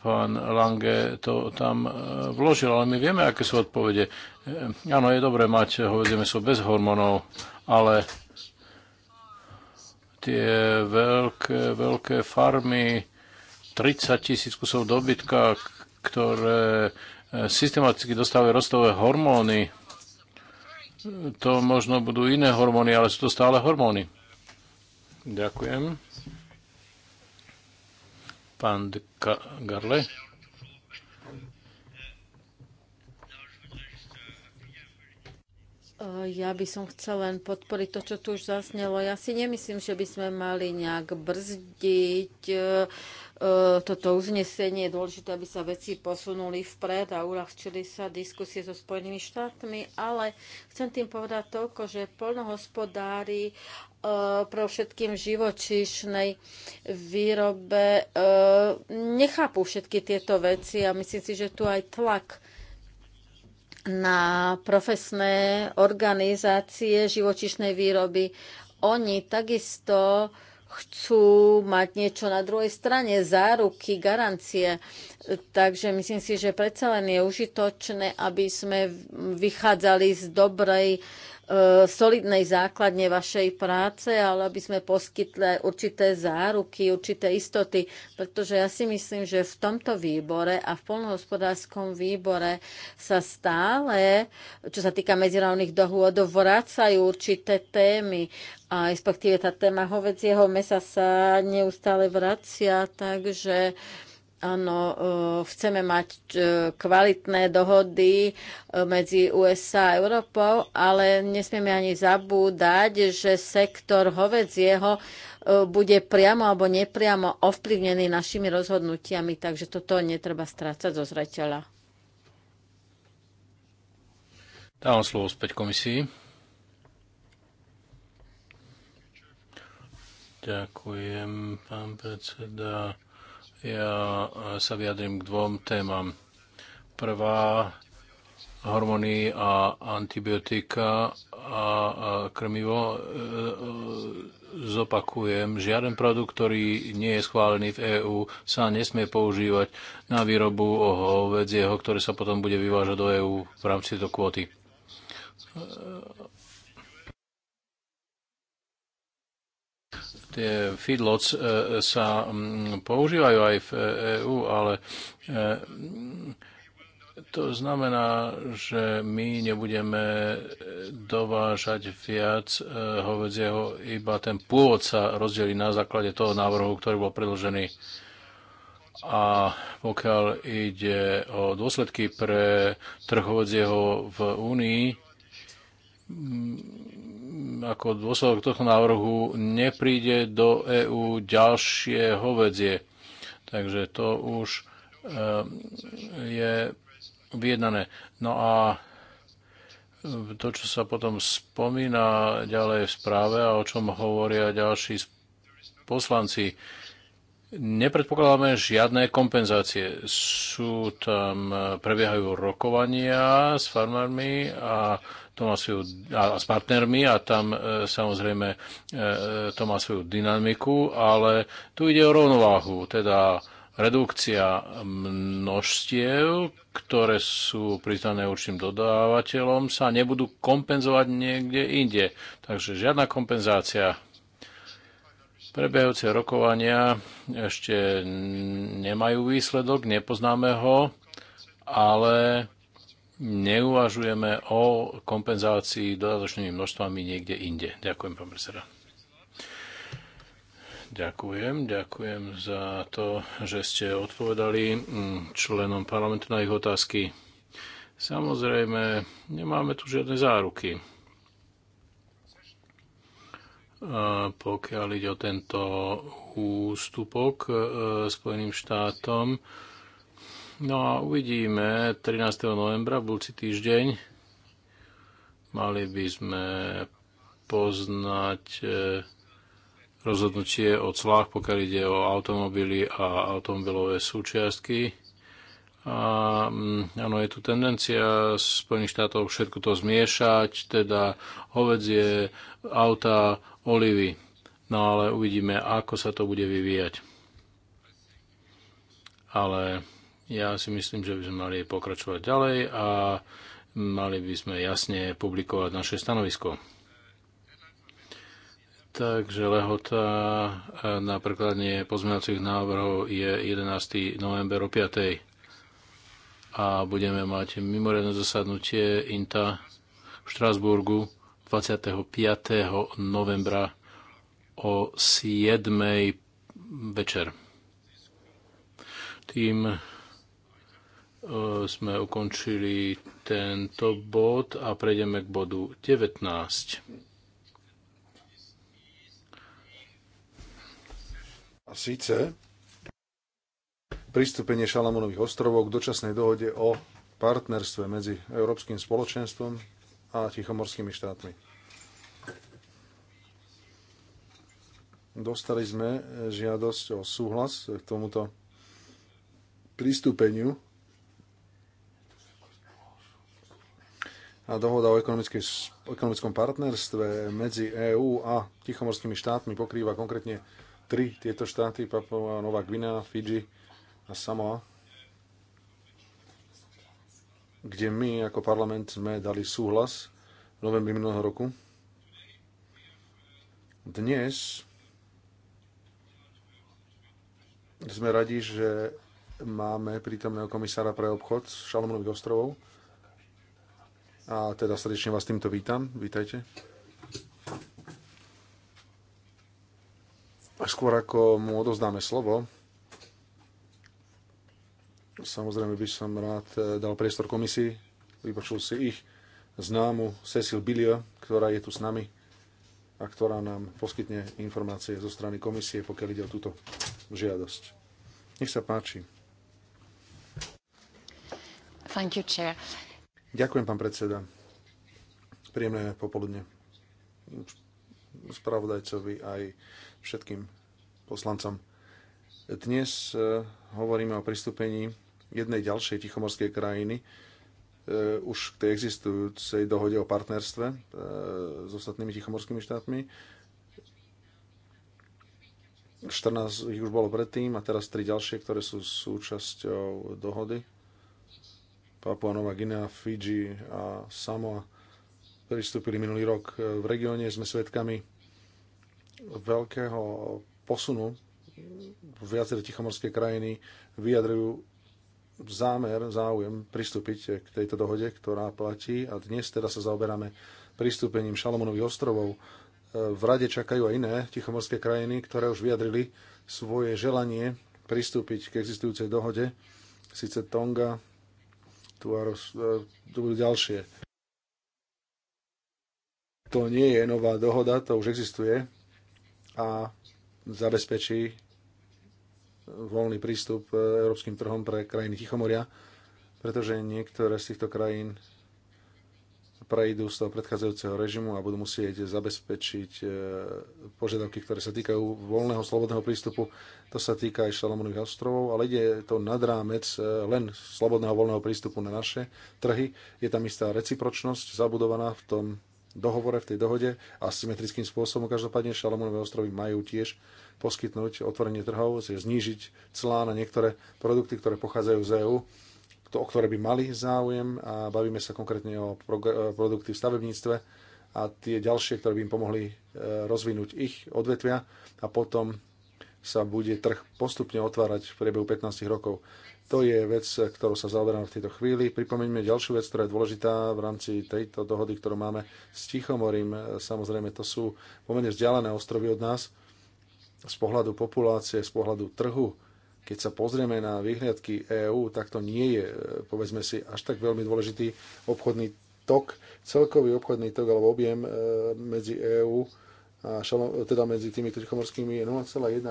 Pán Lange to tam vložil, ale my vieme, aké sú odpovede. Áno, je dobré mať hovedzie meso bez hormónov, ale tie veľké, veľké farmy 30 tisíc kusov dobytka, ktoré e, systematicky dostávajú rostové hormóny. To možno budú iné hormóny, ale sú to stále hormóny. Ďakujem. Pán Ka- Garle. E,
ja by som chcel len podporiť to, čo tu už zasnelo. Ja si nemyslím, že by sme mali nejak brzdiť uh, E, toto uznesenie. Je dôležité, aby sa veci posunuli vpred a uľahčili sa diskusie so Spojenými štátmi, ale chcem tým povedať toľko, že polnohospodári e, pre všetkým živočíšnej výrobe e, nechápu všetky tieto veci a myslím si, že tu aj tlak na profesné organizácie živočišnej výroby. Oni takisto uh, chcú mať niečo na druhej strane, záruky, garancie. Takže myslím si, že predsa len je užitočné, aby sme vychádzali z dobrej, e, solidnej základne vašej práce, ale aby sme poskytli určité záruky, určité istoty, pretože ja si myslím, že v tomto výbore a v polnohospodárskom výbore sa stále, čo sa týka medzinárodných dohôd, vracajú určité témy a respektíve tá téma hovedzieho mesa sa neustále vracia, takže Áno, e, chceme mať e, kvalitné dohody e, medzi USA a Európou, ale nesmieme ani zabúdať, že sektor hovedzieho bude priamo alebo nepriamo ovplyvnený našimi rozhodnutiami, takže toto netreba strácať zo zreteľa.
Dávam slovo späť komisii. Ďakujem, pán predseda. Ja sa vyjadrím k dvom témam. Prvá, hormóny a antibiotika a krmivo. E, e, zopakujem, žiaden produkt, ktorý nie je schválený v EÚ, sa nesmie používať na výrobu hovedzieho, ktoré sa potom bude vyvážať do EÚ v rámci tejto kvóty e, tie feedlots e, sa mm, používajú aj v EÚ, e ale e, to znamená, že my nebudeme dovážať viac hovedzieho, iba ten pôvod sa rozdelí na základe toho návrhu, ktorý bol predložený. A pokiaľ ide o dôsledky pre trh hovedzieho v Únii, ako dôsledok tohto návrhu nepríde do EÚ ďalšie hovedzie. Takže to už eh, je vyjednané. No a to, čo sa potom spomína ďalej v správe a o čom hovoria ďalší poslanci, Nepredpokladáme žiadne kompenzácie. Sú tam, prebiehajú rokovania s farmármi a, to má svoju, a s partnermi a tam e, samozrejme e, e, to má svoju dynamiku, ale tu ide o rovnováhu, teda redukcia množstiev, ktoré sú priznané určitým dodávateľom, sa nebudú kompenzovať niekde inde. Takže žiadna kompenzácia Prebehujúce rokovania ešte nemajú výsledok, nepoznáme ho, ale neuvažujeme o kompenzácii dodatočnými množstvami niekde inde. Ďakujem, pán predseda. Ďakujem, ďakujem za to, že ste odpovedali mm, členom parlamentu na ich otázky. Samozrejme, nemáme tu žiadne záruky pokiaľ ide o tento ústupok e, Spojeným štátom. No a uvidíme 13. novembra, budúci týždeň, mali by sme poznať e, rozhodnutie o clách, pokiaľ ide o automobily a automobilové súčiastky. A, mm, áno, je tu tendencia Spojených štátov všetko to zmiešať, teda hovedzie, auta, olivy. No ale uvidíme, ako sa to bude vyvíjať. Ale ja si myslím, že by sme mali pokračovať ďalej a mali by sme jasne publikovať naše stanovisko. Takže lehota na prekladanie pozmeňovacích návrhov je 11. november o 5. A budeme mať mimoriadne zasadnutie INTA v Štrásburgu 25. novembra o 7. večer. Tým e, sme ukončili tento bod a prejdeme k bodu 19.
A síce pristúpenie Šalamunových ostrovov k dočasnej dohode o partnerstve medzi Európskym spoločenstvom a tichomorskými štátmi. Dostali sme eh, žiadosť o súhlas k tomuto prístupeniu. a dohoda o ekonomickom partnerstve medzi EÚ a Tichomorskými štátmi pokrýva konkrétne tri tieto štáty, Papua Nová Gvina, Fidži a Samoa kde my ako parlament sme dali súhlas v novembri minulého roku. Dnes sme radi, že máme prítomného komisára pre obchod z Šalomunových ostrovov. A teda srdečne vás týmto vítam. Vítajte. Skôr ako mu odozdáme slovo, Samozrejme by som rád e, dal priestor komisii, vypočul si ich známu Cecil Bilio, ktorá je tu s nami a ktorá nám poskytne informácie zo strany komisie, pokiaľ ide o túto žiadosť. Nech sa páči.
Thank you, chair.
Ďakujem, pán predseda. Príjemné popoludne spravodajcovi aj všetkým poslancom. Dnes e, hovoríme o pristúpení jednej ďalšej tichomorskej krajiny e, už k tej existujúcej dohode o partnerstve e, s ostatnými tichomorskými štátmi. 14 ich už bolo predtým a teraz tri ďalšie, ktoré sú súčasťou dohody. Papua Nová Guinea, Fiji a Samoa pristúpili minulý rok. E, v regióne sme svedkami veľkého posunu. Viaceré tichomorské krajiny vyjadrujú zámer, záujem pristúpiť k tejto dohode, ktorá platí a dnes teda sa zaoberáme pristúpením Šalamonových ostrovov. V rade čakajú aj iné tichomorské krajiny, ktoré už vyjadrili svoje želanie pristúpiť k existujúcej dohode. Sice Tonga, Tuaros, e, tu budú ďalšie. To nie je nová dohoda, to už existuje a zabezpečí voľný prístup e, európskym trhom pre krajiny Tichomoria, pretože niektoré z týchto krajín prejdú z toho predchádzajúceho režimu a budú musieť zabezpečiť e, požiadavky, ktoré sa týkajú voľného, slobodného prístupu. To sa týka aj Šalamonových ostrovov, ale ide to nad rámec e, len slobodného, voľného prístupu na naše trhy. Je tam istá recipročnosť zabudovaná v tom dohovore, v tej dohode a symetrickým spôsobom. Každopádne Šalamúnové ostrovy majú tiež poskytnúť otvorenie trhov, znížiť clá na niektoré produkty, ktoré pochádzajú z EÚ, o ktoré by mali záujem a bavíme sa konkrétne o produkty v stavebníctve a tie ďalšie, ktoré by im pomohli e, rozvinúť ich odvetvia a potom sa bude trh postupne otvárať v priebehu 15 rokov. To je vec, ktorou sa zaoberám v tejto chvíli. Pripomeňme ďalšiu vec, ktorá je dôležitá v rámci tejto dohody, ktorú máme s Tichomorím. Samozrejme, to sú pomerne vzdialené ostrovy od nás. Z pohľadu populácie, z pohľadu trhu, keď sa pozrieme na vyhliadky EÚ, tak to nie je, povedzme si, až tak veľmi dôležitý obchodný tok, celkový obchodný tok alebo objem e, medzi EÚ a teda medzi tými tichomorskými je 0,1%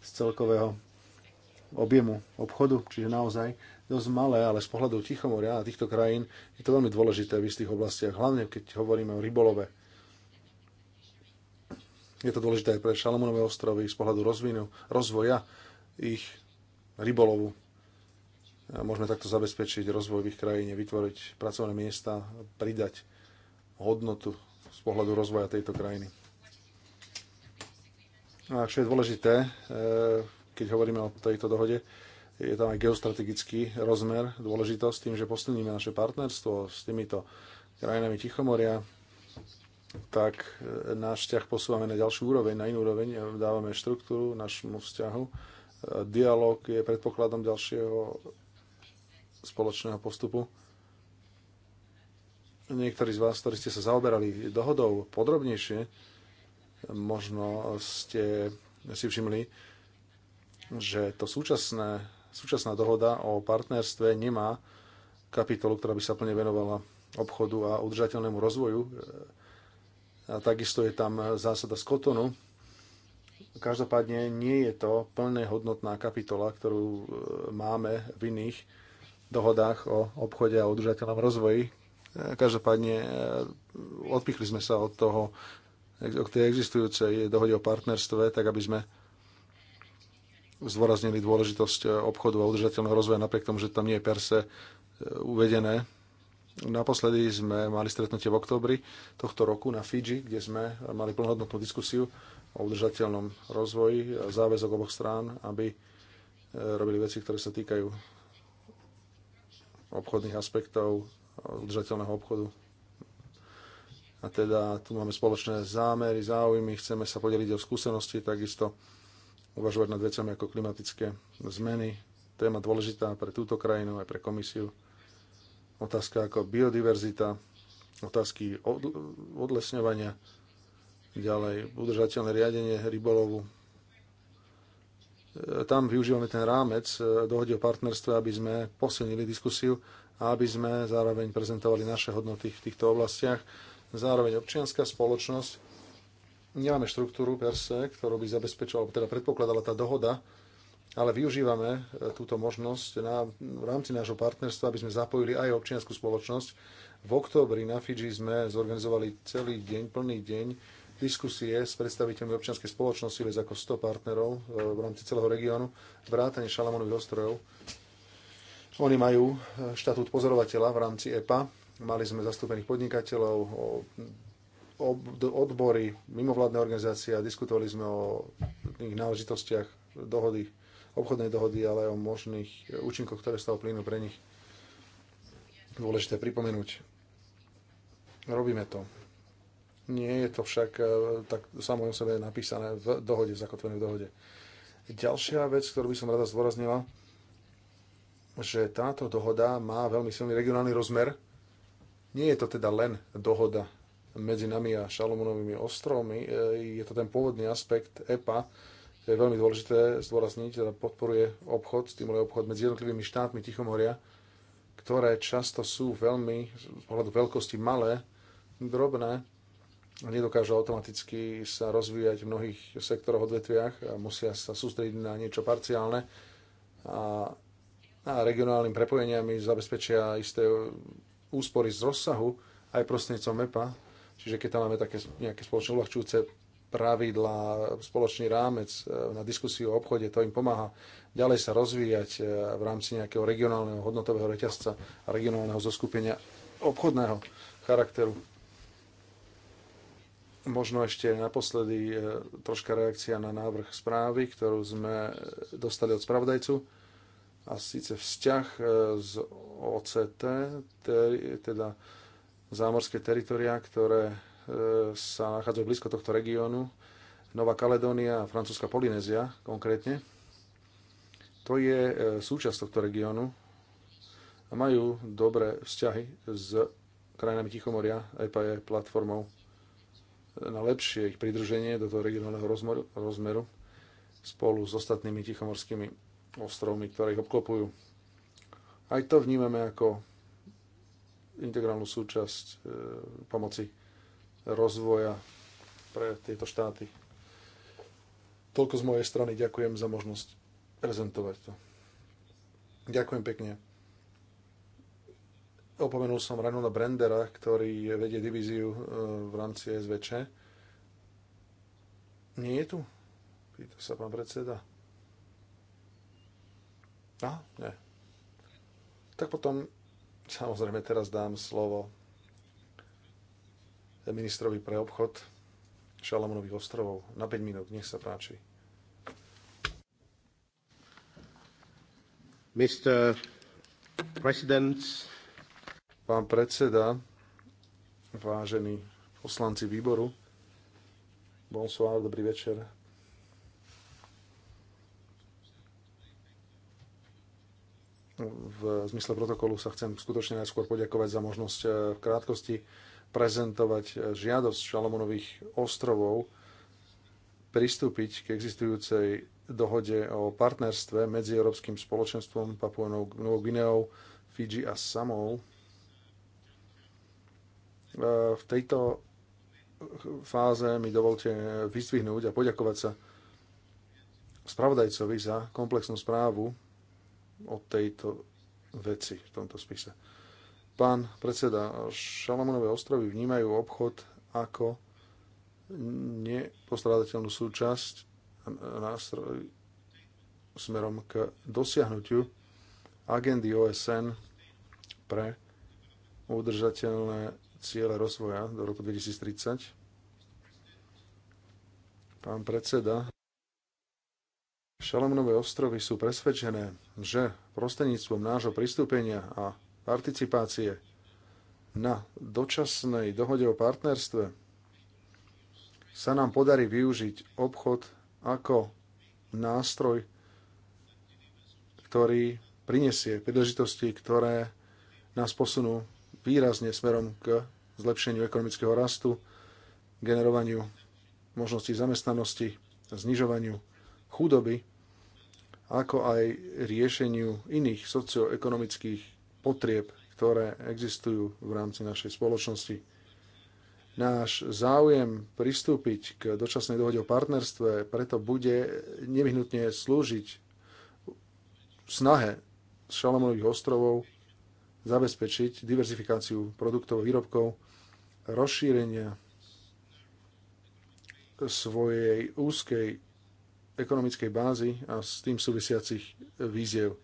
z celkového objemu obchodu, čiže naozaj dosť malé, ale z pohľadu Tichomoria a týchto krajín je to veľmi dôležité v istých oblastiach, hlavne keď hovoríme o rybolove. Je to dôležité aj pre Šalamunové ostrovy z pohľadu rozvinu, rozvoja ich rybolovu. A môžeme takto zabezpečiť rozvoj v ich krajine, vytvoriť pracovné miesta, pridať hodnotu z pohľadu rozvoja tejto krajiny. A čo je dôležité, e, keď hovoríme o tejto dohode, je tam aj geostrategický rozmer, dôležitosť tým, že posilníme naše partnerstvo s týmito krajinami Tichomoria, tak e, náš vzťah posúvame na ďalšiu úroveň, na inú úroveň, e, dávame štruktúru našemu vzťahu. E, Dialóg je predpokladom ďalšieho spoločného postupu. Niektorí z vás, ktorí ste sa zaoberali dohodou podrobnejšie, možno ste si všimli, že to súčasné, súčasná dohoda o partnerstve nemá kapitolu, ktorá by sa plne venovala obchodu a udržateľnému rozvoju. A takisto je tam zásada z kotonu. Každopádne nie je to plne hodnotná kapitola, ktorú e, máme v iných dohodách o obchode a udržateľnom rozvoji. E, každopádne e, odpichli sme sa od toho, od tej existujúcej dohode o partnerstve, tak aby sme zdôraznili dôležitosť eh, obchodu a udržateľného rozvoja, napriek tomu, že tam nie je perse eh, uvedené. Naposledy sme mali stretnutie v oktobri tohto roku na Fiji, kde sme mali plnohodnotnú diskusiu o udržateľnom rozvoji a záväzok oboch strán, aby eh, robili veci, ktoré sa týkajú obchodných aspektov udržateľného obchodu. A teda tu máme spoločné zámery, záujmy, chceme sa podeliť o skúsenosti, takisto uvažovať nad vecami ako klimatické zmeny. Téma dôležitá pre túto krajinu aj pre komisiu. Otázka ako biodiverzita, otázky od, odlesňovania, ďalej udržateľné riadenie rybolovu. Tam využívame ten rámec e, dohody o partnerstve, aby sme posilnili diskusiu a aby sme zároveň prezentovali naše hodnoty v týchto oblastiach. Zároveň občianská spoločnosť nemáme štruktúru per se, ktorú by zabezpečovala, teda predpokladala tá dohoda, ale využívame e, túto možnosť na, v rámci nášho partnerstva, aby sme zapojili aj občianskú spoločnosť. V októbri na Fidži sme zorganizovali celý deň, plný deň diskusie s predstaviteľmi občianskej spoločnosti, viac ako 100 partnerov e, v rámci celého regiónu, vrátane Šalamónových ostrojov. Oni majú e, štatút pozorovateľa v rámci EPA. Mali sme zastúpených podnikateľov, odbory, mimovládne organizácie a diskutovali sme o ich náležitostiach dohody, obchodnej dohody, ale aj o možných účinkoch, ktoré z toho plynú pre nich. Dôležité pripomenúť. Robíme to. Nie je to však e, tak samo o sebe napísané v dohode, zakotvené v dohode. Ďalšia vec, ktorú by som rada zdôraznila, že táto dohoda má veľmi silný regionálny rozmer. Nie je to teda len dohoda medzi nami a Šalomonovými ostrovmi. E, je to ten pôvodný aspekt EPA, je veľmi dôležité zdôrazniť, teda podporuje obchod, stimuluje obchod medzi jednotlivými štátmi Tichomoria, ktoré často sú veľmi, z pohľadu veľkosti malé, drobné, nedokážu automaticky sa rozvíjať v mnohých sektoroch, odvetviach a musia sa sústrediť na niečo parciálne a, a regionálnym prepojeniami zabezpečia isté úspory z rozsahu aj prostredníctvom MEPA Čiže keď tam máme také nejaké spoločne uľahčujúce pravidlá, spoločný rámec e, na diskusiu o obchode, to im pomáha ďalej sa rozvíjať e, v rámci nejakého regionálneho hodnotového reťazca a regionálneho zoskupenia obchodného charakteru. Možno ešte naposledy e, troška reakcia na návrh správy, ktorú sme dostali od spravodajcu a síce vzťah z OCT, teda zámorské teritoria, ktoré e, sa nachádzajú blízko tohto regiónu, Nová Kaledónia a francúzska Polynézia konkrétne. To je e, súčasť tohto regiónu a majú dobré vzťahy s krajinami Tichomoria, EPA je platformou e, na lepšie ich pridruženie do toho regionálneho rozmeru spolu s ostatnými tichomorskými ostrovmi, ktoré ich obklopujú. Aj to vnímame ako integrálnu súčasť e, pomoci rozvoja pre tieto štáty. Toľko z mojej strany. Ďakujem za možnosť prezentovať to. Ďakujem pekne. Opomenul som Renona Brendera, ktorý vedie divíziu e, v rámci SVČ. Nie je tu? Pýta sa pán predseda. A? Nie. Tak potom Samozrejme, teraz dám slovo ministrovi pre obchod Šalamunových ostrovov. Na 5 minút, nech sa páči. Mr. President. Pán predseda, vážení poslanci výboru, bonsoir, dobrý večer, v zmysle protokolu sa chcem skutočne najskôr poďakovať za možnosť e, v krátkosti prezentovať e, žiadosť Šalomonových ostrovov pristúpiť k existujúcej dohode o partnerstve medzi Európskym spoločenstvom, Papuanou Novou Gineou, Fiji a Samou. E, v tejto fáze mi dovolte vyzdvihnúť a poďakovať sa spravodajcovi za komplexnú správu, o tejto veci v tomto spise. Pán predseda, Šalamunové ostrovy vnímajú obchod ako nepostradateľnú súčasť nástroj smerom k dosiahnutiu agendy OSN pre udržateľné ciele rozvoja do roku 2030. Pán predseda, Šalamunové ostrovy sú presvedčené, že prostredníctvom nášho pristúpenia a participácie na dočasnej dohode o partnerstve sa nám podarí využiť obchod ako nástroj, ktorý prinesie príležitosti, ktoré nás posunú výrazne smerom k zlepšeniu ekonomického rastu, generovaniu možností zamestnanosti, znižovaniu chudoby ako aj riešeniu iných socioekonomických potrieb, ktoré existujú v rámci našej spoločnosti. Náš záujem pristúpiť k dočasnej dohode o partnerstve preto bude nevyhnutne slúžiť snahe Šalamonových ostrovov zabezpečiť diverzifikáciu produktov a výrobkov, rozšírenia svojej úzkej ekonomickej bázy a s tým súvisiacich víziev.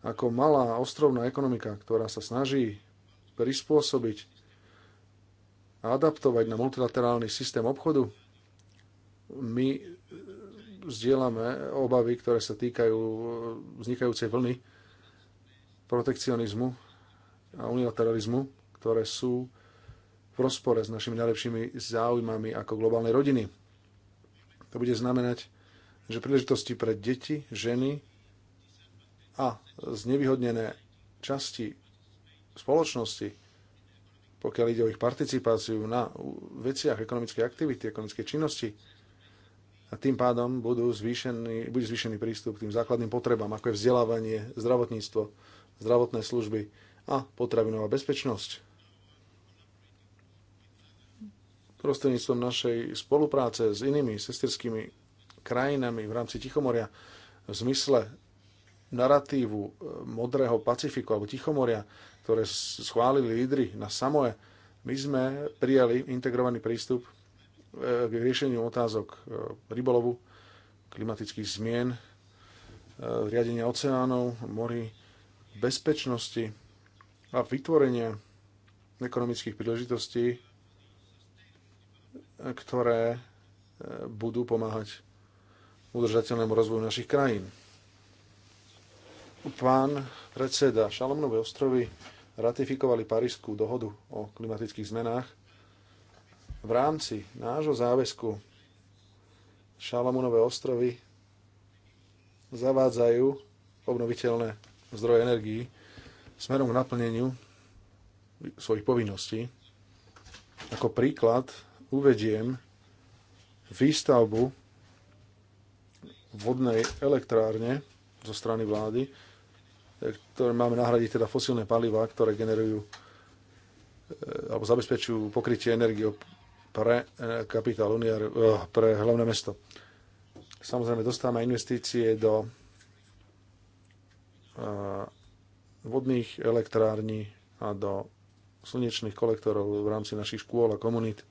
Ako malá ostrovná ekonomika, ktorá sa snaží prispôsobiť a adaptovať na multilaterálny systém obchodu, my vzdielame obavy, ktoré sa týkajú vznikajúcej vlny protekcionizmu a unilateralizmu, ktoré sú v rozpore s našimi najlepšími záujmami ako globálnej rodiny. To bude znamenať že príležitosti pre deti, ženy a znevýhodnené časti spoločnosti, pokiaľ ide o ich participáciu na veciach ekonomickej aktivity, ekonomickej činnosti, a tým pádom budú zvýšený, bude zvýšený prístup k tým základným potrebám, ako je vzdelávanie, zdravotníctvo, zdravotné služby a potravinová bezpečnosť. Prostredníctvom našej spolupráce s inými sesterskými krajinami v rámci Tichomoria v zmysle naratívu e, modrého Pacifiku alebo Tichomoria, ktoré schválili lídry na Samoe, my sme prijali integrovaný prístup e, k riešeniu otázok e, rybolovu, klimatických zmien, riadenia oceánov, mori, bezpečnosti a vytvorenia ekonomických príležitostí, ktoré budú pomáhať udržateľnému rozvoju našich krajín. Pán predseda, Šalomnové ostrovy ratifikovali Parískú dohodu o klimatických zmenách. V rámci nášho záväzku Šalamunové ostrovy zavádzajú obnoviteľné zdroje energií smerom k naplneniu svojich povinností. Ako príklad uvediem výstavbu vodnej elektrárne zo strany vlády, eh, ktoré máme nahradiť teda fosílne palivá, ktoré generujú eh, alebo zabezpečujú pokrytie energie pre eh, kapitál Uniar, pre hlavné mesto. Samozrejme, dostávame investície do vodných elektrární a do slnečných kolektorov v rámci našich škôl a komunít.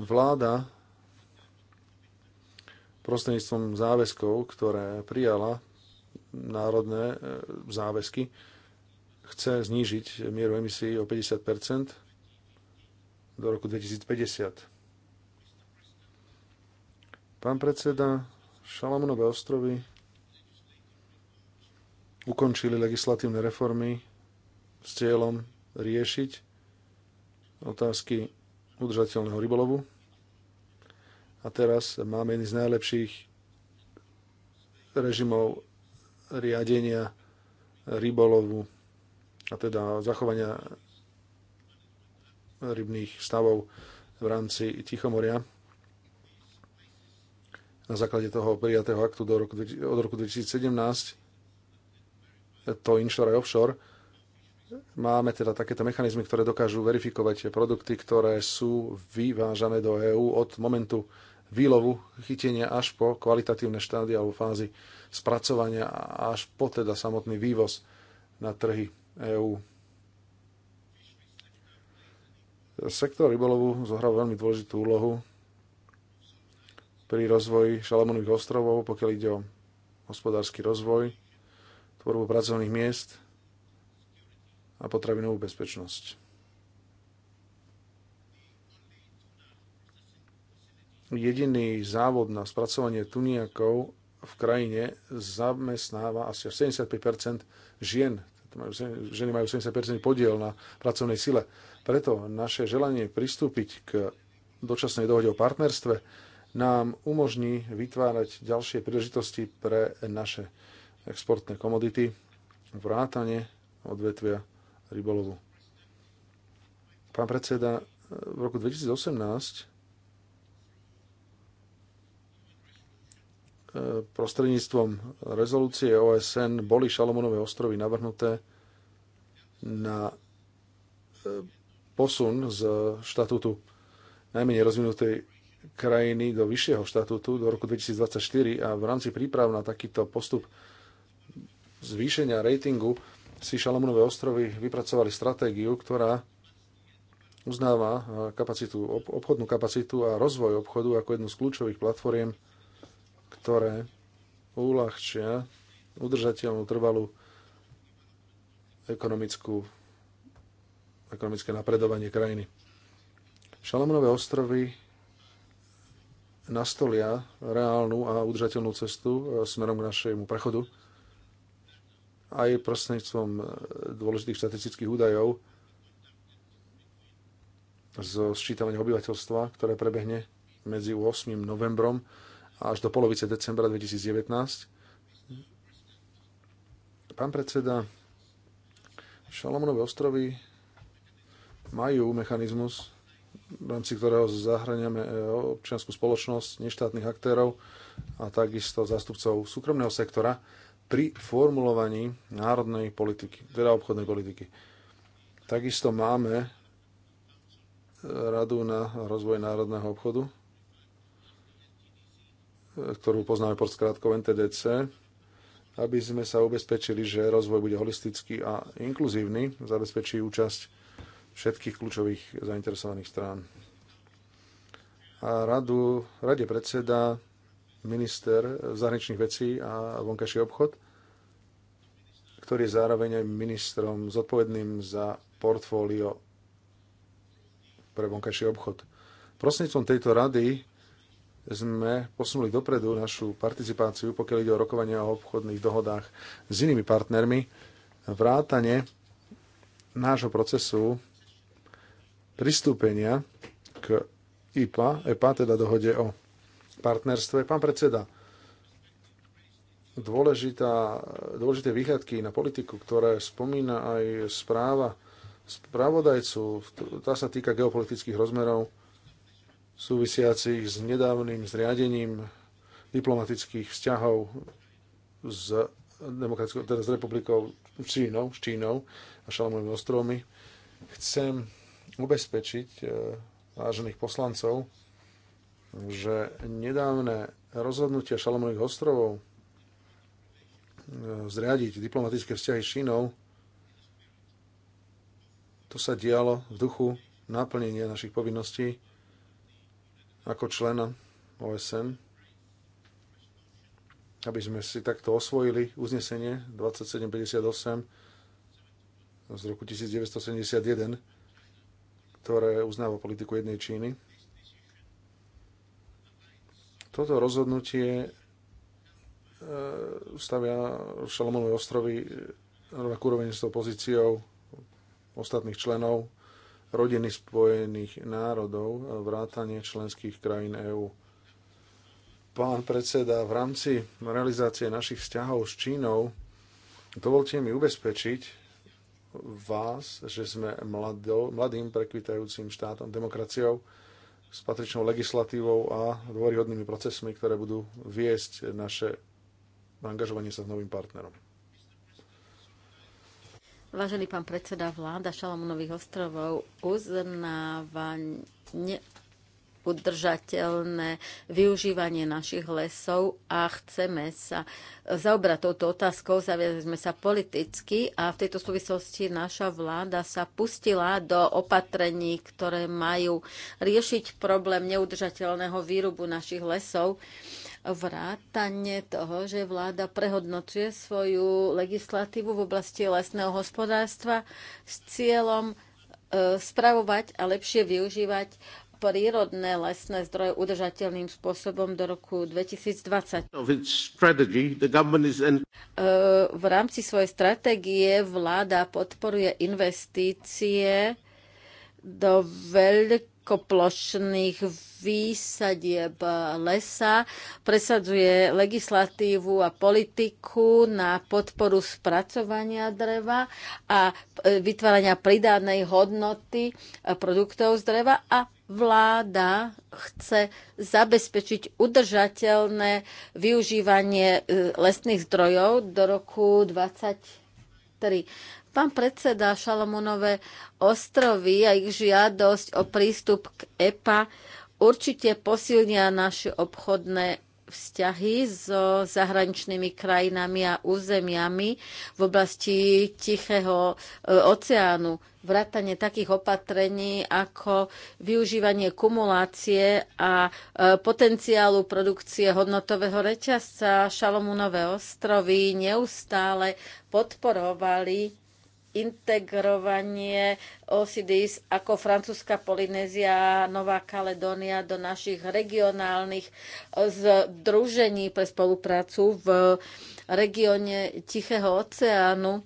Vláda prostredníctvom záväzkov, ktoré prijala národné e, záväzky, chce znížiť mieru emisí o 50 do roku 2050. Pán predseda, Šalamunové ostrovy ukončili legislatívne reformy s cieľom riešiť otázky udržateľného rybolovu a teraz máme jeden z najlepších režimov riadenia rybolovu a teda zachovania rybných stavov v rámci Tichomoria. Na základe toho prijatého aktu do roku, od roku 2017, to inshore aj offshore, máme teda takéto mechanizmy, ktoré dokážu verifikovať produkty, ktoré sú vyvážané do EÚ od momentu výlovu, chytenia až po kvalitatívne štády alebo fázy spracovania a až po teda samotný vývoz na trhy EÚ. Sektor rybolovu zohral veľmi dôležitú úlohu pri rozvoji Šalamonových ostrovov, pokiaľ ide o hospodársky rozvoj, tvorbu pracovných miest a potravinovú bezpečnosť. jediný závod na spracovanie tuniakov v krajine zamestnáva asi 75 žien. Teda ženy majú 70 podiel na pracovnej sile. Preto naše želanie pristúpiť k dočasnej dohode o partnerstve nám umožní vytvárať ďalšie príležitosti pre naše exportné komodity, vrátane odvetvia rybolovu. Pán predseda, v roku 2018 E, prostredníctvom rezolúcie OSN boli Šalomonové ostrovy navrhnuté na e, posun z štatútu najmenej rozvinutej krajiny do vyššieho štatútu do roku 2024 a v rámci príprav na takýto postup zvýšenia rejtingu si Šalamunové ostrovy vypracovali stratégiu, ktorá uznáva kapacitu, obchodnú kapacitu a rozvoj obchodu ako jednu z kľúčových platformiem ktoré uľahčia udržateľnú trvalú ekonomickú, ekonomické napredovanie krajiny. Šalamonové ostrovy nastolia reálnu a udržateľnú cestu e, smerom k našemu prechodu aj prostredníctvom e, dôležitých štatistických údajov zo sčítavania obyvateľstva, ktoré prebehne medzi 8. novembrom až do polovice decembra 2019. Pán predseda, Šalomonové ostrovy majú mechanizmus, v rámci ktorého zahraniame občianskú spoločnosť, neštátnych aktérov a takisto zástupcov súkromného sektora pri formulovaní národnej politiky, teda obchodnej politiky. Takisto máme e, Radu na rozvoj národného obchodu, ktorú poznáme pod skrátkou NTDC, aby sme sa ubezpečili, že rozvoj bude holistický a inkluzívny, zabezpečí účasť všetkých kľúčových zainteresovaných strán. A radu, rade predseda minister zahraničných vecí a vonkajší obchod, ktorý je zároveň aj ministrom zodpovedným za portfólio pre vonkajší obchod. Prostredníctvom tejto rady sme posunuli dopredu našu participáciu, pokiaľ ide o rokovania o obchodných dohodách s inými partnermi, vrátane nášho procesu pristúpenia k IPA, EPA, teda dohode o partnerstve. Pán predseda, dôležitá, dôležité výhľadky na politiku, ktoré spomína aj správa spravodajcu, tá sa týka geopolitických rozmerov súvisiacich s nedávnym zriadením diplomatických vzťahov s, teda s republikou Čínou, s Čínou a Šalamovými ostrovmi. Chcem ubezpečiť e, vážených poslancov, že nedávne rozhodnutia Šalomových ostrovov e, zriadiť diplomatické vzťahy s Čínou, to sa dialo v duchu naplnenia našich povinností ako člena OSN, aby sme si takto osvojili uznesenie 2758 z roku 1971, ktoré uznáva politiku jednej Číny. Toto rozhodnutie e, stavia Šalomonové ostrovy na úroveň s tou pozíciou ostatných členov rodiny Spojených národov, vrátanie členských krajín EÚ. Pán predseda, v rámci realizácie našich vzťahov s Čínou dovolte mi ubezpečiť vás, že sme mladou, mladým prekvitajúcim štátom, demokraciou, s patričnou legislatívou a dôryhodnými procesmi, ktoré budú viesť naše angažovanie sa s novým partnerom.
Vážený pán predseda vláda Šalamunových ostrovov uznáva neudržateľné udržateľné využívanie našich lesov a chceme sa zaobrať touto otázkou, zaviazali sme sa politicky a v tejto súvislosti naša vláda sa pustila do opatrení, ktoré majú riešiť problém neudržateľného výrubu našich lesov vrátanie toho, že vláda prehodnocuje svoju legislatívu v oblasti lesného hospodárstva s cieľom e, spravovať a lepšie využívať prírodné lesné zdroje udržateľným spôsobom do roku 2020. E, v rámci svojej stratégie vláda podporuje investície do veľkých plošných výsadieb lesa, presadzuje legislatívu a politiku na podporu spracovania dreva a e, vytvárania pridanej hodnoty e, produktov z dreva a vláda chce zabezpečiť udržateľné využívanie e, lesných zdrojov do roku 2023. Pán predseda Šalomonové ostrovy a ich žiadosť o prístup k EPA určite posilnia naše obchodné vzťahy so zahraničnými krajinami a územiami v oblasti Tichého e, oceánu. Vrátanie takých opatrení ako využívanie kumulácie a e, potenciálu produkcie hodnotového reťazca Šalomunové ostrovy neustále podporovali integrovanie OCDs ako francúzska Polynézia, Nová Kaledónia do našich regionálnych e, združení pre spoluprácu v regióne Tichého oceánu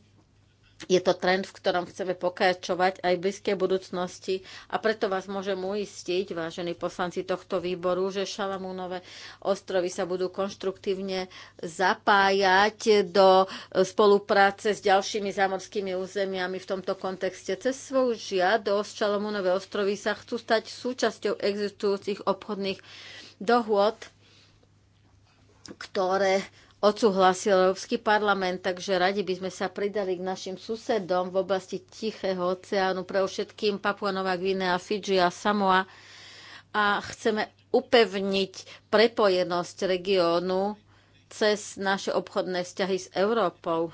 je to trend, v ktorom chceme pokračovať aj v blízkej budúcnosti a preto vás môžem uistiť, vážení poslanci tohto výboru, že Šalamúnové ostrovy sa budú konštruktívne zapájať do spolupráce s ďalšími zámorskými územiami v tomto kontexte. Cez svoju žiadosť Šalamúnové ostrovy sa chcú stať súčasťou existujúcich obchodných dohôd, ktoré odsúhlasil Európsky parlament, takže radi by sme sa pridali k našim susedom v oblasti Tichého oceánu, pre všetkým Papua Nová Gvinea, Fidži a Samoa a chceme upevniť prepojenosť regiónu cez naše obchodné vzťahy s Európou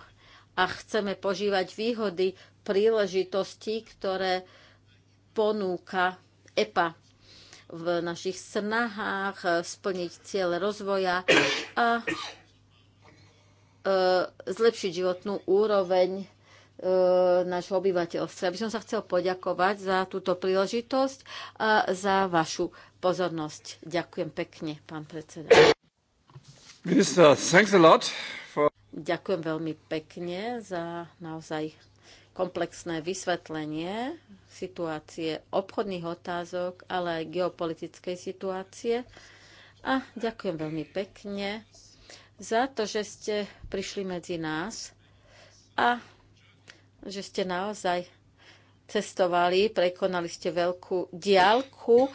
a chceme požívať výhody, príležitosti, ktoré ponúka EPA v našich snahách splniť ciele rozvoja a E, zlepšiť životnú úroveň e, nášho obyvateľstva. By som sa chcel poďakovať za túto príležitosť a za vašu pozornosť. Ďakujem pekne, pán predseda. Minister, thanks a lot for... Ďakujem veľmi pekne za naozaj komplexné vysvetlenie situácie obchodných otázok, ale aj geopolitickej situácie. A ďakujem veľmi pekne za to, že ste prišli medzi nás a že ste naozaj cestovali, prekonali ste veľkú diálku e,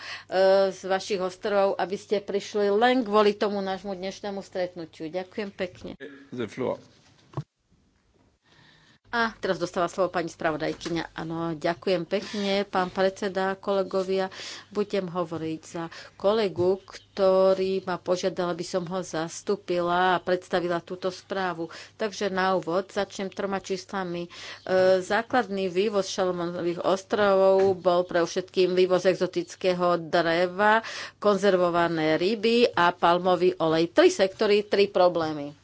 z vašich ostrovov, aby ste prišli len kvôli tomu nášmu dnešnému stretnutiu. Ďakujem pekne. A teraz dostáva slovo pani spravodajkyňa. Áno, ďakujem pekne, pán predseda, kolegovia. Budem hovoriť za kolegu, ktorý ma požiadal, aby som ho zastúpila a predstavila túto správu. Takže na úvod začnem troma číslami. E, základný vývoz Šalomonových ostrovov bol pre všetkým vývoz exotického dreva, konzervované ryby a palmový olej. Tri sektory, tri problémy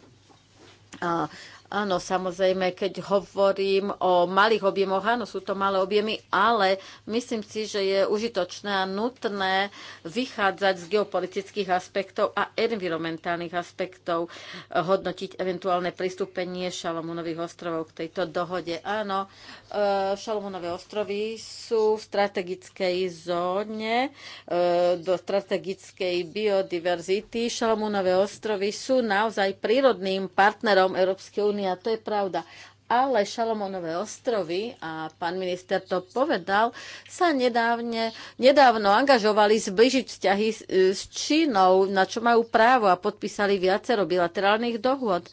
Áno, samozrejme, keď hovorím o malých objemoch, áno, sú to malé objemy, ale myslím si, že je užitočné a nutné vychádzať z geopolitických aspektov a environmentálnych aspektov, hodnotiť eventuálne pristúpenie Šalomúnových ostrovov k tejto dohode. Áno, e, Šalomúnové ostrovy sú v strategickej zóne, e, do strategickej biodiverzity. Šalomúnové ostrovy sú naozaj prírodným partnerom Európskej únie únia, to je pravda. Ale Šalomonové ostrovy, a pán minister to povedal, sa nedávne, nedávno angažovali zbližiť vzťahy s, e, s Čínou, na čo majú právo a podpísali viacero bilaterálnych dohôd.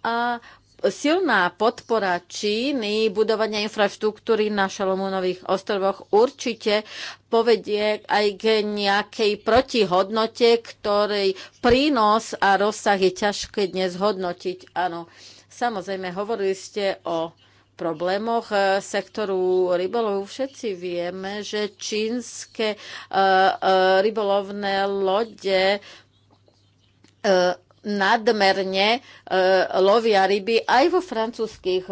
A silná podpora Číny budovania infraštruktúry na Šalomónových ostrovoch určite povedie aj k nejakej protihodnote, ktorej prínos a rozsah je ťažké dnes hodnotiť. Áno, Samozrejme, hovorili ste o problémoch e, sektoru rybolovu. Všetci vieme, že čínske e, e, rybolovné lode nadmerne lovia ryby aj vo francúzských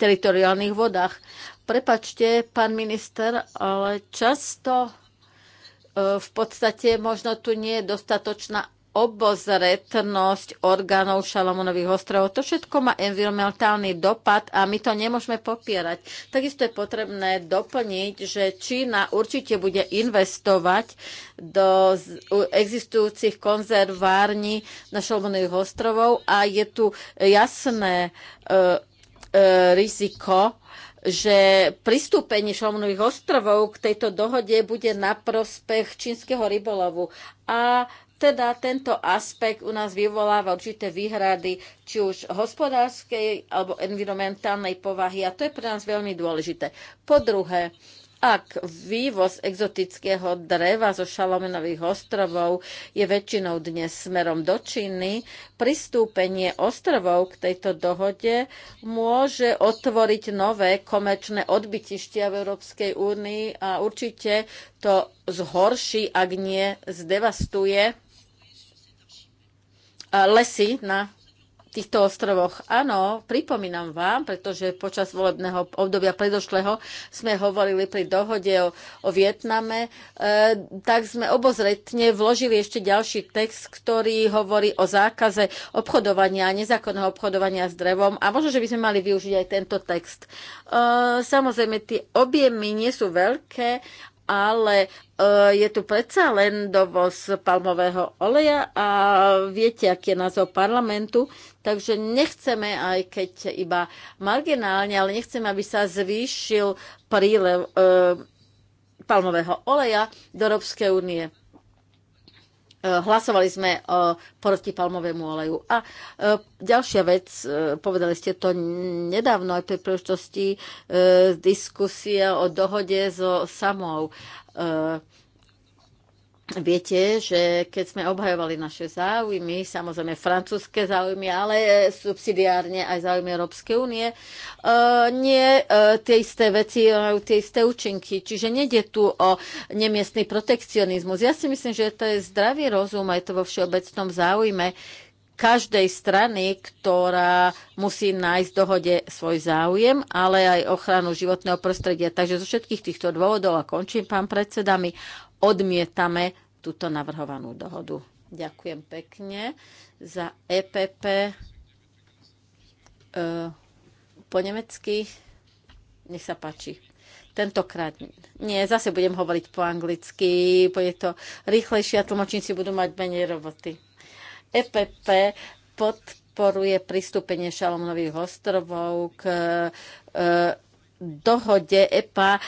teritoriálnych vodách. Prepačte, pán minister, ale často v podstate možno tu nie je dostatočná obozretnosť orgánov Šalamonových ostrovov. To všetko má environmentálny dopad a my to nemôžeme popierať. Takisto je potrebné doplniť, že Čína určite bude investovať do existujúcich konzervární na Šalamonových ostrovov a je tu jasné e, e, riziko, že pristúpenie Šalmonových ostrovov k tejto dohode bude na prospech čínskeho rybolovu. A teda tento aspekt u nás vyvoláva určité výhrady, či už hospodárskej alebo environmentálnej povahy a to je pre nás veľmi dôležité. Po druhé, ak vývoz exotického dreva zo Šalomenových ostrovov je väčšinou dnes smerom do Číny, pristúpenie ostrovov k tejto dohode môže otvoriť nové komerčné odbytištia v Európskej únii a určite to zhorší, ak nie zdevastuje Eh, lesy na týchto ostrovoch. Áno, pripomínam vám, pretože počas volebného obdobia predošlého sme hovorili pri dohode o, o Vietname, e, tak sme obozretne vložili ešte ďalší text, ktorý hovorí o zákaze obchodovania, nezákonného obchodovania s drevom a možno, že by sme mali využiť aj tento text. E, samozrejme, tie objemy nie sú veľké ale e, je tu predsa len dovoz palmového oleja a viete, aký je názov parlamentu, takže nechceme, aj keď iba marginálne, ale nechceme, aby sa zvýšil prílev e, palmového oleja do Európskej únie. E, hlasovali sme e, proti palmovému oleju. A e, ďalšia vec, povedali ste to nedávno aj pri príležitosti diskusie o dohode so samou Viete, že keď sme obhajovali naše záujmy, samozrejme francúzske záujmy, ale e, subsidiárne aj záujmy Európskej únie, e, nie e, tie isté veci majú tie isté účinky. Čiže nejde tu o nemiestný protekcionizmus. Ja si myslím, že to je zdravý rozum aj to vo všeobecnom záujme každej strany, ktorá musí nájsť v dohode svoj záujem, ale aj ochranu životného prostredia. Takže zo všetkých týchto dôvodov, a končím pán predseda, odmietame túto navrhovanú dohodu. Ďakujem pekne za EPP. E, po nemecky, nech sa páči. Tentokrát nie, zase budem hovoriť po anglicky, bude to rýchlejšie a tlmočníci budú mať menej roboty. EPP podporuje pristúpenie Šalomových ostrovov k e, dohode EPA e,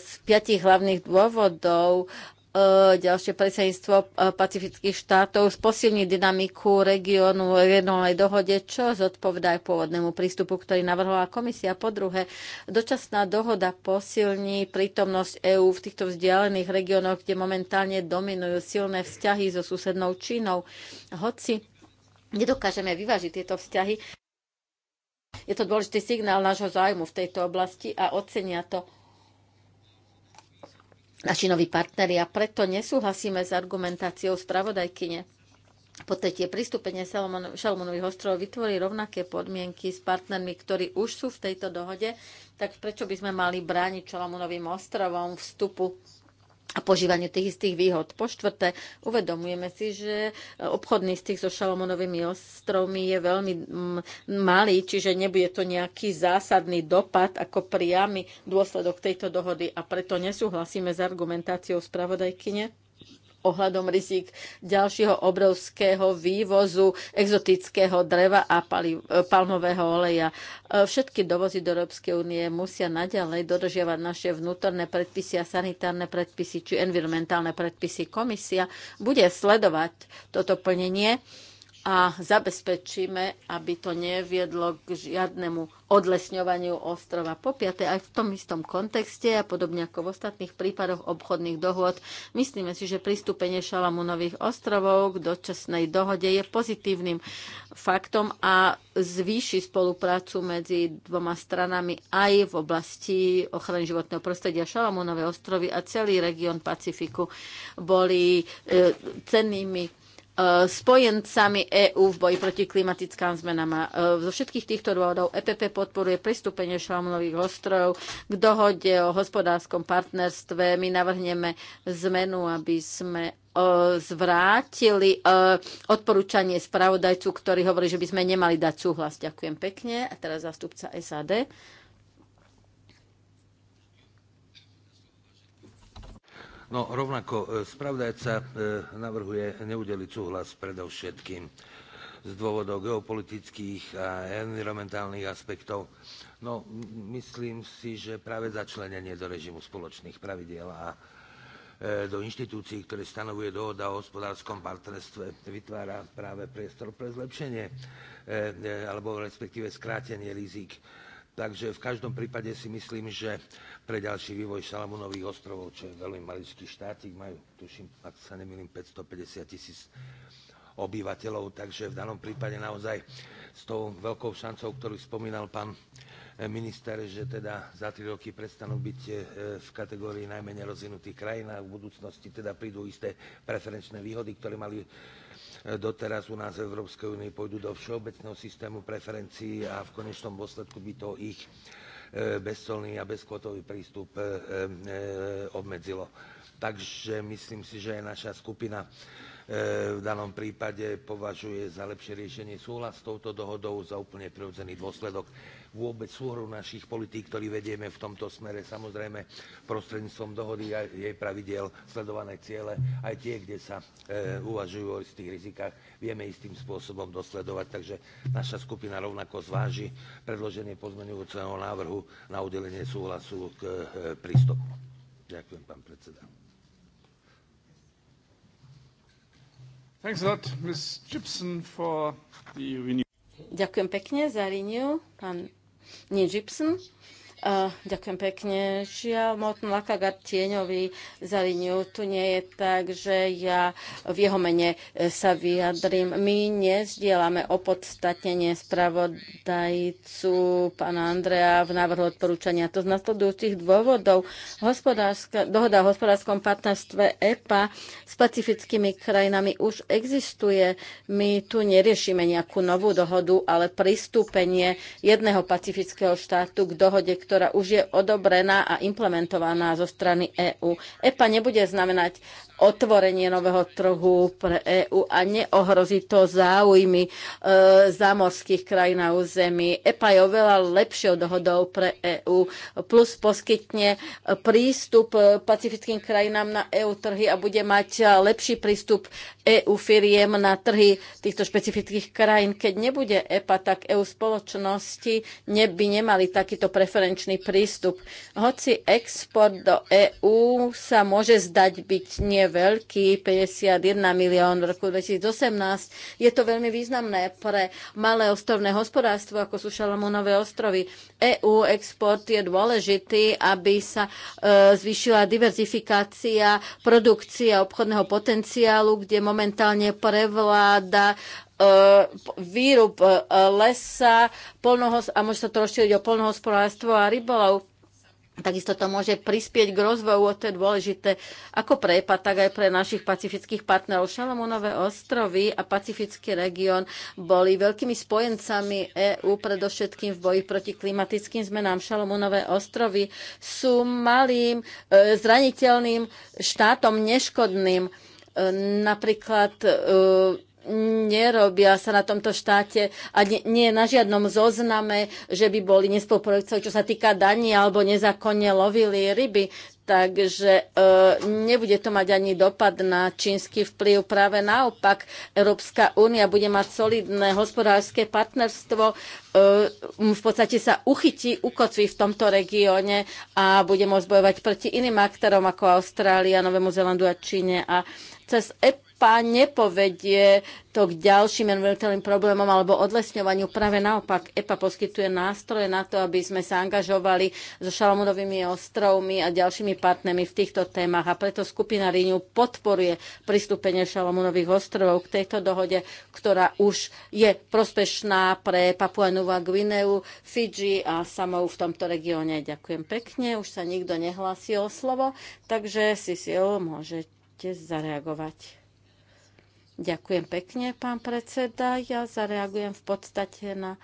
z piatich hlavných dôvodov e, ďalšie predsedníctvo e, pacifických štátov posilní dynamiku regiónu regionálnej dohode, čo zodpovedá aj pôvodnému prístupu, ktorý navrhovala komisia. Po druhé, dočasná dohoda posilní prítomnosť EÚ v týchto vzdialených regiónoch, kde momentálne dominujú silné vzťahy so susednou Čínou. Hoci nedokážeme vyvážiť tieto vzťahy, je to dôležitý signál nášho zájmu v tejto oblasti a ocenia to naši noví partneri a preto nesúhlasíme s argumentáciou spravodajkyne. Po tretie, pristúpenie Šalmonových ostrovov vytvorí rovnaké podmienky s partnermi, ktorí už sú v tejto dohode, tak prečo by sme mali brániť Šalmonovým ostrovom vstupu a požívanie tých istých výhod. Po štvrté, uvedomujeme si, že obchodný styk so Šalomonovými ostrovmi je veľmi mm, malý, čiže nebude to nejaký zásadný dopad ako priamy dôsledok tejto dohody a preto nesúhlasíme s argumentáciou spravodajkyne ohľadom rizik ďalšieho obrovského vývozu exotického dreva a e, palmového oleja. E, všetky dovozy do Európskej únie musia naďalej dodržiavať naše vnútorné predpisy a sanitárne predpisy či environmentálne predpisy. Komisia bude sledovať toto plnenie a zabezpečíme, aby to neviedlo k žiadnemu odlesňovaniu ostrova. Po piaté, aj v tom istom kontexte a podobne ako v ostatných prípadoch obchodných dohôd, myslíme si, že pristúpenie nových ostrovov k dočasnej dohode je pozitívnym faktom a zvýši spoluprácu medzi dvoma stranami aj v oblasti ochrany životného prostredia. nové ostrovy a celý región Pacifiku boli e, cennými E, spojencami EÚ v boji proti klimatickým zmenám. E, zo všetkých týchto dôvodov EPP podporuje pristúpenie šalmnových ostrojov k dohode o hospodárskom partnerstve. My navrhneme zmenu, aby sme e, zvrátili odporúčanie spravodajcu, ktorý hovorí, že by sme nemali dať súhlas. Ďakujem pekne. A teraz zástupca SAD.
No rovnako e, spravdajca e, navrhuje neudeliť súhlas predovšetkým z dôvodov geopolitických a environmentálnych aspektov. No myslím si, že práve začlenenie do režimu spoločných pravidiel a e, do inštitúcií, ktoré stanovuje dohoda o hospodárskom partnerstve, vytvára práve priestor pre zlepšenie alebo respektíve skrátenie rizik Takže v každom prípade si myslím, že pre ďalší vývoj Salamunových ostrovov, čo je veľmi maličký štátik, majú, tuším, ak sa nemýlim, 550 tisíc obyvateľov, takže v danom prípade naozaj s tou veľkou šancou, ktorú spomínal pán minister, že teda za tri roky prestanú byť e, v kategórii najmenej rozvinutých krajín a v budúcnosti teda prídu isté preferenčné výhody, ktoré mali doteraz u nás v Európskej únii pôjdu do všeobecného systému preferencií a v konečnom dôsledku by to ich e, bezcolný a bezkvotový prístup e, e, obmedzilo. Takže myslím si, že aj naša skupina v danom prípade považuje za lepšie riešenie súhlas s touto dohodou za úplne prirodzený dôsledok vôbec súhru našich politík, ktorí vedieme v tomto smere. Samozrejme, prostredníctvom dohody a jej pravidel sledované ciele, aj tie, kde sa e, uvažujú o istých rizikách, vieme istým spôsobom dosledovať. Takže naša skupina rovnako zváži predloženie pozmenujúceho návrhu na udelenie súhlasu k e, prístupu. Ďakujem, pán predseda.
Thanks a lot, Ms. Gibson, for the
Ďakujem pekne za Renew, pán nie Gibson. Ďakujem pekne. Žiaľ, Morten Lakagar tieňový za liniu tu nie je tak, že ja v jeho mene e, sa vyjadrím. My nezdielame opodstatnenie spravodajcu pána Andrea v návrhu odporúčania. To z nasledujúcich dôvodov. Hospodárska, dohoda o hospodárskom partnerstve EPA s pacifickými krajinami už existuje. My tu neriešime nejakú novú dohodu, ale pristúpenie jedného pacifického štátu k dohode, ktorý ktorá už je odobrená a implementovaná zo strany EÚ. EPA nebude znamenať otvorenie nového trhu pre EÚ a neohrozí to záujmy e, zámorských krajín na území. EPA je oveľa lepšou dohodou pre EÚ, plus poskytne prístup pacifickým krajinám na EÚ trhy a bude mať lepší prístup EÚ firiem na trhy týchto špecifických krajín. Keď nebude EPA, tak EÚ spoločnosti by nemali takýto preferenčný konkurenčný prístup. Hoci export do EÚ sa môže zdať byť neveľký, 51 milión v roku 2018, je to veľmi významné pre malé ostrovné hospodárstvo, ako sú Šalamúnové ostrovy. EÚ export je dôležitý, aby sa e, zvýšila diverzifikácia produkcie a obchodného potenciálu, kde momentálne prevláda E, výrub e, lesa a môže sa to rozšíriť o polnohospodárstvo a rybolov. Takisto to môže prispieť k rozvoju, to je dôležité ako pre EPA, tak aj pre našich pacifických partnerov. Šalamunové ostrovy a pacifický región boli veľkými spojencami EÚ, predovšetkým v boji proti klimatickým zmenám. Šalamunové ostrovy sú malým, e, zraniteľným štátom, neškodným. Napríklad nerobia sa na tomto štáte a nie, je na žiadnom zozname, že by boli nespoluprojekcov, čo sa týka daní alebo nezákonne lovili ryby. Takže e, nebude to mať ani dopad na čínsky vplyv. Práve naopak, Európska únia bude mať solidné hospodárske partnerstvo, e, v podstate sa uchytí, ukotví v tomto regióne a bude môcť bojovať proti iným aktorom ako Austrália, Novému Zelandu a Číne. A cez EP Európa nepovedie to k ďalším environmentálnym problémom alebo odlesňovaniu. Práve naopak, EPA poskytuje nástroje na to, aby sme sa angažovali so Šalamunovými ostrovmi a ďalšími partnermi v týchto témach. A preto skupina Ríňu podporuje pristúpenie Šalamunových ostrovov k tejto dohode, ktorá už je prospešná pre Papua Nová Gvineu, Fidži a samou v tomto regióne. Ďakujem pekne, už sa nikto nehlási o slovo, takže si si môžete zareagovať. Ďakujem pekne, pán predseda. Ja zareagujem v podstate na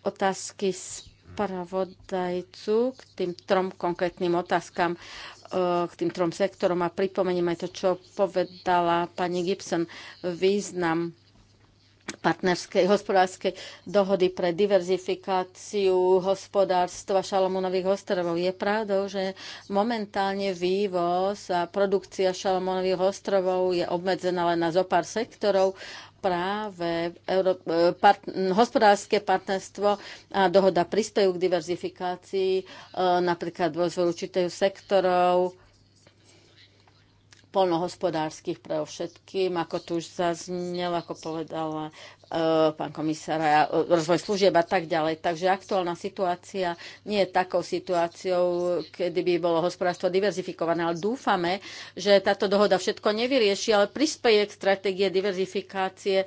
otázky spravodajcu k tým trom konkrétnym otázkam, e, k tým trom sektorom a pripomeniem aj to, čo povedala pani Gibson, význam partnerskej hospodárskej dohody pre diverzifikáciu hospodárstva Šalamúnových ostrovov. Je pravdou, že momentálne vývoz a produkcia Šalamúnových ostrovov je obmedzená len na zopár sektorov, práve e, part- hospodárske partnerstvo a dohoda prispejú k diverzifikácii, e, napríklad vo určitých sektorov, polnohospodárskych pre všetkým, ako tu už zaznel, ako povedala e, pán komisár, e, rozvoj služieb a tak ďalej. Takže aktuálna situácia nie je takou situáciou, kedy by bolo hospodárstvo diverzifikované, ale dúfame, že táto dohoda všetko nevyrieši, ale prispieje k stratégie diverzifikácie e,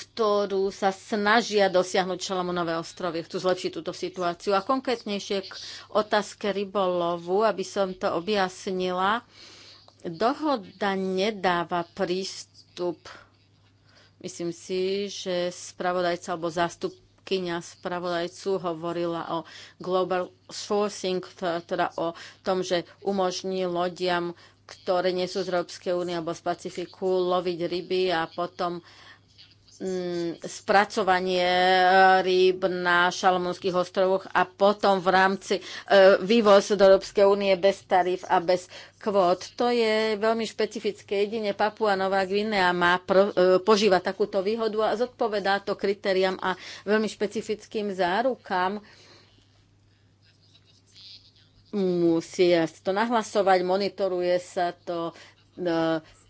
ktorú sa snažia dosiahnuť Šalamunové ostrovy. Chcú zlepšiť túto situáciu. A konkrétnejšie k otázke rybolovu, aby som to objasnila. Dohoda nedáva prístup. Myslím si, že spravodajca alebo zástup spravodajcu hovorila o global sourcing, teda o tom, že umožní lodiam, ktoré nie sú z Európskej únie alebo z Pacifiku, loviť ryby a potom uh, Mm, spracovanie eh, rýb na Šalmonských ostrovoch a potom v rámci eh, vývoz do Európskej únie bez tarif a bez kvót. To je veľmi špecifické. Jedine Papua Nová Gvinea má pro, eh, požíva takúto výhodu a zodpovedá to kritériám a veľmi špecifickým zárukám musia to nahlasovať, monitoruje sa to,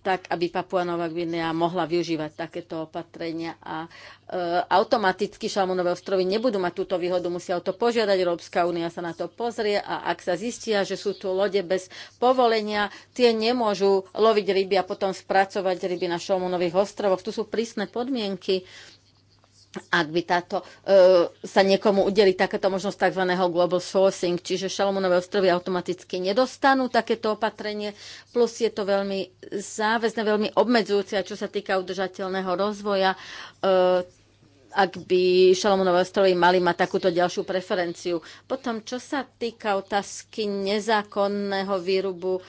tak aby Papua Nová Gvinea mohla využívať takéto opatrenia a e, automaticky Šalmonové ostrovy nebudú mať túto výhodu, musia o to požiadať, Európska únia sa na to pozrie a ak sa zistia, že sú tu lode bez povolenia, tie nemôžu loviť ryby a potom spracovať ryby na Šalmonových ostrovoch. Tu sú prísne podmienky, ak by táto, e, sa niekomu udeli takéto možnosť tzv. global sourcing, čiže Šalomónové ostrovy automaticky nedostanú takéto opatrenie, plus je to veľmi záväzne, veľmi obmedzujúce, čo sa týka udržateľného rozvoja. E, ak by Šalomonové ostrovy mali mať takúto ďalšiu preferenciu. Potom, čo sa týka otázky nezákonného výrubu e,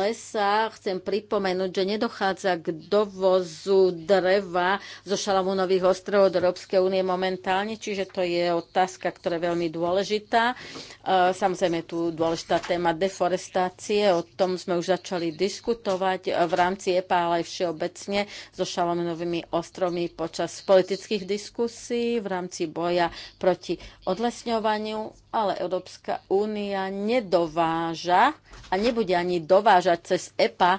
lesa, chcem pripomenúť, že nedochádza k dovozu dreva zo Šalamunových ostrovov do Európskej únie momentálne, čiže to je otázka, ktorá je veľmi dôležitá. E, samozrejme, je tu dôležitá téma deforestácie, o tom sme už začali diskutovať v rámci EPA, ale aj všeobecne so Šalamunovými ostrovmi počas politických diskusí diskusí v rámci boja proti odlesňovaniu, ale Európska únia nedováža a nebude ani dovážať cez EPA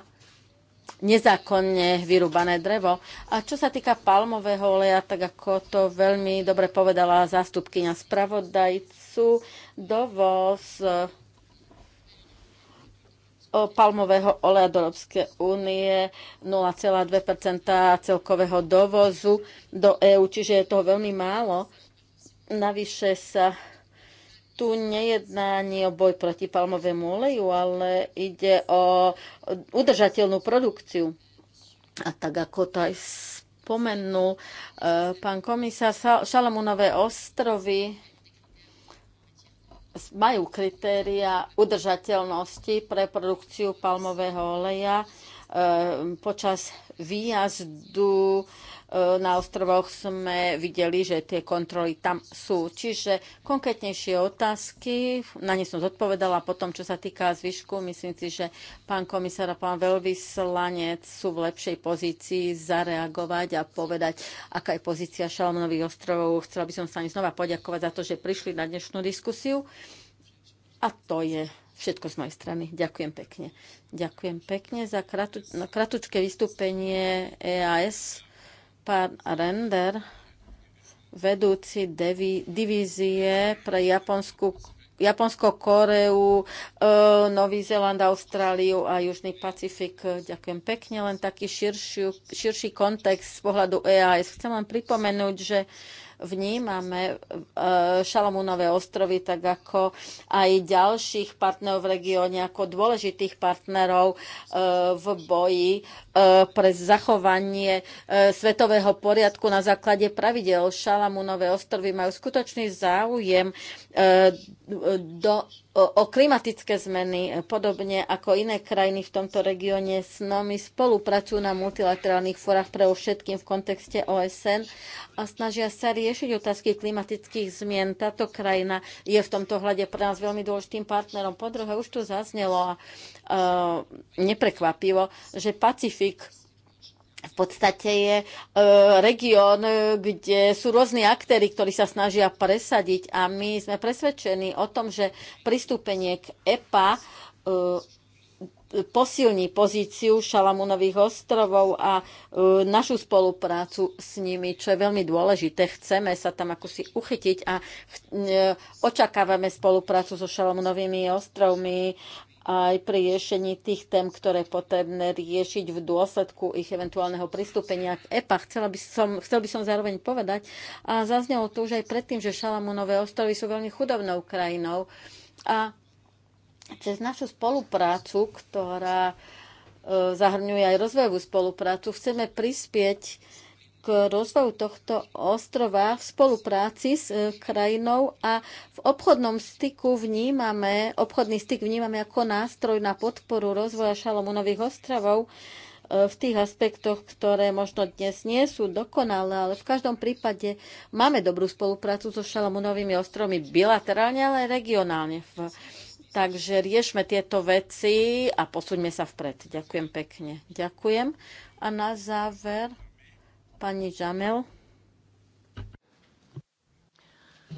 nezákonne vyrúbané drevo. A čo sa týka palmového oleja, tak ako to veľmi dobre povedala zástupkyňa spravodajcu, dovoz palmového oleja do Európskej únie 0,2 celkového dovozu do EÚ, čiže je toho veľmi málo. Navyše sa tu nejedná ani o boj proti palmovému oleju, ale ide o udržateľnú produkciu. A tak ako to aj spomenul eh, pán komisár, Šalamunové ostrovy majú kritéria udržateľnosti pre produkciu palmového oleja. Eh, počas výjazdu na ostrovoch sme videli, že tie kontroly tam sú. Čiže konkrétnejšie otázky, na ne som zodpovedala potom, čo sa týka zvyšku, myslím si, že pán komisár a pán veľvyslanec sú v lepšej pozícii zareagovať a povedať, aká je pozícia Šalmonových ostrovov. Chcela by som sa ani znova poďakovať za to, že prišli na dnešnú diskusiu. A to je všetko z mojej strany. Ďakujem pekne. Ďakujem pekne za kratu, kratučké vystúpenie EAS. Pán Render, vedúci divízie pre Japonsku Japonsko, Koreu, e, Nový Zeland, Austráliu a Južný Pacifik. Ďakujem pekne, len taký širšiu, širší kontext z pohľadu EAS. Chcem vám pripomenúť, že vnímame Šalamúnové ostrovy, tak ako aj ďalších partnerov v regióne, ako dôležitých partnerov e, v boji e, pre zachovanie e, svetového poriadku na základe pravidel. Šalamúnové ostrovy majú skutočný záujem do o, klimatické zmeny, podobne ako iné krajiny v tomto regióne s nami spolupracujú na multilaterálnych forách pre všetkým v kontexte OSN a snažia sa riešiť riešiť otázky klimatických zmien. Táto krajina je v tomto hľade pre nás veľmi dôležitým partnerom. Po druhé, už tu zaznelo a uh, neprekvapivo, že Pacifik v podstate je uh, región, e, kde sú rôzni aktéry, ktorí sa snažia presadiť a my sme presvedčení o tom, že pristúpenie k EPA uh, posilní pozíciu Šalamúnových ostrovov a e, našu spoluprácu s nimi, čo je veľmi dôležité. Chceme sa tam ako si uchytiť a e, očakávame spoluprácu so Šalamunovými ostrovmi aj pri riešení tých tém, ktoré je potrebné riešiť v dôsledku ich eventuálneho pristúpenia k EPA. Chcela by som, chcel by som zároveň povedať, a zaznelo to už aj predtým, že Šalamunové ostrovy sú veľmi chudobnou krajinou a cez našu spoluprácu, ktorá e, zahrňuje aj rozvojovú spoluprácu, chceme prispieť k rozvoju tohto ostrova v spolupráci s e, krajinou a v obchodnom styku vnímame, obchodný styk vnímame ako nástroj na podporu rozvoja Šalomúnových ostrovov e, v tých aspektoch, ktoré možno dnes nie sú dokonalé, ale v každom prípade máme dobrú spoluprácu so Šalamunovými ostrovmi bilaterálne, ale aj regionálne. V Takže riešme tieto veci a posuňme sa vpred. Ďakujem pekne. Ďakujem. A na záver pani Žamel.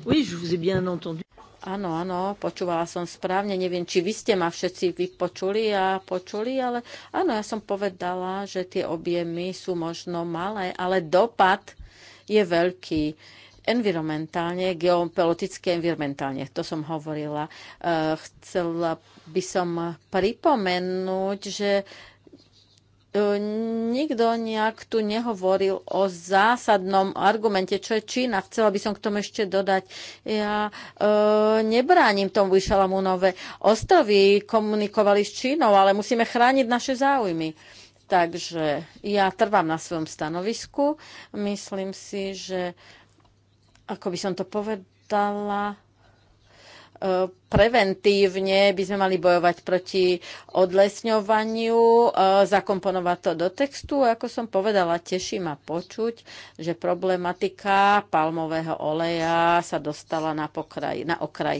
Oui, je vous ai bien entendu. Áno, áno, počúvala som správne. Neviem, či vy ste ma všetci vypočuli a počuli, ale áno, ja som povedala, že tie objemy sú možno malé, ale dopad je veľký environmentálne, geopoliticky environmentálne, to som hovorila. E, chcela by som pripomenúť, že e, nikto nejak tu nehovoril o zásadnom argumente, čo je Čína. Chcela by som k tomu ešte dodať. Ja e, nebránim tomu Šalamúnové ostrovy, komunikovali s Čínou, ale musíme chrániť naše záujmy. Takže ja trvám na svojom stanovisku. Myslím si, že e, ako by som to povedala, e, preventívne by sme mali bojovať proti odlesňovaniu, e, zakomponovať to do textu. Ako som povedala, teší ma počuť, že problematika palmového oleja sa dostala na, pokraj, na okraj.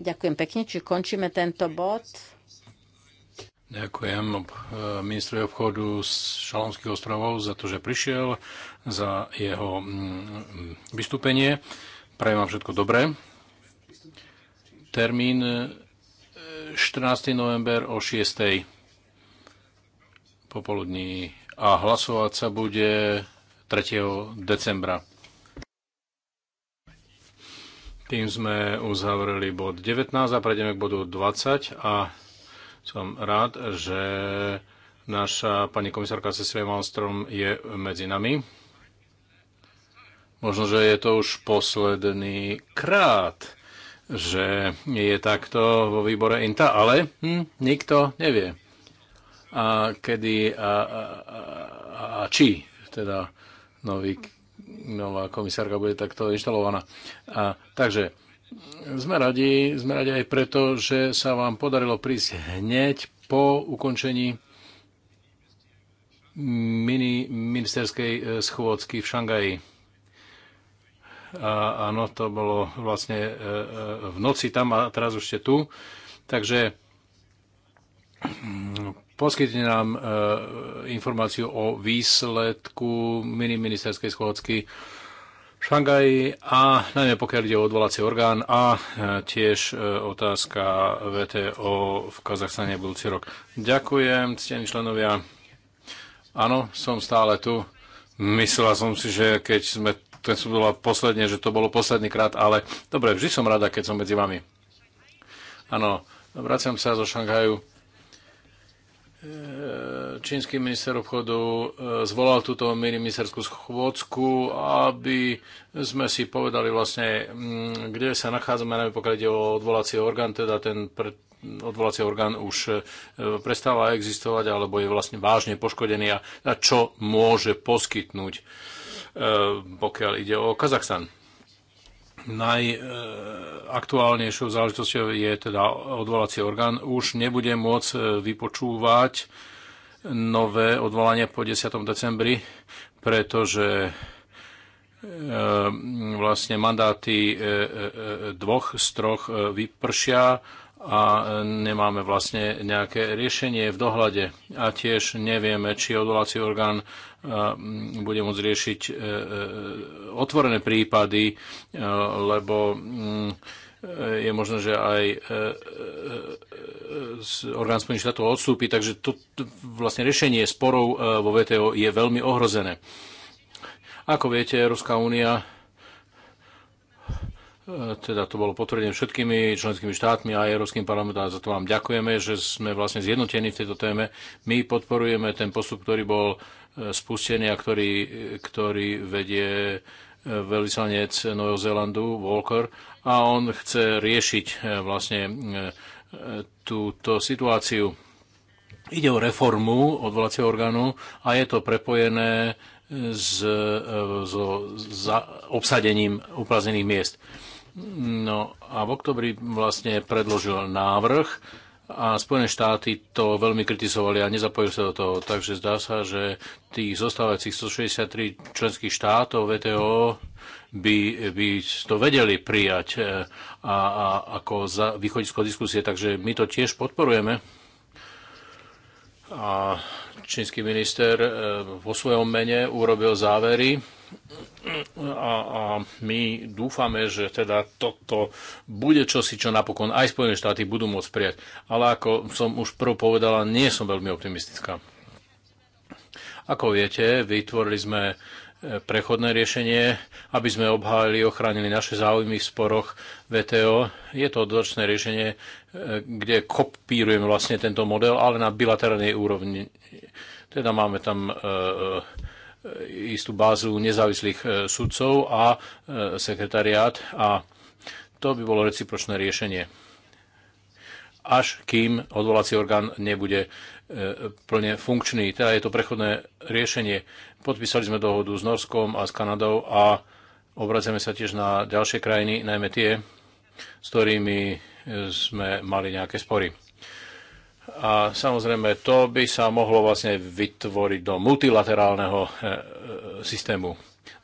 Ďakujem pekne, či končíme tento bod.
Ďakujem eh, ministrovi obchodu z Šalomských ostrovov za to, že prišiel, za jeho mm, vystúpenie. Prajem vám všetko dobré. Termín 14. Eh, november o 6. popoludní a hlasovať sa bude 3. decembra. Tým sme uzavreli bod 19 a prejdeme k bodu 20 a som rád, že naša pani komisárka Cecilia Malmström je medzi nami. Možno, že je to už posledný krát, že je takto vo výbore INTA, ale hm, nikto nevie. A kedy a, a, a, a či teda nový, nová komisárka bude takto inštalovaná. A, takže sme radi, sme radi aj preto, že sa vám podarilo prísť hneď po ukončení mini ministerskej e, schôdzky v Šangaji. A, áno, to bolo vlastne e, e, v noci tam a teraz už ste tu. Takže mm, poskytne nám informáciu o výsledku mini ministerskej schôdzky Šangaj a najmä pokiaľ ide o odvolací orgán a e, tiež e, otázka VTO v Kazachstane budúci rok. Ďakujem, ctení členovia. Áno, som stále tu. Myslela som si, že keď sme ten som bola posledne, že to bolo posledný krát, ale dobre, vždy som rada, keď som medzi vami. Áno, vraciam sa zo Šanghaju E, čínsky minister obchodu e, zvolal túto ministerskú schôdzku, aby sme si povedali vlastne, mm, kde sa nachádzame, najmä pokiaľ ide o odvolací orgán, teda ten odvolací orgán už e, prestáva existovať alebo je vlastne vážne poškodený a čo môže poskytnúť, pokiaľ ide o Kazachstan najaktuálnejšou záležitosťou je teda odvolací orgán. Už nebude môcť e, vypočúvať nové odvolania po 10. decembri, pretože e, vlastne mandáty e, dvoch z troch vypršia a nemáme vlastne nejaké riešenie v dohľade. A tiež nevieme, či odvolací orgán e, bude môcť riešiť e, e, otvorené prípady, lebo je možné, že aj orgán Spojených štátov odstúpi, takže to vlastne riešenie sporov vo VTO je veľmi ohrozené. Ako viete, Európska únia E, teda to bolo potvrdené všetkými členskými štátmi a Európskym parlamentom a za to vám ďakujeme, že sme vlastne zjednotení v tejto téme. My podporujeme ten postup, ktorý bol e, spustený a ktorý, ktorý vedie e, veľvyslanec Nového Zélandu, Walker, a on chce riešiť vlastne túto situáciu. Ide o reformu odvolacieho orgánu a je to prepojené s, s, s obsadením uprazených miest. No a v oktobri vlastne predložil návrh a Spojené štáty to veľmi kritizovali a nezapojili sa do toho. Takže zdá sa, že tých zostávajúcich 163 členských štátov VTO by, by to vedeli prijať e, a, a ako za východisko diskusie, takže my to tiež podporujeme. A čínsky minister e, vo svojom mene urobil závery a, a my dúfame, že teda toto bude čosi, čo napokon aj Spojené štáty budú môcť prijať. Ale ako som už prv povedala, nie som veľmi optimistická. Ako viete, vytvorili sme e, prechodné riešenie, aby sme obhájili, ochránili naše záujmy v sporoch VTO. Je to dodatočné riešenie, e, kde kopírujem vlastne tento model, ale na bilaterálnej úrovni. Teda máme tam uh, E, istú bázu nezávislých e, sudcov a e, sekretariát a to by bolo recipročné riešenie. Až kým odvolací orgán nebude plne funkčný. Teda je to prechodné riešenie. Podpísali sme dohodu s Norskom a s Kanadou a obraceme sa tiež na ďalšie krajiny, najmä tie, s ktorými sme mali nejaké spory. A samozrejme, to by sa mohlo vlastne vytvoriť do multilaterálneho e, e, systému.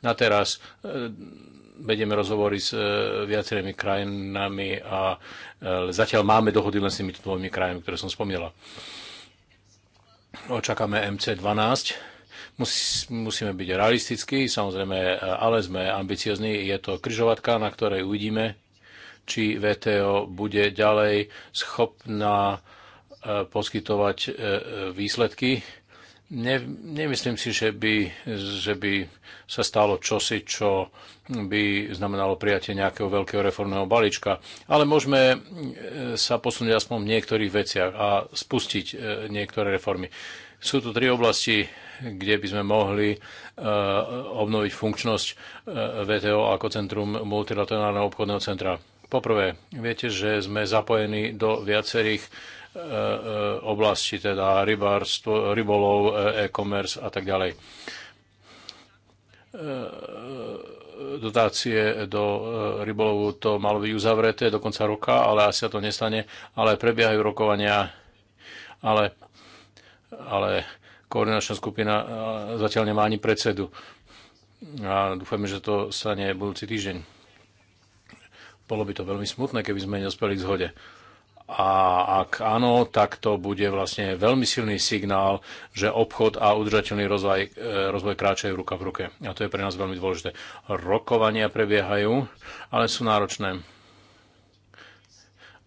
Na teraz e, vedieme rozhovory s viacerými krajinami a zatiaľ máme dohody len s tými dvomi krajinami, ktoré som spomínala. Očakáme MC12. musíme byť realistickí, samozrejme, ale sme ambiciozní. Je to kryžovatka, na ktorej uvidíme, či VTO bude ďalej schopná poskytovať e, e, výsledky. Ne, nemyslím si, že by, že by sa stalo čosi, čo by znamenalo prijatie nejakého veľkého reformného balíčka, ale môžeme e, sa posunúť aspoň v niektorých veciach a spustiť niektoré reformy. Sú tu tri oblasti, kde by sme mohli obnoviť funkčnosť VTO ako Centrum multilaterálneho obchodného centra. Poprvé, viete, že sme zapojení do viacerých Eh, oblasti, teda rybárstvo, rybolov, eh, e-commerce a tak ďalej. Eh, dotácie do rybolovu to malo byť uzavreté do konca roka, ale asi sa to nestane, ale prebiehajú rokovania, ale, ale koordinačná skupina zatiaľ nemá ani predsedu. A dúfame, že to stane budúci týždeň. Bolo by to veľmi smutné, keby sme nedospeli k zhode. A ak áno, tak to bude vlastne veľmi silný signál, že obchod a udržateľný rozvoj, e, rozvoj kráčajú ruka v ruke. A to je pre nás veľmi dôležité. Rokovania prebiehajú, ale sú náročné.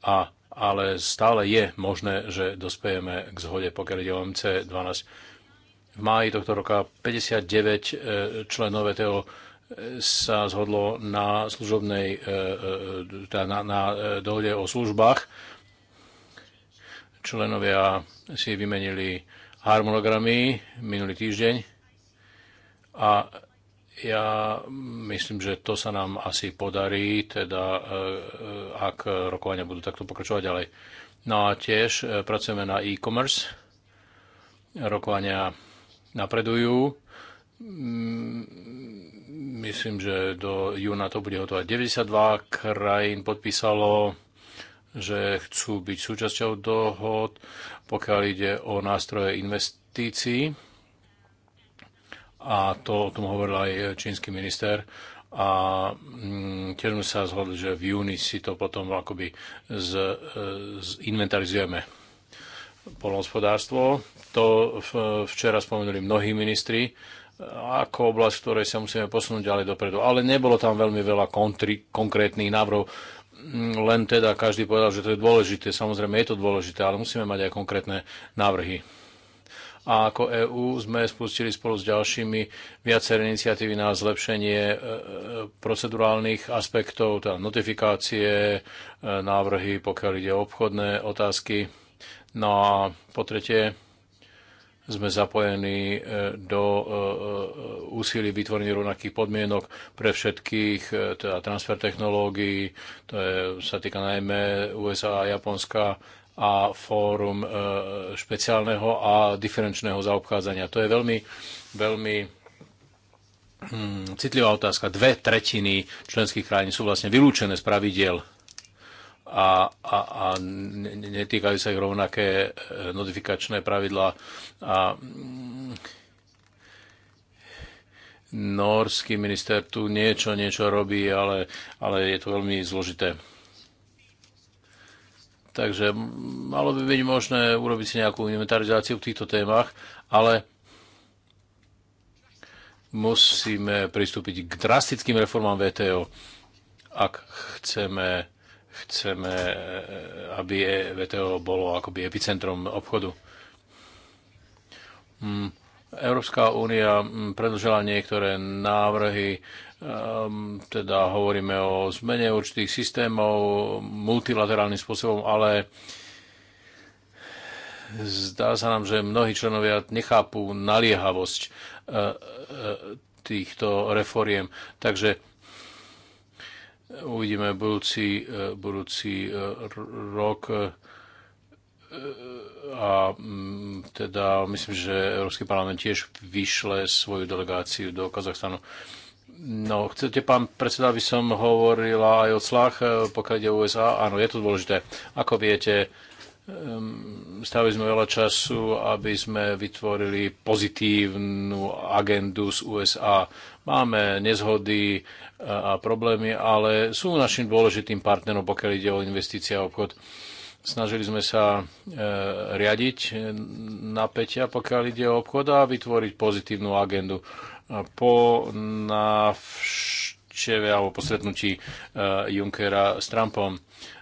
A, ale stále je možné, že dospejeme k zhode, pokiaľ ide o MC12. V máji tohto roka 59 členov VTO sa zhodlo na služobnej, e, e, teda na, na dohode o službách Členovia si vymenili harmonogramy minulý týždeň a ja myslím, že to sa nám asi podarí, teda e, e, ak rokovania budú takto pokračovať ďalej. No a tiež e, pracujeme na e-commerce. Rokovania napredujú. Mm, myslím, že do júna to bude hotovať. 92 krajín podpísalo že chcú byť súčasťou dohod, pokiaľ ide o nástroje investícií. A to o tom hovoril aj čínsky minister. A mm, tiež sme sa zhodli, že v júni si to potom akoby z, e, zinventarizujeme. Polnohospodárstvo, to včera spomenuli mnohí ministri, e, ako oblasť, v ktorej sa musíme posunúť ďalej dopredu. Ale nebolo tam veľmi veľa kontri, konkrétnych návrhov Mm, len teda každý povedal, že to je dôležité. Samozrejme je to dôležité, ale musíme mať aj konkrétne návrhy. A ako EÚ sme spustili spolu s ďalšími viaceré iniciatívy na zlepšenie e, e, procedurálnych aspektov, teda notifikácie, e, návrhy, pokiaľ ide o obchodné otázky. No a po tretie, sme zapojení e, do e, e, úsilí vytvorenia rovnakých podmienok pre všetkých, teda transfer technológií, to je, sa týka najmä USA a Japonska a fórum špeciálneho a diferenčného zaobchádzania. To je veľmi, veľmi hm, citlivá otázka. Dve tretiny členských krajín sú vlastne vylúčené z pravidiel a, a, a netýkajú sa ich rovnaké e, notifikačné pravidlá. A mm, norský minister tu niečo, niečo robí, ale, ale je to veľmi zložité. Takže malo by byť možné urobiť si nejakú inventarizáciu v týchto témach, ale musíme pristúpiť k drastickým reformám VTO, ak chceme Chceme, e, e, aby e, VTO bolo akoby epicentrom obchodu. Mm, Európska únia mm, predlžila niektoré návrhy, teda hovoríme o zmene určitých systémov multilaterálnym spôsobom, ale zdá sa nám, že mnohí členovia nechápu naliehavosť týchto reforiem. Takže Uvidíme budúci, eh, budúci eh, rok eh, a mm, teda myslím, že Európsky parlament tiež vyšle svoju delegáciu do Kazachstanu. No, chcete, pán predseda, aby som hovorila aj o clách, pokiaľ ide o USA? Áno, je to dôležité. Ako viete, ehm, stavili sme veľa času, aby sme vytvorili pozitívnu agendu z USA. Máme nezhody e, a problémy, ale sú našim dôležitým partnerom, pokiaľ ide o investície a obchod. Snažili sme sa e, riadiť e, napätia, pokiaľ ide o obchod a vytvoriť pozitívnu agendu. Po návšteve alebo po stretnutí e, Junckera s Trumpom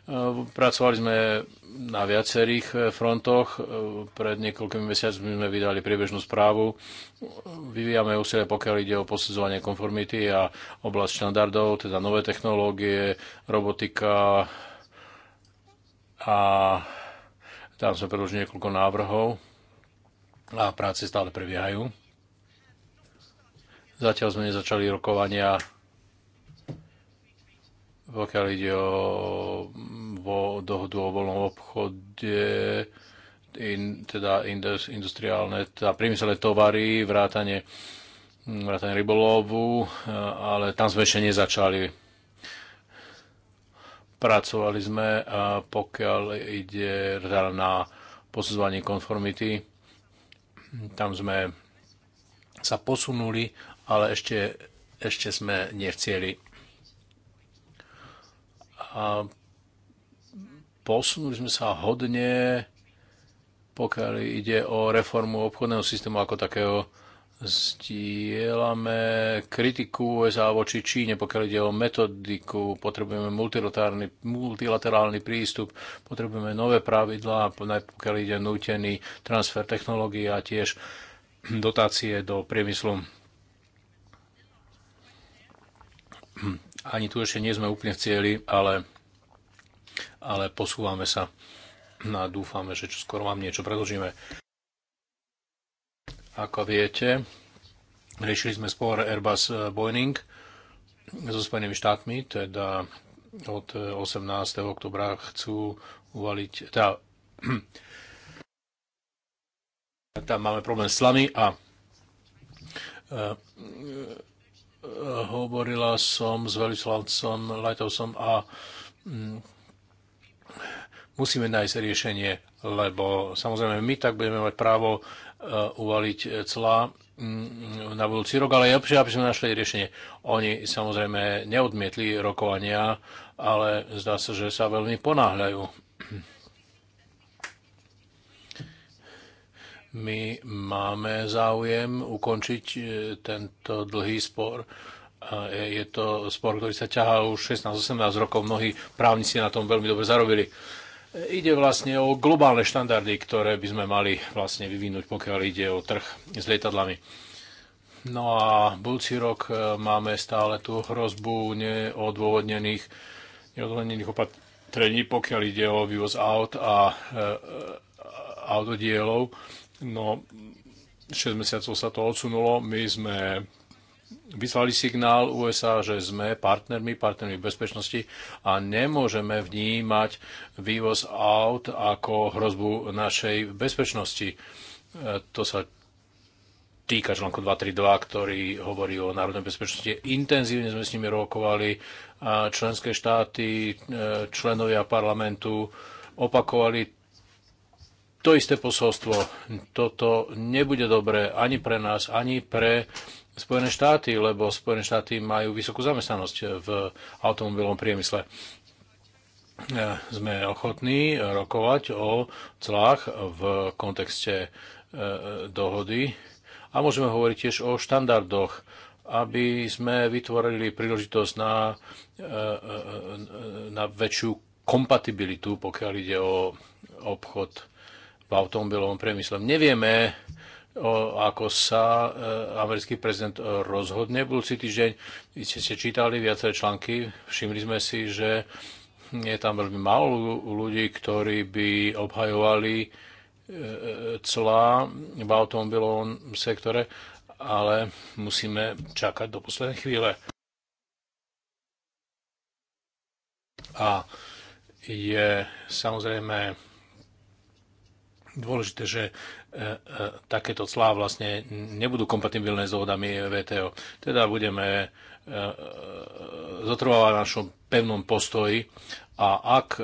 Eh, pracovali sme na viacerých eh, frontoch. Eh, pred niekoľkými mesiacmi sme vydali priebežnú správu. Vyvíjame úsilie, pokiaľ ide o posudzovanie konformity a oblasť štandardov, teda nové technológie, robotika a tam sme predložili niekoľko návrhov a práce stále prebiehajú. Zatiaľ sme nezačali rokovania pokiaľ ide o mm, vo, dohodu o voľnom obchode, in, teda industriálne, teda priemyselné tovary, vrátanie, mm, vrátanie rybolovu, e, ale tam sme ešte nezačali. Pracovali sme, e, pokiaľ ide teda na posudzovanie konformity, tam sme sa posunuli, ale ešte, ešte sme nechceli a posunuli sme sa hodne, pokiaľ ide o reformu obchodného systému ako takého. Zdieľame kritiku USA voči Číne, pokiaľ ide o metodiku, potrebujeme multilaterálny, multilaterálny prístup, potrebujeme nové pravidlá, pokiaľ ide nútený transfer technológií a tiež dotácie do priemyslu. Ani tu ešte nie sme úplne v cieli, ale, ale posúvame sa a dúfame, že čo skoro vám niečo predložíme. Ako viete, riešili sme spor Airbus eh, Boeing so Spojenými štátmi, teda od 18. Eh, oktobra chcú uvaliť, teda tam máme problém s slami a eh, hovorila som s veľvyslancom Lajtovsom a mm, musíme nájsť riešenie, lebo samozrejme my tak budeme mať právo e, uvaliť clá mm, na budúci rok, ale je lepšie, aby sme našli riešenie. Oni samozrejme neodmietli rokovania, ale zdá sa, že sa veľmi ponáhľajú. My máme záujem ukončiť e, tento dlhý spor. Je to spor, ktorý sa ťahá už 16-18 rokov. Mnohí právnici na tom veľmi dobre zarobili. E, ide vlastne o globálne štandardy, ktoré by sme mali vlastne vyvinúť, pokiaľ ide o trh s lietadlami. No a budúci rok e, máme stále tú hrozbu neodôvodnených, neodôvodnených opatrení, pokiaľ ide o vývoz aut a e, autodielov. No, 6 mesiacov sa to odsunulo. My sme vyslali signál USA, že sme partnermi, partnermi v bezpečnosti a nemôžeme vnímať vývoz aut ako hrozbu našej bezpečnosti. E, to sa týka článku 232, ktorý hovorí o národnej bezpečnosti. Intenzívne sme s nimi rokovali členské štáty, e, členovia parlamentu opakovali to isté posolstvo. Toto nebude dobré ani pre nás, ani pre Spojené štáty, lebo Spojené štáty majú vysokú zamestnanosť v automobilovom priemysle. E, sme ochotní rokovať o clách v kontexte e, dohody a môžeme hovoriť tiež o štandardoch, aby sme vytvorili príležitosť na, e, na väčšiu kompatibilitu, pokiaľ ide o obchod v automobilovom priemysle. Nevieme, ako sa e, americký prezident e, rozhodne budúci týždeň. Ste, ste čítali viaceré články, všimli sme si, že je tam veľmi málo ľudí, ktorí by obhajovali e, clá v automobilovom sektore, ale musíme čakať do poslednej chvíle. A je samozrejme dôležité, že e, e, takéto clá vlastne nebudú kompatibilné s dohodami VTO. Teda budeme e, zotrvávať na našom pevnom postoji a ak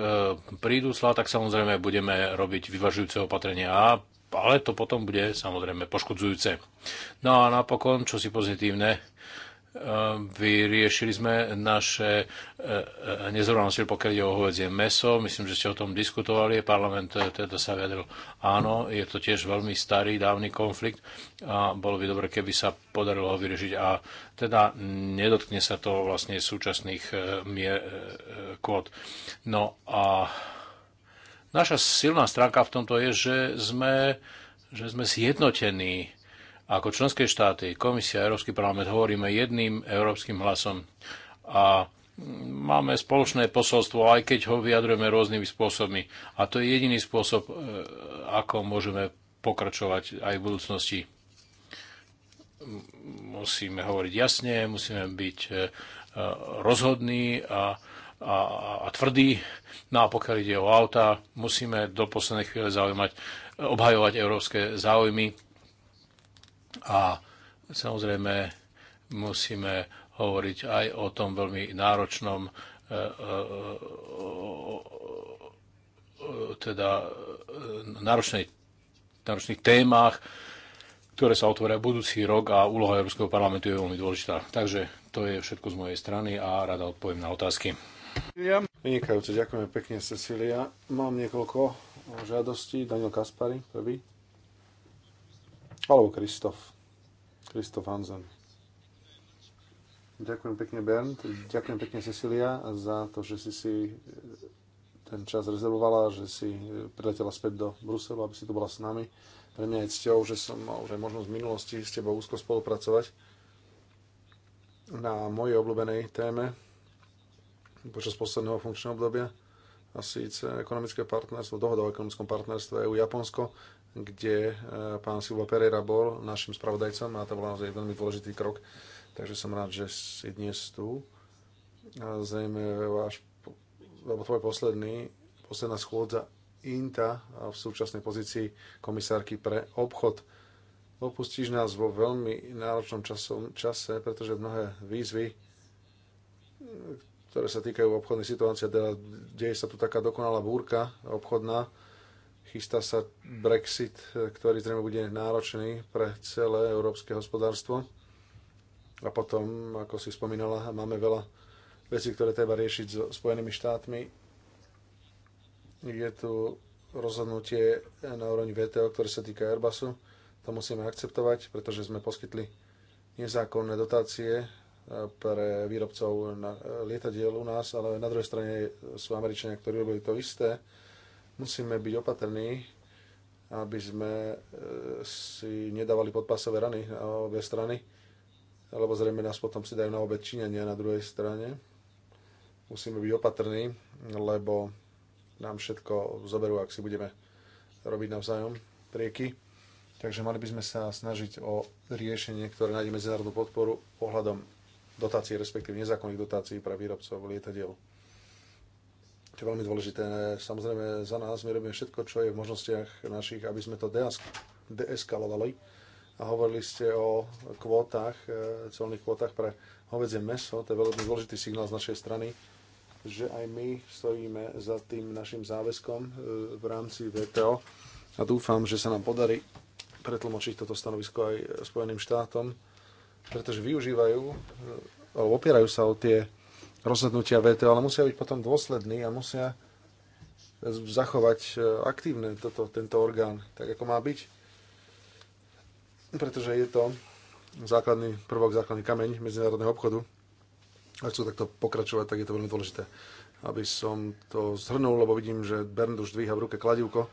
prídu clá, tak samozrejme budeme robiť vyvažujúce opatrenia, ale to potom bude samozrejme poškodzujúce. No a napokon, čo si pozitívne, Ehm, vyriešili sme naše e, e, nezrovnalosti, pokiaľ ide o hovedzie meso. Myslím, že ste o tom diskutovali. Parlament e, teda sa vyjadril áno. Je to tiež veľmi starý, dávny konflikt a bolo by dobre, keby sa podarilo ho vyriešiť. A teda nedotkne sa to vlastne súčasných mier, kvót. No a naša silná stránka v tomto je, že sme, že sme zjednotení ako členské štáty, komisia a Európsky parlament hovoríme jedným európskym hlasom a máme spoločné posolstvo, aj keď ho vyjadrujeme rôznymi spôsobmi. A to je jediný spôsob, e, ako môžeme pokračovať aj v budúcnosti. Musíme hovoriť jasne, musíme byť e, rozhodní a, a, a tvrdí. No a pokiaľ ide o auta, musíme do poslednej chvíle zaujímať, obhajovať európske záujmy a samozrejme musíme hovoriť aj o tom veľmi náročnom e, e, e, teda náročnej, náročných témach, ktoré sa otvoria budúci rok a úloha Európskeho parlamentu je veľmi dôležitá. Takže to je všetko z mojej strany a rada odpoviem na
otázky. Vynikajúce, ďakujem pekne Cecilia. Mám niekoľko žiadostí. Daniel Kaspari, prvý. Alebo Kristof. Kristof Hansen. Ďakujem pekne, Bernd. Ďakujem pekne, Cecilia, za to, že si si e, ten čas rezervovala, že si e, priletela späť do Bruselu, aby si tu bola s nami. Pre mňa je cťou, že som mal že možnosť v minulosti s tebou úzko spolupracovať na mojej obľúbenej téme počas posledného funkčného obdobia a síce ekonomické partnerstvo, dohoda o ekonomickom partnerstve EU-Japonsko kde e, pán Silva Pereira bol našim spravodajcom a to bol naozaj veľmi dôležitý krok. Takže som rád, že si dnes tu. A zrejme váš, lebo tvoj posledný, posledná schôdza INTA v súčasnej pozícii komisárky pre obchod. Opustíš nás vo veľmi náročnom časom, čase, pretože mnohé výzvy, ktoré sa týkajú obchodnej situácie, teda deje sa tu taká dokonalá búrka obchodná, Chystá sa Brexit, e, ktorý zrejme bude náročný pre celé európske hospodárstvo. A potom, ako si spomínala, máme veľa vecí, ktoré treba riešiť so Spojenými štátmi. Je tu rozhodnutie na úrovni VTO, ktoré sa týka Airbusu. To musíme akceptovať, pretože sme poskytli nezákonné dotácie e, pre výrobcov na e, lietadiel u nás, ale na druhej strane sú Američania, ktorí robili to isté Musíme byť opatrní, aby sme e, si nedávali podpásové rany na obe strany, lebo zrejme nás potom si dajú na obe činenia na druhej strane. Musíme byť opatrní, lebo nám všetko zoberú, ak si budeme robiť navzájom prieky. Takže mali by sme sa snažiť o riešenie, ktoré nájde medzinárodnú podporu ohľadom dotácií, respektíve nezákonných dotácií pre výrobcov lietadiel. To je veľmi dôležité. Samozrejme, za nás my robíme všetko, čo je v možnostiach našich, aby sme to deeskalovali. A hovorili ste o kvótach, e, celných kvótach pre hovedzie meso. To je veľmi dôležitý signál z našej strany, že aj my stojíme za tým našim záväzkom e, v rámci VTO. A dúfam, že sa nám podarí pretlmočiť toto stanovisko aj Spojeným štátom, pretože využívajú e, alebo opierajú sa o tie rozhodnutia VTO, ale musia byť potom dôslední a musia zachovať e, aktívne toto, tento orgán, tak ako má byť. Pretože je to základný prvok, základný kameň medzinárodného obchodu. Ak chcú takto pokračovať, tak je to veľmi dôležité. Aby som to zhrnul, lebo vidím, že Bernd už dvíha v ruke kladivko.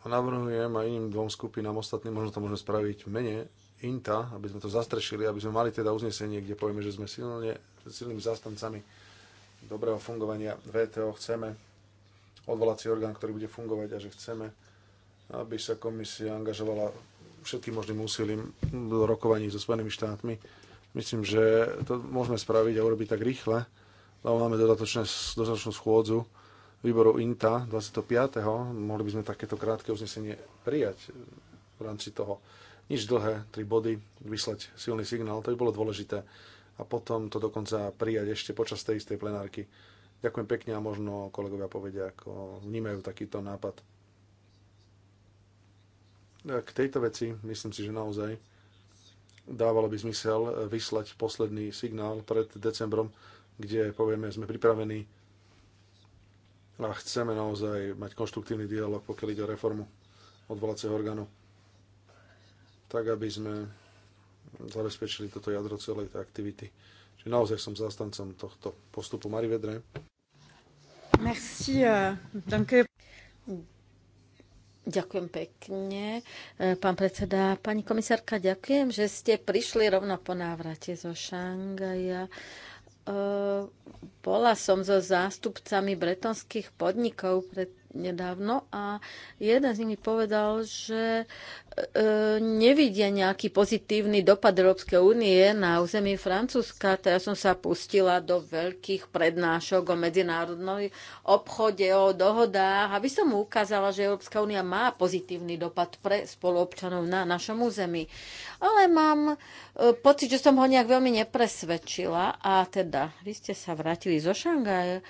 A navrhujem aj iným dvom skupinám ostatným, možno to môžeme spraviť menej, INTA, aby sme to zastrešili, aby sme mali teda uznesenie, kde povieme, že sme silne, silnými zastancami dobrého fungovania VTO, chceme odvolací orgán, ktorý bude fungovať a že chceme, aby sa komisia angažovala všetkým možným úsilím do rokovaní so Spojenými štátmi. Myslím, že to môžeme spraviť a urobiť tak rýchle, lebo máme dodatočné, dodatočnú schôdzu výboru INTA 25. Mohli by sme takéto krátke uznesenie prijať v rámci toho nič dlhé, tri body, vyslať silný signál, to by bolo dôležité. A potom to dokonca prijať ešte počas tej istej plenárky. Ďakujem pekne a možno kolegovia povedia, ako vnímajú takýto nápad. K tejto veci myslím si, že naozaj dávalo by zmysel vyslať posledný signál pred decembrom, kde povieme, sme pripravení a chceme naozaj mať konštruktívny dialog, pokiaľ ide o reformu odvolacieho orgánu tak aby sme zabezpečili toto jadro celej tej aktivity. Čiže naozaj som zastancom tohto postupu. Mari Vedre.
Merci. Eh, ďakujem pekne, eh, pán predseda. Pani komisárka, ďakujem, že ste prišli rovno po návrate zo Šangaja. Eh, bola som so zástupcami bretonských podnikov pred nedávno a jeden z nich mi povedal, že e, nevidia nejaký pozitívny dopad Európskej únie na území Francúzska. Teraz som sa pustila do veľkých prednášok o medzinárodnom obchode, o dohodách, aby som mu ukázala, že Európska únia má pozitívny dopad pre spoluobčanov na našom území. Ale mám e, pocit, že som ho nejak veľmi nepresvedčila a teda vy ste sa vrátili zo Šangaja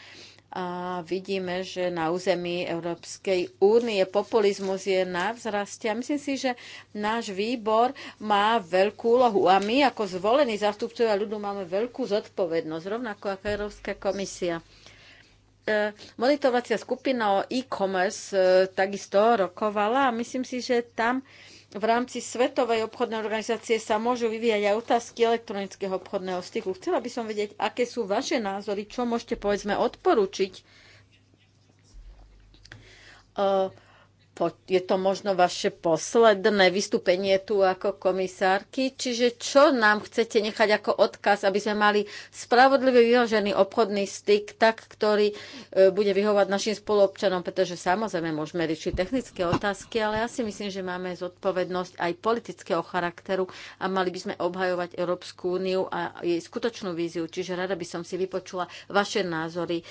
a vidíme, že na území Európskej únie populizmus je na vzraste. A myslím si, že náš výbor má veľkú úlohu a my ako zvolení zastupcovia ľudu máme veľkú zodpovednosť, rovnako ako Európska komisia. E, monitorovacia skupina o e-commerce e, takisto rokovala a myslím si, že tam v rámci Svetovej obchodnej organizácie sa môžu vyvíjať aj otázky elektronického obchodného styku. Chcela by som vedieť, aké sú vaše názory, čo môžete povedzme odporučiť. Uh, po, je to možno vaše posledné vystúpenie tu ako komisárky, čiže čo nám chcete nechať ako odkaz, aby sme mali spravodlivý vyhožený obchodný styk, tak, ktorý e, bude vyhovať našim spoluobčanom, pretože samozrejme môžeme riešiť technické otázky, ale ja si myslím, že máme zodpovednosť aj politického charakteru a mali by sme obhajovať Európsku úniu a jej skutočnú víziu, čiže rada by som si vypočula vaše názory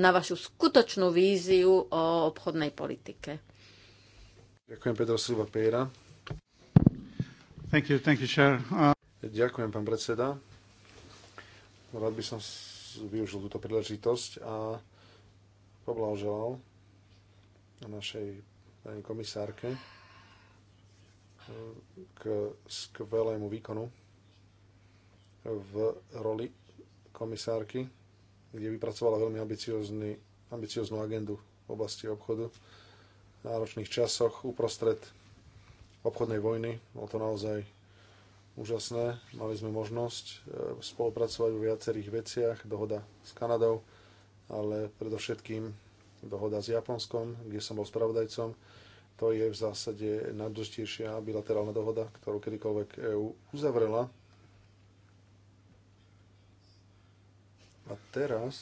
na vašu skutočnú víziu o obchodnej politike.
Ďakujem, Pedro Silva Pejra.
Thank you, thank you, Chair. Uh...
Ďakujem, pán predseda. Rád by som využil túto príležitosť a poblahoželal našej pani komisárke uh, k skvelému výkonu v roli komisárky, kde vypracovala veľmi ambicióznu agendu v oblasti obchodu náročných časoch uprostred obchodnej vojny. Bolo to naozaj úžasné. Mali sme možnosť e, spolupracovať vo viacerých veciach. Dohoda s Kanadou, ale predovšetkým dohoda s Japonskom, kde som bol spravodajcom. To je v zásade najdôležitejšia bilaterálna dohoda, ktorú kedykoľvek EÚ uzavrela. A teraz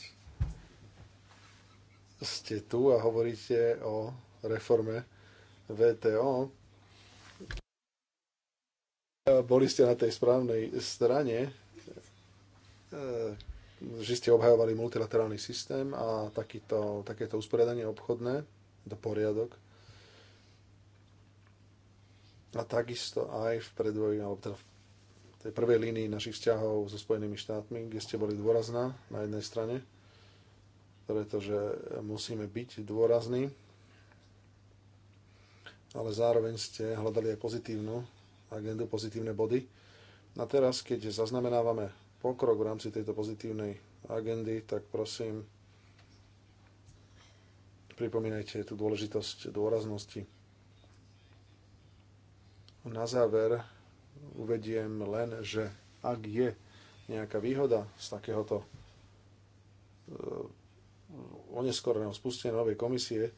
ste tu a hovoríte o reforme VTO. Boli ste na tej správnej strane, e, že ste obhajovali multilaterálny systém a takýto, takéto usporiadanie obchodné do poriadok. A takisto aj v predvoji, alebo teda v tej prvej línii našich vzťahov so Spojenými štátmi, kde ste boli dôrazná na jednej strane, pretože musíme byť dôrazní ale zároveň ste hľadali aj pozitívnu agendu, pozitívne body. A teraz, keď zaznamenávame pokrok v rámci tejto pozitívnej agendy, tak prosím, pripomínajte tú dôležitosť dôraznosti. Na záver uvediem len, že ak je nejaká výhoda z takéhoto eh, oneskoreného spustenia novej komisie,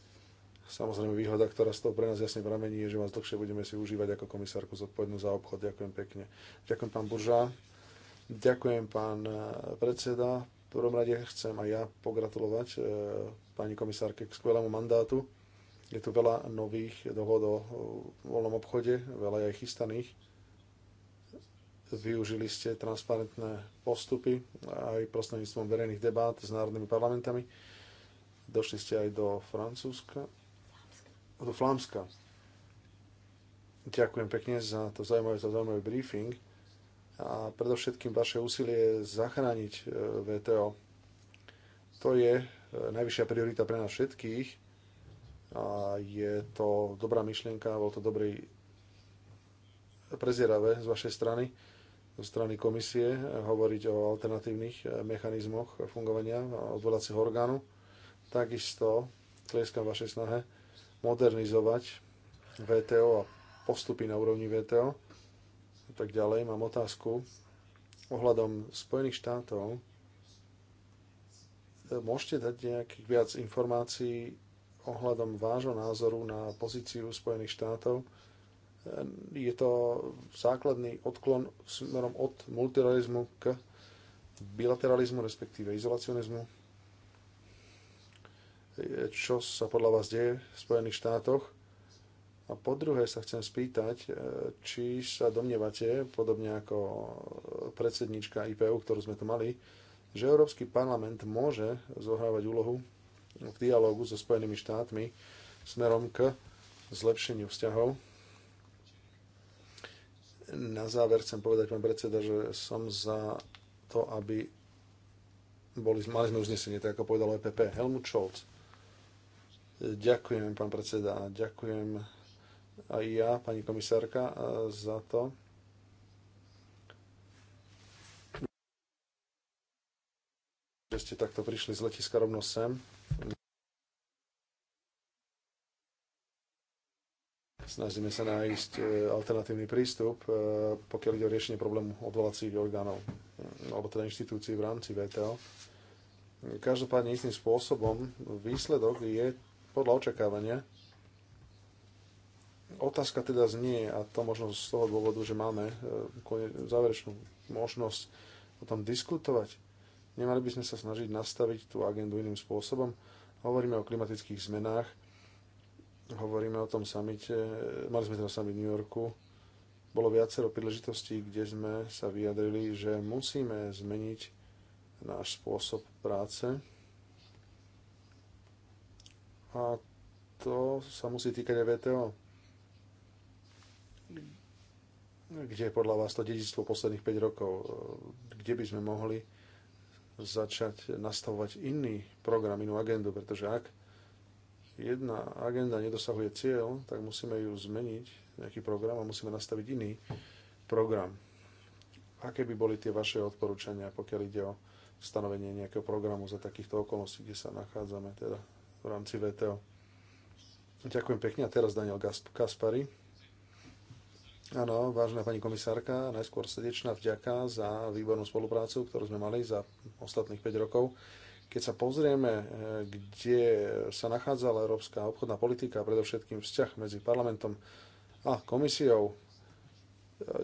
Samozrejme, výhoda, ktorá z toho pre nás jasne pramení, je, že vás dlhšie budeme si užívať ako komisárku zodpovednú za obchod. Ďakujem pekne. Ďakujem, pán Buržá. Ďakujem, pán eh, predseda. V prvom rade chcem aj ja pogratulovať eh, pani komisárke k skvelému mandátu. Je tu veľa nových dohod o eh, voľnom obchode, veľa aj chystaných. Využili ste transparentné postupy aj prostredníctvom verejných debát s národnými parlamentami. Došli ste aj do Francúzska do Flámska. Ďakujem pekne za to zaujímavé, za zaujímavý briefing a predovšetkým vaše úsilie zachrániť e, VTO. To je e, najvyššia priorita pre nás všetkých a je to dobrá myšlienka, bol to dobrý prezieravé z vašej strany, zo strany komisie, e, hovoriť o alternatívnych mechanizmoch fungovania odvolacieho orgánu. Takisto tlieskam vašej snahe modernizovať VTO a postupy na úrovni VTO a tak ďalej. Mám otázku ohľadom Spojených štátov. Môžete dať nejakých viac informácií ohľadom vášho názoru na pozíciu Spojených štátov? Je to základný odklon smerom od multilateralizmu k bilateralizmu, respektíve izolacionizmu? čo sa podľa vás deje v Spojených štátoch. A po druhé sa chcem spýtať, e, či sa domnievate, podobne ako predsednička IPU, e ktorú sme tu mali, že Európsky parlament môže zohrávať úlohu v dialógu so Spojenými štátmi smerom k zlepšeniu vzťahov. Na záver chcem povedať, pán predseda, že som za to, aby boli, mali sme uznesenie, tak ako povedal EPP. Helmut Scholz. Ďakujem, pán predseda. Ďakujem aj ja, pani komisárka, za to. že ste takto prišli z letiska rovno sem. Snažíme sa nájsť e, alternatívny prístup, e, pokiaľ ide o riešenie problému odvolacích orgánov, e, alebo teda inštitúcií v rámci VTO. Každopádne istým spôsobom výsledok je podľa očakávania. Otázka teda znie, a to možno z toho dôvodu, že máme e, záverečnú možnosť o tom diskutovať, nemali by sme sa snažiť nastaviť tú agendu iným spôsobom. Hovoríme o klimatických zmenách, hovoríme o tom samite, e, mali sme teda summit v New Yorku, bolo viacero príležitostí, kde sme sa vyjadrili, že musíme zmeniť náš spôsob práce, a to sa musí týkať aj VTO. Kde je podľa vás to dedictvo posledných 5 rokov? Kde by sme mohli začať nastavovať iný program, inú agendu? Pretože ak jedna agenda nedosahuje cieľ, tak musíme ju zmeniť, nejaký program a musíme nastaviť iný program. Aké by boli tie vaše odporúčania, pokiaľ ide o stanovenie nejakého programu za takýchto okolností, kde sa nachádzame, teda v rámci VTO. Ďakujem pekne. A teraz Daniel Kaspari. Áno, vážená pani komisárka, najskôr srdečná vďaka za výbornú spoluprácu, ktorú sme mali za ostatných 5 rokov. Keď sa pozrieme, eh, kde sa nachádzala európska obchodná politika, predovšetkým vzťah medzi parlamentom a komisiou,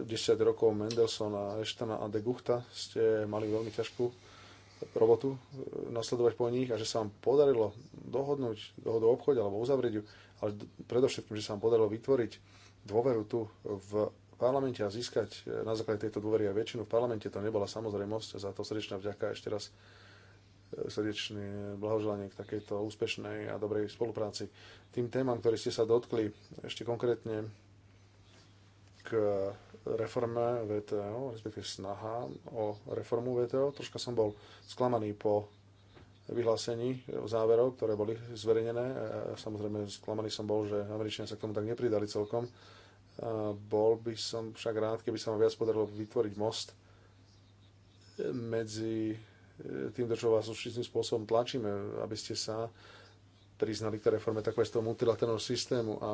10 eh, rokov Mendelsona, Eštana a de Guchta ste mali veľmi ťažkú robotu e, nasledovať po nich a že sa vám podarilo dohodnúť dohodu o obchode alebo uzavrieť ju, ale predovšetkým, že sa vám podarilo vytvoriť dôveru tu v parlamente a získať e, na základe tejto dôvery aj väčšinu v parlamente. To nebola samozrejmosť a za to srdečná vďaka ešte raz e, srdečné blahoželanie k takejto úspešnej a dobrej spolupráci. Tým témam, ktoré ste sa dotkli, ešte konkrétne k reforme VTO, respektíve snaha o reformu VTO. Troška som bol sklamaný po vyhlásení záverov, ktoré boli zverejnené. E, samozrejme, sklamaný som bol, že Američania sa k tomu tak nepridali celkom. E, bol by som však rád, keby sa ma viac podarilo vytvoriť most medzi e, tým, čo vás určitým spôsobom tlačíme, aby ste sa priznali k tej reforme toho multilaterálneho systému a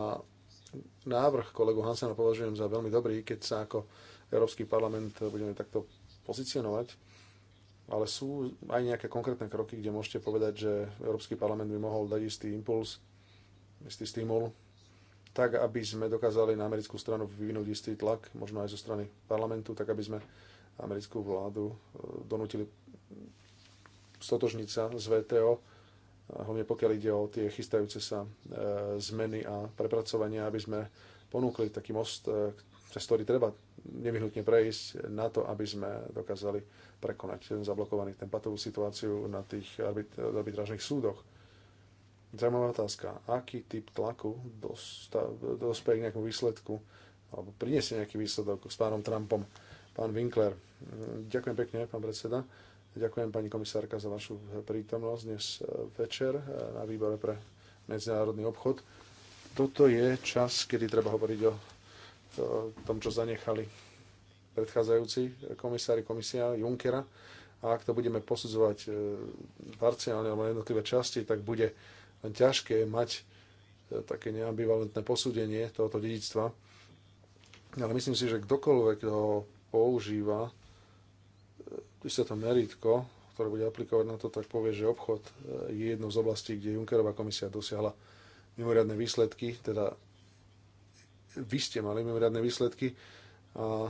návrh kolegu Hansena považujem za veľmi dobrý, keď sa ako Európsky parlament budeme takto pozicionovať. Ale sú aj nejaké konkrétne kroky, kde môžete povedať, že Európsky parlament by mohol dať istý impuls, istý stimul, tak aby sme dokázali na americkú stranu vyvinúť istý tlak, možno aj zo strany parlamentu, tak aby sme americkú vládu eh, donútili stotožniť sa z VTO hlavne pokiaľ ide o tie chystajúce sa e, zmeny a prepracovania, aby sme ponúkli taký most, cez ktorý treba nevyhnutne prejsť na to, aby sme dokázali prekonať ten zablokovaný, ten patovú situáciu na tých arbitrážnych súdoch. Zaujímavá otázka. Aký typ tlaku dospeje k nejakému výsledku alebo priniesie nejaký výsledok s pánom Trumpom? Pán Winkler. Ďakujem pekne, pán predseda. Ďakujem pani komisárka za vašu prítomnosť dnes e, večer e, na výbore pre medzinárodný obchod. Toto je čas, kedy treba hovoriť o tom, čo zanechali predchádzajúci komisári komisia Junkera. A ak to budeme posudzovať e, parciálne alebo jednotlivé časti, tak bude len ťažké mať také neambivalentné posúdenie tohoto dedictva. Ale myslím si, že kdokoľvek ho používa keď sa to meritko, ktoré bude aplikovať na to, tak povie, že obchod eh, je jednou z oblastí, kde Junckerová komisia dosiahla mimoriadne výsledky, teda vy ste mali mimoriadne výsledky a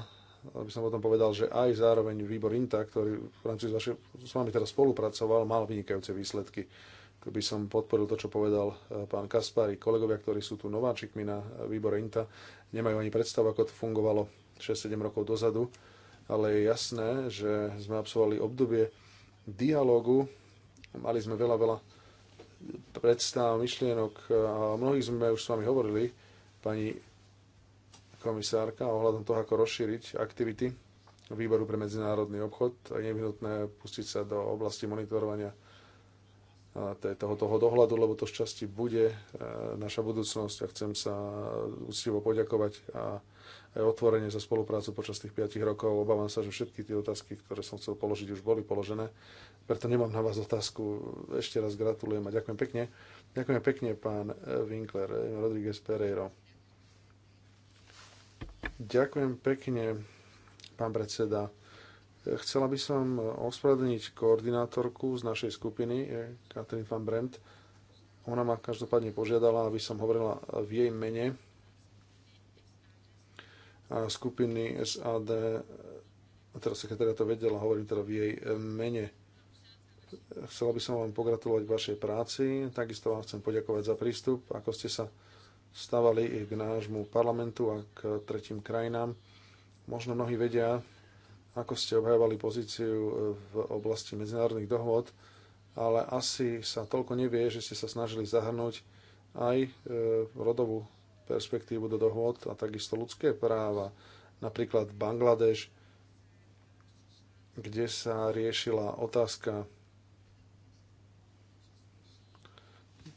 aby som potom povedal, že aj zároveň výbor INTA, ktorý v rámci s, vašim, s vami teraz spolupracoval, mal vynikajúce výsledky. Keby som podporil to, čo povedal eh, pán Kaspari, kolegovia, ktorí sú tu nováčikmi na eh, výbore INTA, nemajú ani predstavu, ako to fungovalo 6-7 rokov dozadu ale je jasné, že sme absolvovali obdobie dialogu, mali sme veľa, veľa predstav, myšlienok a mnohých sme už s vami hovorili, pani komisárka, ohľadom toho, ako rozšíriť aktivity Výboru pre medzinárodný obchod a je nevyhnutné pustiť sa do oblasti monitorovania toho, toho dohľadu, lebo to časti bude e, naša budúcnosť a chcem sa úctivo poďakovať a otvorenie za spoluprácu počas tých 5 rokov. Obávam sa, že všetky tie otázky, ktoré som chcel položiť, už boli položené. Preto nemám na vás otázku. Ešte raz gratulujem a ďakujem pekne. Ďakujem pekne, pán Winkler, Rodriguez Pereiro. Ďakujem pekne, pán predseda. Chcela by som ospravedlniť koordinátorku z našej skupiny, Katrin van Brent. Ona ma každopádne požiadala, aby som hovorila v jej mene, skupiny SAD, a teraz sekretária to vedela, hovorím teda v jej e, mene. Chcela by som vám pogratulovať vašej práci, takisto vám chcem poďakovať za prístup, ako ste sa stávali k nášmu parlamentu a k tretím krajinám. Možno mnohí vedia, ako ste obhajovali pozíciu e, v oblasti medzinárodných dohôd, ale asi sa toľko nevie, že ste sa snažili zahrnúť aj e, rodovú perspektívu do dohôd a takisto ľudské práva, napríklad Bangladeš, kde sa riešila otázka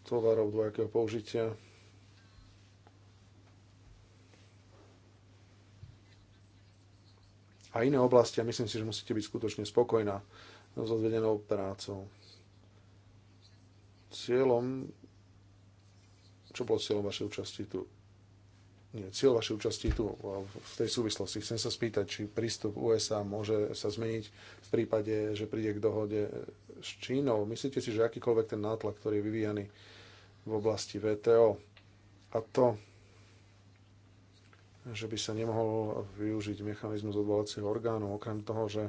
tovarov dvojakého použitia. A iné oblasti, a myslím si, že musíte byť skutočne spokojná s odvedenou prácou. Cieľom, čo bolo cieľom vašej účasti tu? cieľ vašej účasti tu v tej súvislosti. Chcem sa spýtať, či prístup USA môže sa zmeniť v prípade, že príde k dohode s Čínou. Myslíte si, že akýkoľvek ten nátlak, ktorý je vyvíjaný v oblasti VTO a to, že by sa nemohol využiť mechanizmus odvolacieho orgánu, okrem toho, že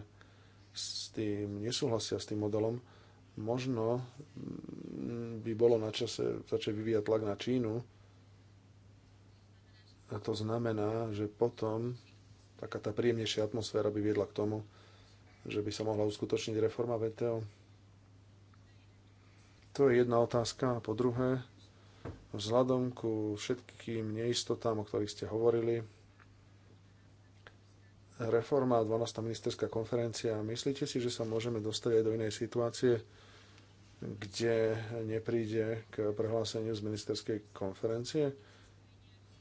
s tým nesúhlasia s tým modelom, možno by bolo na čase začať vyvíjať tlak na Čínu, a to znamená, že potom taká tá príjemnejšia atmosféra by viedla k tomu, že by sa mohla uskutočniť reforma VTO. To je jedna otázka. A po druhé, vzhľadom ku všetkým neistotám, o ktorých ste hovorili, reforma 12. ministerská konferencia, myslíte si, že sa môžeme dostať aj do inej situácie, kde nepríde k prehláseniu z ministerskej konferencie?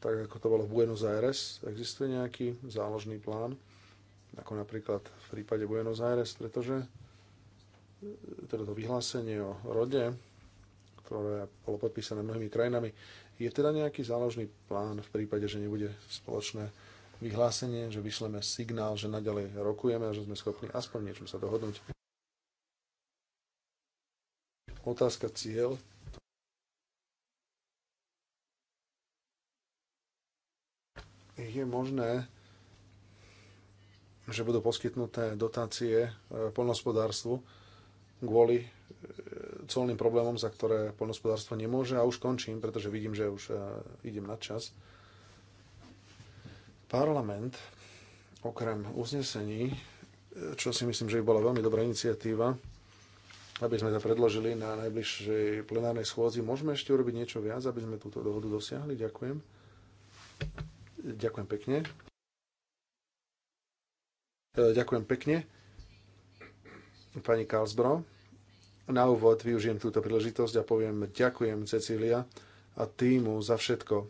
tak ako to bolo v Buenos Aires. Existuje nejaký záložný plán, ako napríklad v prípade Buenos Aires, pretože teda to vyhlásenie o rode, ktoré bolo podpísané mnohými krajinami, je teda nejaký záložný plán v prípade, že nebude spoločné vyhlásenie, že vyšleme signál, že naďalej rokujeme a že sme schopní aspoň niečom sa dohodnúť. Otázka cieľ je možné, že budú poskytnuté dotácie e, poľnohospodárstvu kvôli e, colným problémom, za ktoré poľnohospodárstvo nemôže. A už končím, pretože vidím, že už e, idem na čas. Parlament okrem uznesení, čo si myslím, že by bola veľmi dobrá iniciatíva, aby sme to predložili na najbližšej plenárnej schôdzi. Môžeme ešte urobiť niečo viac, aby sme túto dohodu dosiahli? Ďakujem. Ďakujem pekne. E, ďakujem pekne. Pani Karlsbro. na úvod využijem túto príležitosť a poviem ďakujem Cecília a týmu za všetko,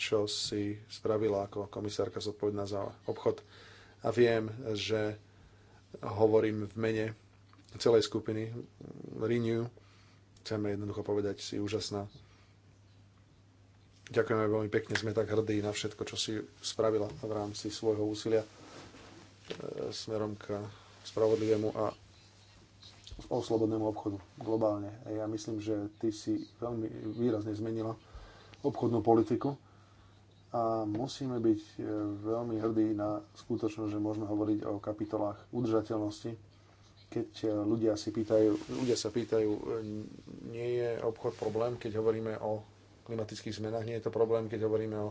čo si spravila ako komisárka zodpovedná za obchod. A viem, že hovorím v mene celej skupiny Renew. Chceme jednoducho povedať, si úžasná Ďakujeme veľmi pekne, sme tak hrdí na všetko, čo si spravila v rámci svojho úsilia e, smerom k spravodlivému a oslobodnému obchodu globálne. Ja myslím, že ty si veľmi výrazne zmenila obchodnú politiku a musíme byť e, veľmi hrdí na skutočnosť, že môžeme hovoriť o kapitolách udržateľnosti. Keď e, ľudia, si pýtajú, ľudia sa pýtajú, nie je obchod problém, keď hovoríme o klimatických zmenách. Nie je to problém, keď hovoríme o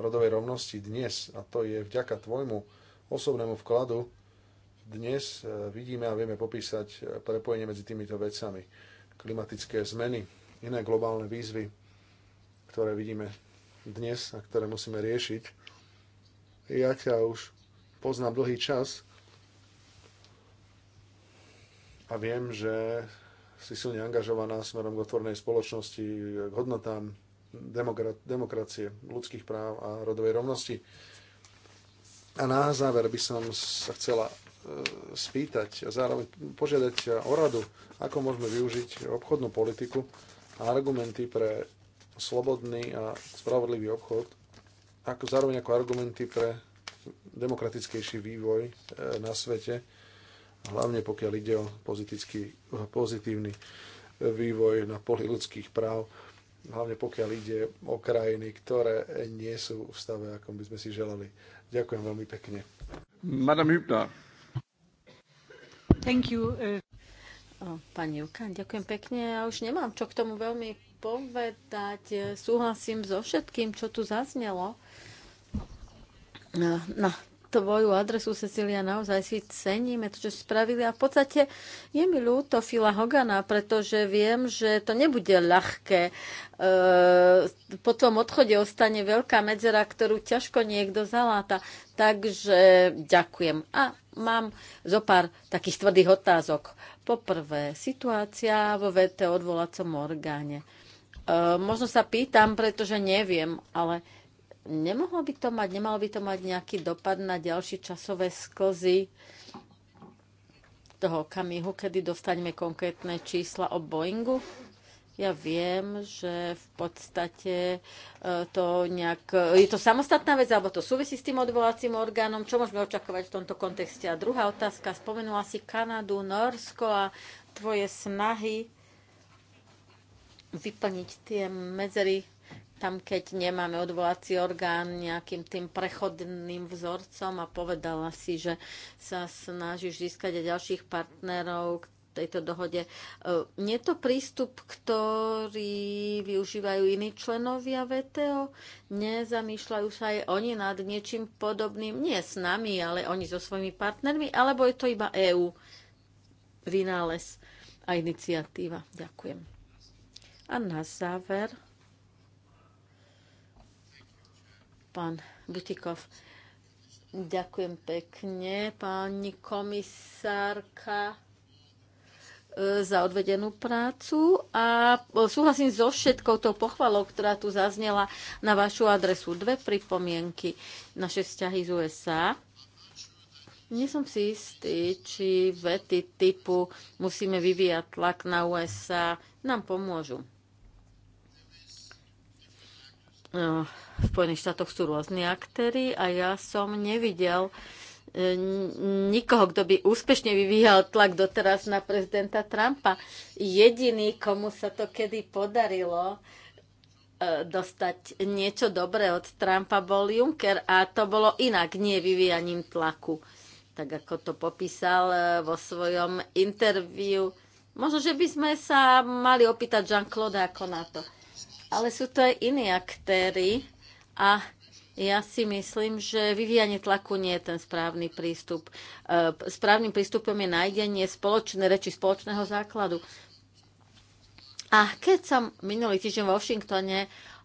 rodovej rovnosti dnes, a to je vďaka tvojmu osobnému vkladu, dnes e, vidíme a vieme popísať e, prepojenie medzi týmito vecami. Klimatické zmeny, iné globálne výzvy, ktoré vidíme dnes a ktoré musíme riešiť. Ja ťa už poznám dlhý čas a viem, že si silne angažovaná smerom k otvornej spoločnosti, k hodnotám, demokracie, ľudských práv a rodovej rovnosti. A na záver by som sa chcela e, spýtať a zároveň požiadať o radu, ako môžeme využiť obchodnú politiku a argumenty pre slobodný a spravodlivý obchod, ako zároveň ako argumenty pre demokratickejší vývoj e, na svete, hlavne pokiaľ ide o pozitívny e, vývoj na poli ľudských práv hlavne pokiaľ ide o krajiny, ktoré nie sú v stave, akom by sme si želali. Ďakujem veľmi pekne.
Madame Hübner.
Thank you. Eh. pani Juka, ďakujem pekne. Ja už nemám čo k tomu veľmi povedať. Súhlasím so všetkým, čo tu zaznelo. No, no tvoju adresu, Cecilia, naozaj si ceníme to, čo si spravili a v podstate je mi ľúto Fila Hogana, pretože viem, že to nebude ľahké. E, po tom odchode ostane veľká medzera, ktorú ťažko niekto zaláta. Takže ďakujem. A mám zo pár takých tvrdých otázok. Poprvé, situácia vo VT odvolacom orgáne. E, možno sa pýtam, pretože neviem, ale nemohlo by to mať, nemalo by to mať nejaký dopad na ďalšie časové sklzy toho okamihu, kedy dostaneme konkrétne čísla o Boeingu? Ja viem, že v podstate e, to nejak... Je to samostatná vec, alebo to súvisí s tým odvolacím orgánom? Čo môžeme očakávať v tomto kontexte? A druhá otázka. Spomenula si Kanadu, Norsko a tvoje snahy vyplniť tie medzery tam, keď nemáme odvolací orgán nejakým tým prechodným vzorcom a povedala si, že sa snažíš získať aj ďalších partnerov k tejto dohode. E, nie je to prístup, ktorý využívajú iní členovia VTO? Nezamýšľajú sa aj oni nad niečím podobným? Nie s nami, ale oni so svojimi partnermi? Alebo je to iba EÚ? Vynález a iniciatíva. Ďakujem. A na záver pán Butikov. Ďakujem pekne, pani komisárka e, za odvedenú prácu a súhlasím so všetkou tou pochvalou, ktorá tu zaznela na vašu adresu. Dve pripomienky naše vzťahy z USA. Nie som si istý, či vety typu musíme vyvíjať tlak na USA nám pomôžu. E, v Spojených štátoch sú rôzni aktéry a ja som nevidel e, nikoho, kto by úspešne vyvíjal tlak doteraz na prezidenta Trumpa. Jediný, komu sa to kedy podarilo e, dostať niečo dobré od Trumpa, bol Juncker a to bolo inak, nie vyvíjaním tlaku. Tak ako to popísal vo svojom interviu. Možno, že by sme sa mali opýtať Jean-Claude ako na to ale sú to aj iní aktéry a ja si myslím, že vyvíjanie tlaku nie je ten správny prístup. E, správnym prístupom je nájdenie spoločnej reči, spoločného základu. A keď som minulý týždeň v Washingtone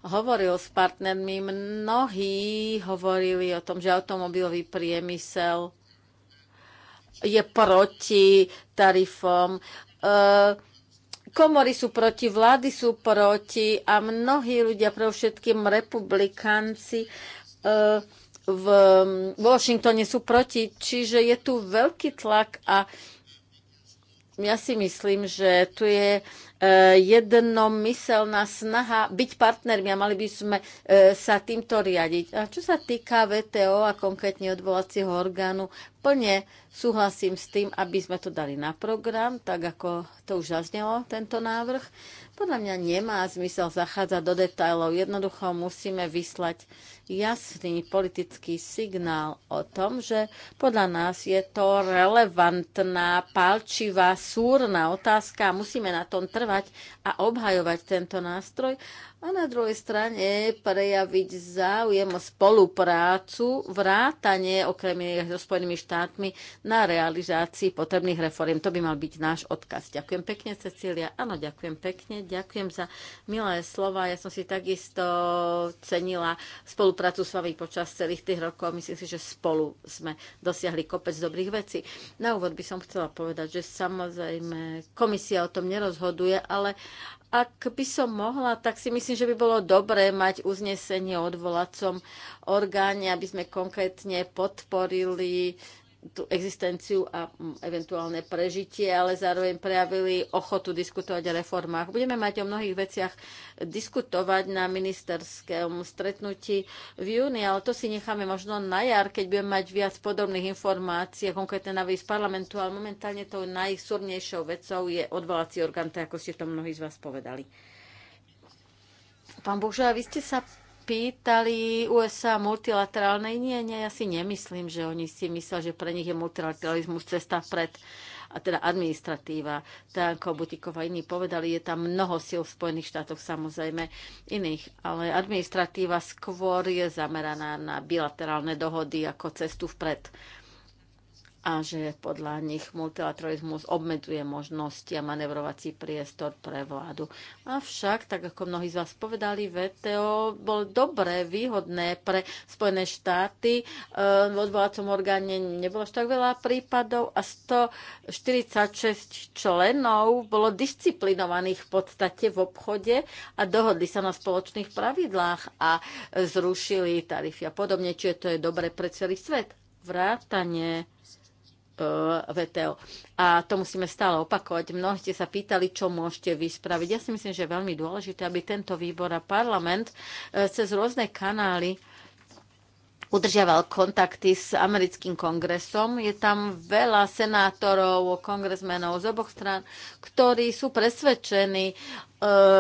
hovoril s partnermi, mnohí hovorili o tom, že automobilový priemysel je proti tarifom. Uh, Komory sú proti, vlády sú proti a mnohí ľudia, pre všetkým republikánci e, v Washingtone sú proti. Čiže je tu veľký tlak a ja si myslím, že tu je jednomyselná snaha byť partnermi a mali by sme e, sa týmto riadiť. A čo sa týka VTO a konkrétne odvolacieho orgánu, plne súhlasím s tým, aby sme to dali na program, tak ako to už zaznelo, tento návrh. Podľa mňa nemá zmysel zachádzať do detajlov. Jednoducho musíme vyslať jasný politický signál o tom, že podľa nás je to relevantná, palčivá, súrna otázka a musíme na tom trvať využívať a obhajovať tento nástroj a na druhej strane prejaviť záujem spoluprácu, vrátanie okrem iných so Spojenými štátmi na realizácii potrebných reforiem. To by mal byť náš odkaz. Ďakujem pekne, Cecília. Áno, ďakujem pekne. Ďakujem za milé slova. Ja som si takisto cenila spoluprácu s vami počas celých tých rokov. Myslím si, že spolu sme dosiahli kopec dobrých vecí. Na úvod by som chcela povedať, že samozrejme komisia o tom nerozhoduje, ale ak by som mohla, tak si myslím, že by bolo dobré mať uznesenie o odvolacom orgáne, aby sme konkrétne podporili tú existenciu a mm, eventuálne prežitie, ale zároveň prejavili ochotu diskutovať o reformách. Budeme mať o mnohých veciach diskutovať na ministerskom stretnutí v júni, ale to si necháme možno na jar, keď budeme mať viac podobných informácií, konkrétne na z parlamentu, ale momentálne tou najsúrnejšou vecou je odvolací orgán, tak ako ste to mnohí z vás povedali. Pán Božo, vy ste sa pýtali USA multilaterálnej. Nie, nie, ja si nemyslím, že oni si mysleli, že pre nich je multilateralizmus cesta pred a teda administratíva, tak ako Butikova iní povedali, je tam mnoho síl v Spojených štátoch, samozrejme iných, ale administratíva skôr je zameraná na bilaterálne dohody ako cestu vpred a že podľa nich multilateralizmus obmedzuje možnosti a manevrovací priestor pre vládu. Avšak, tak ako mnohí z vás povedali, VTO bol dobré, výhodné pre Spojené štáty. E, v odvolacom orgáne nebolo až tak veľa prípadov a 146 členov bolo disciplinovaných v podstate v obchode a dohodli sa na spoločných pravidlách a zrušili tarify a podobne, čiže to je dobre pre celý svet. Vrátanie Eh, VTO. A to musíme stále opakovať. Mnohí ste sa pýtali, čo môžete vyspraviť. Ja si myslím, že je veľmi dôležité, aby tento výbor a parlament eh, cez rôzne kanály udržiaval kontakty s americkým kongresom. Je tam veľa senátorov, kongresmenov z oboch strán, ktorí sú presvedčení eh,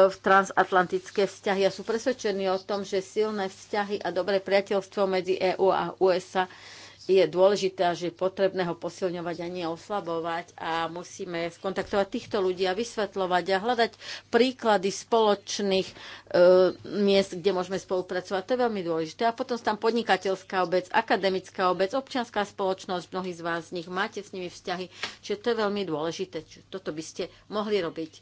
v transatlantické vzťahy a sú presvedčení o tom, že silné vzťahy a dobré priateľstvo medzi EU a USA je dôležité že je potrebné ho posilňovať a nie oslabovať a musíme skontaktovať týchto ľudí a vysvetľovať a hľadať príklady spoločných e, miest, kde môžeme spolupracovať. To je veľmi dôležité. A potom tam podnikateľská obec, akademická obec, občianská spoločnosť, mnohí z vás z nich máte s nimi vzťahy, čiže to je veľmi dôležité. Čiže toto by ste mohli robiť.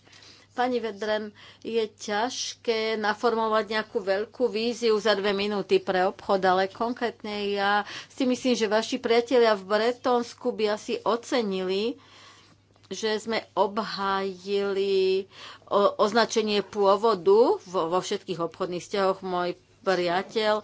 Pani Vedrem, je ťažké naformovať nejakú veľkú víziu za dve minúty pre obchod, ale konkrétne ja si myslím, že vaši priatelia v Bretonsku by asi ocenili, že sme obhájili označenie pôvodu vo, vo všetkých obchodných vzťahoch. Môj priateľ e,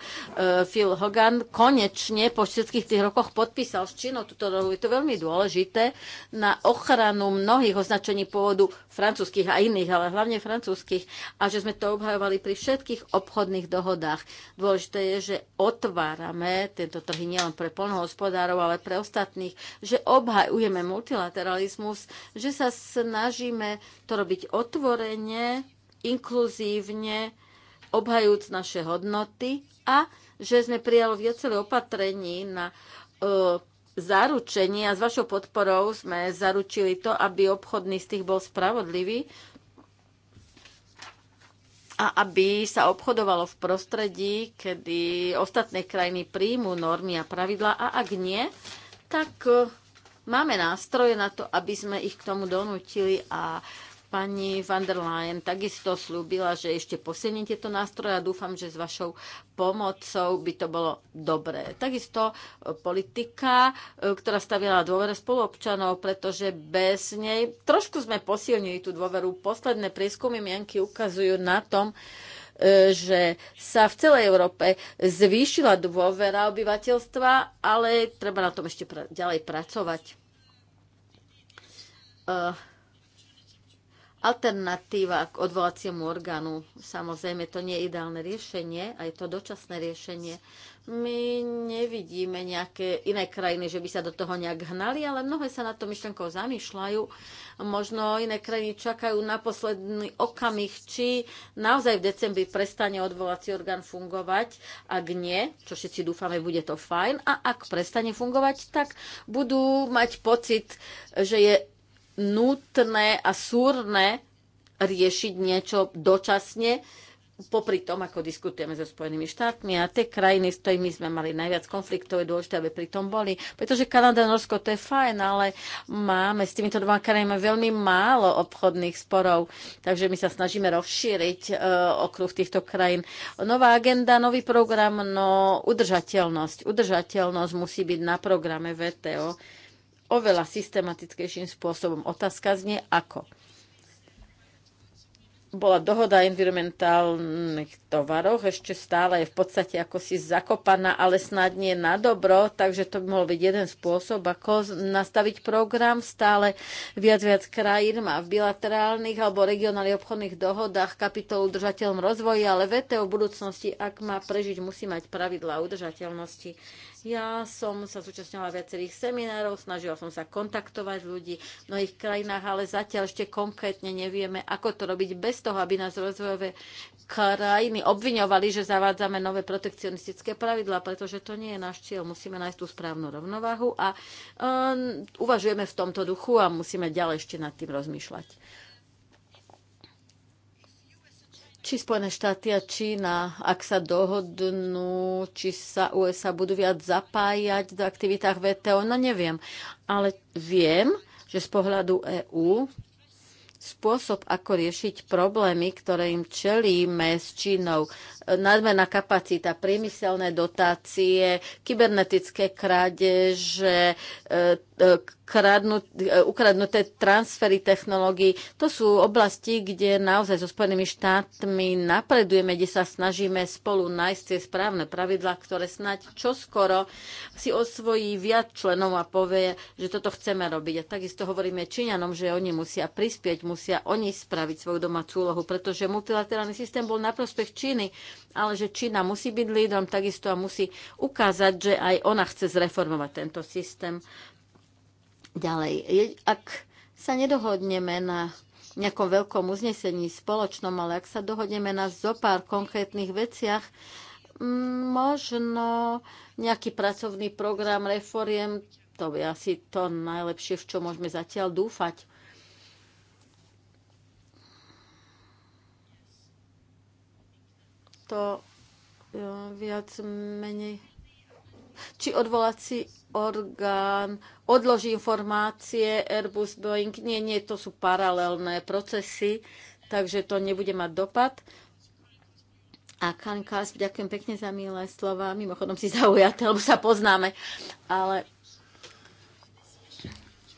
Phil Hogan konečne po všetkých tých rokoch podpísal s Čínou túto dohodu. Je to veľmi dôležité na ochranu mnohých označení pôvodu francúzských a iných, ale hlavne francúzskych a že sme to obhajovali pri všetkých obchodných dohodách. Dôležité je, že otvárame tento trhy nielen pre polnohospodárov, ale pre ostatných, že obhajujeme multilateralizmus, že sa snažíme to robiť otvorene, inkluzívne, obhajúc naše hodnoty a že sme prijali viacero opatrení na e, zaručenie a s vašou podporou sme zaručili to, aby obchodný stých bol spravodlivý a aby sa obchodovalo v prostredí, kedy ostatné krajiny príjmu normy a pravidla a ak nie, tak e, máme nástroje na to, aby sme ich k tomu donútili a Pani van der Leyen takisto slúbila, že ešte posilní tieto nástroje a dúfam, že s vašou pomocou by to bolo dobré. Takisto e, politika, e, ktorá stavila dôvere spoluobčanov, pretože bez nej trošku sme posilnili tú dôveru. Posledné prieskumy mienky ukazujú na tom, e, že sa v celej Európe zvýšila dôvera obyvateľstva, ale treba na tom ešte ďalej pracovať. Uh, alternatíva k odvolaciemu orgánu. Samozrejme, to nie je ideálne riešenie a je to dočasné riešenie. My nevidíme nejaké iné krajiny, že by sa do toho nejak hnali, ale mnohé sa na to myšlenkou zamýšľajú. Možno iné krajiny čakajú na posledný okamih, či naozaj v decembri prestane odvolací orgán fungovať. Ak nie, čo všetci dúfame, bude to fajn. A ak prestane fungovať, tak budú mať pocit, že je nutné a súrne riešiť niečo dočasne, popri tom, ako diskutujeme so Spojenými štátmi a tie krajiny, s ktorými sme mali najviac konfliktov, je dôležité, aby pri tom boli. Pretože Kanada a Norsko to je fajn, ale máme s týmito dvoma krajinami veľmi málo obchodných sporov, takže my sa snažíme rozšíriť e, okruh týchto krajín. Nová agenda, nový program, no udržateľnosť. Udržateľnosť musí byť na programe VTO oveľa systematickejším spôsobom. Otázka znie ako. Bola dohoda o environmentálnych tovaroch, ešte stále je v podstate ako si zakopaná, ale snad nie na dobro, takže to by mohol byť jeden spôsob, ako nastaviť program. Stále viac viac krajín má v bilaterálnych alebo regionálnych obchodných dohodách kapitolu udržateľom rozvoja, ale VTO v budúcnosti, ak má prežiť, musí mať pravidla udržateľnosti ja som sa zúčastňovala viacerých seminárov, snažila som sa kontaktovať ľudí v mnohých krajinách, ale zatiaľ ešte konkrétne nevieme, ako to robiť bez toho, aby nás rozvojové krajiny obviňovali, že zavádzame nové protekcionistické pravidlá, pretože to nie je náš cieľ. Musíme nájsť tú správnu rovnováhu a um, uvažujeme v tomto duchu a musíme ďalej ešte nad tým rozmýšľať či Spojené štáty a Čína, ak sa dohodnú, či sa USA budú viac zapájať do aktivitách VTO, no neviem. Ale viem, že z pohľadu EÚ spôsob, ako riešiť problémy, ktoré im čelíme s Čínou, nadmerná kapacita, priemyselné dotácie, kybernetické krádeže, e, E, kradnú, e, ukradnuté transfery technológií. To sú oblasti, kde naozaj so Spojenými štátmi napredujeme, kde sa snažíme spolu nájsť tie správne pravidlá, ktoré snáď čoskoro si osvojí viac členov a povie, že toto chceme robiť. A takisto hovoríme Číňanom, že oni musia prispieť, musia oni spraviť svoju domácu úlohu, pretože multilaterálny systém bol na prospech Číny, ale že Čína musí byť lídrom takisto a musí ukázať, že aj ona chce zreformovať tento systém. Ďalej, ak sa nedohodneme na nejakom veľkom uznesení spoločnom, ale ak sa dohodneme na zopár konkrétnych veciach, mm, možno nejaký pracovný program reforiem, to je asi to najlepšie, v čo môžeme zatiaľ dúfať. To viac menej či odvolací orgán odloží informácie Airbus, Boeing. Nie, nie, to sú paralelné procesy, takže to nebude mať dopad. A Kankas, ďakujem pekne za milé slova. Mimochodom si zaujate, lebo sa poznáme. Ale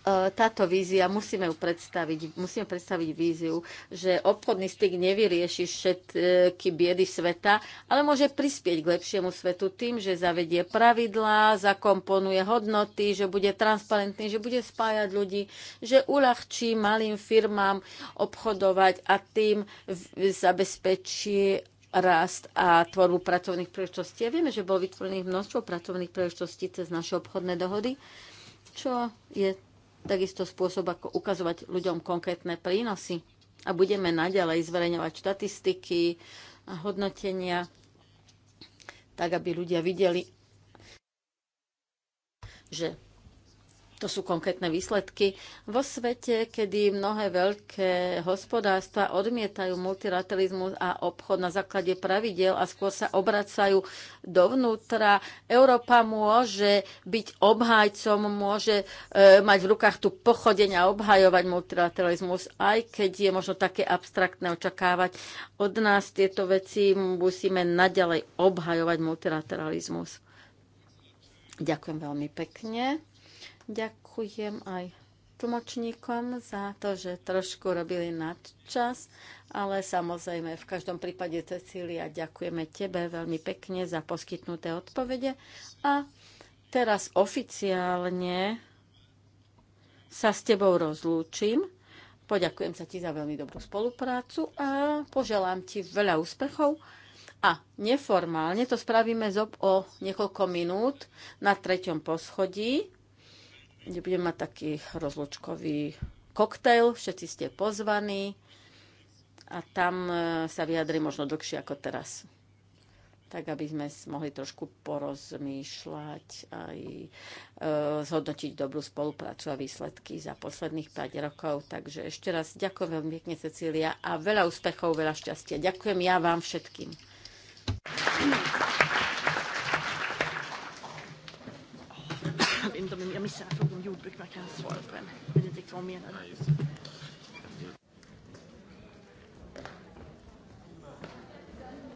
E, táto vízia, musíme ju predstaviť, musíme predstaviť víziu, že obchodný styk nevyrieši všetky biedy sveta, ale môže prispieť k lepšiemu svetu tým, že zavedie pravidlá, zakomponuje hodnoty, že bude transparentný, že bude spájať ľudí, že uľahčí malým firmám obchodovať a tým zabezpečí rast a tvorbu pracovných príležitostí. A vieme, že bolo vytvorených množstvo pracovných príležitostí cez naše obchodné dohody, čo je takisto spôsob, ako ukazovať ľuďom konkrétne prínosy. A budeme naďalej zverejňovať štatistiky a hodnotenia, tak aby ľudia videli, že to sú konkrétne výsledky. Vo svete, kedy mnohé veľké hospodárstva odmietajú multilateralizmus a obchod na základe pravidel a skôr sa obracajú dovnútra, Európa môže byť obhajcom, môže e, mať v rukách tú pochodeň a obhajovať multilateralizmus, aj keď je možno také abstraktné očakávať od nás tieto veci, musíme naďalej obhajovať multilateralizmus. Ďakujem veľmi pekne. Ďakujem aj tlmočníkom za to, že trošku robili nadčas, ale samozrejme v každom prípade Cecília ďakujeme tebe veľmi pekne za poskytnuté odpovede a teraz oficiálne sa s tebou rozlúčim. Poďakujem sa ti za veľmi dobrú spoluprácu a poželám ti veľa úspechov. A neformálne to spravíme o niekoľko minút na treťom poschodí kde budem mať taký rozlúčkový koktail, všetci ste pozvaní a tam e, sa vyjadri možno dlhšie ako teraz. Tak, aby sme mohli trošku porozmýšľať aj e, zhodnotiť dobrú spoluprácu a výsledky za posledných 5 rokov. Takže ešte raz ďakujem veľmi pekne, Cecília, a veľa úspechov, veľa šťastia. Ďakujem ja vám všetkým. brukar man kanske svara på en. Jag vet inte riktigt vad hon menade. Nej, just det.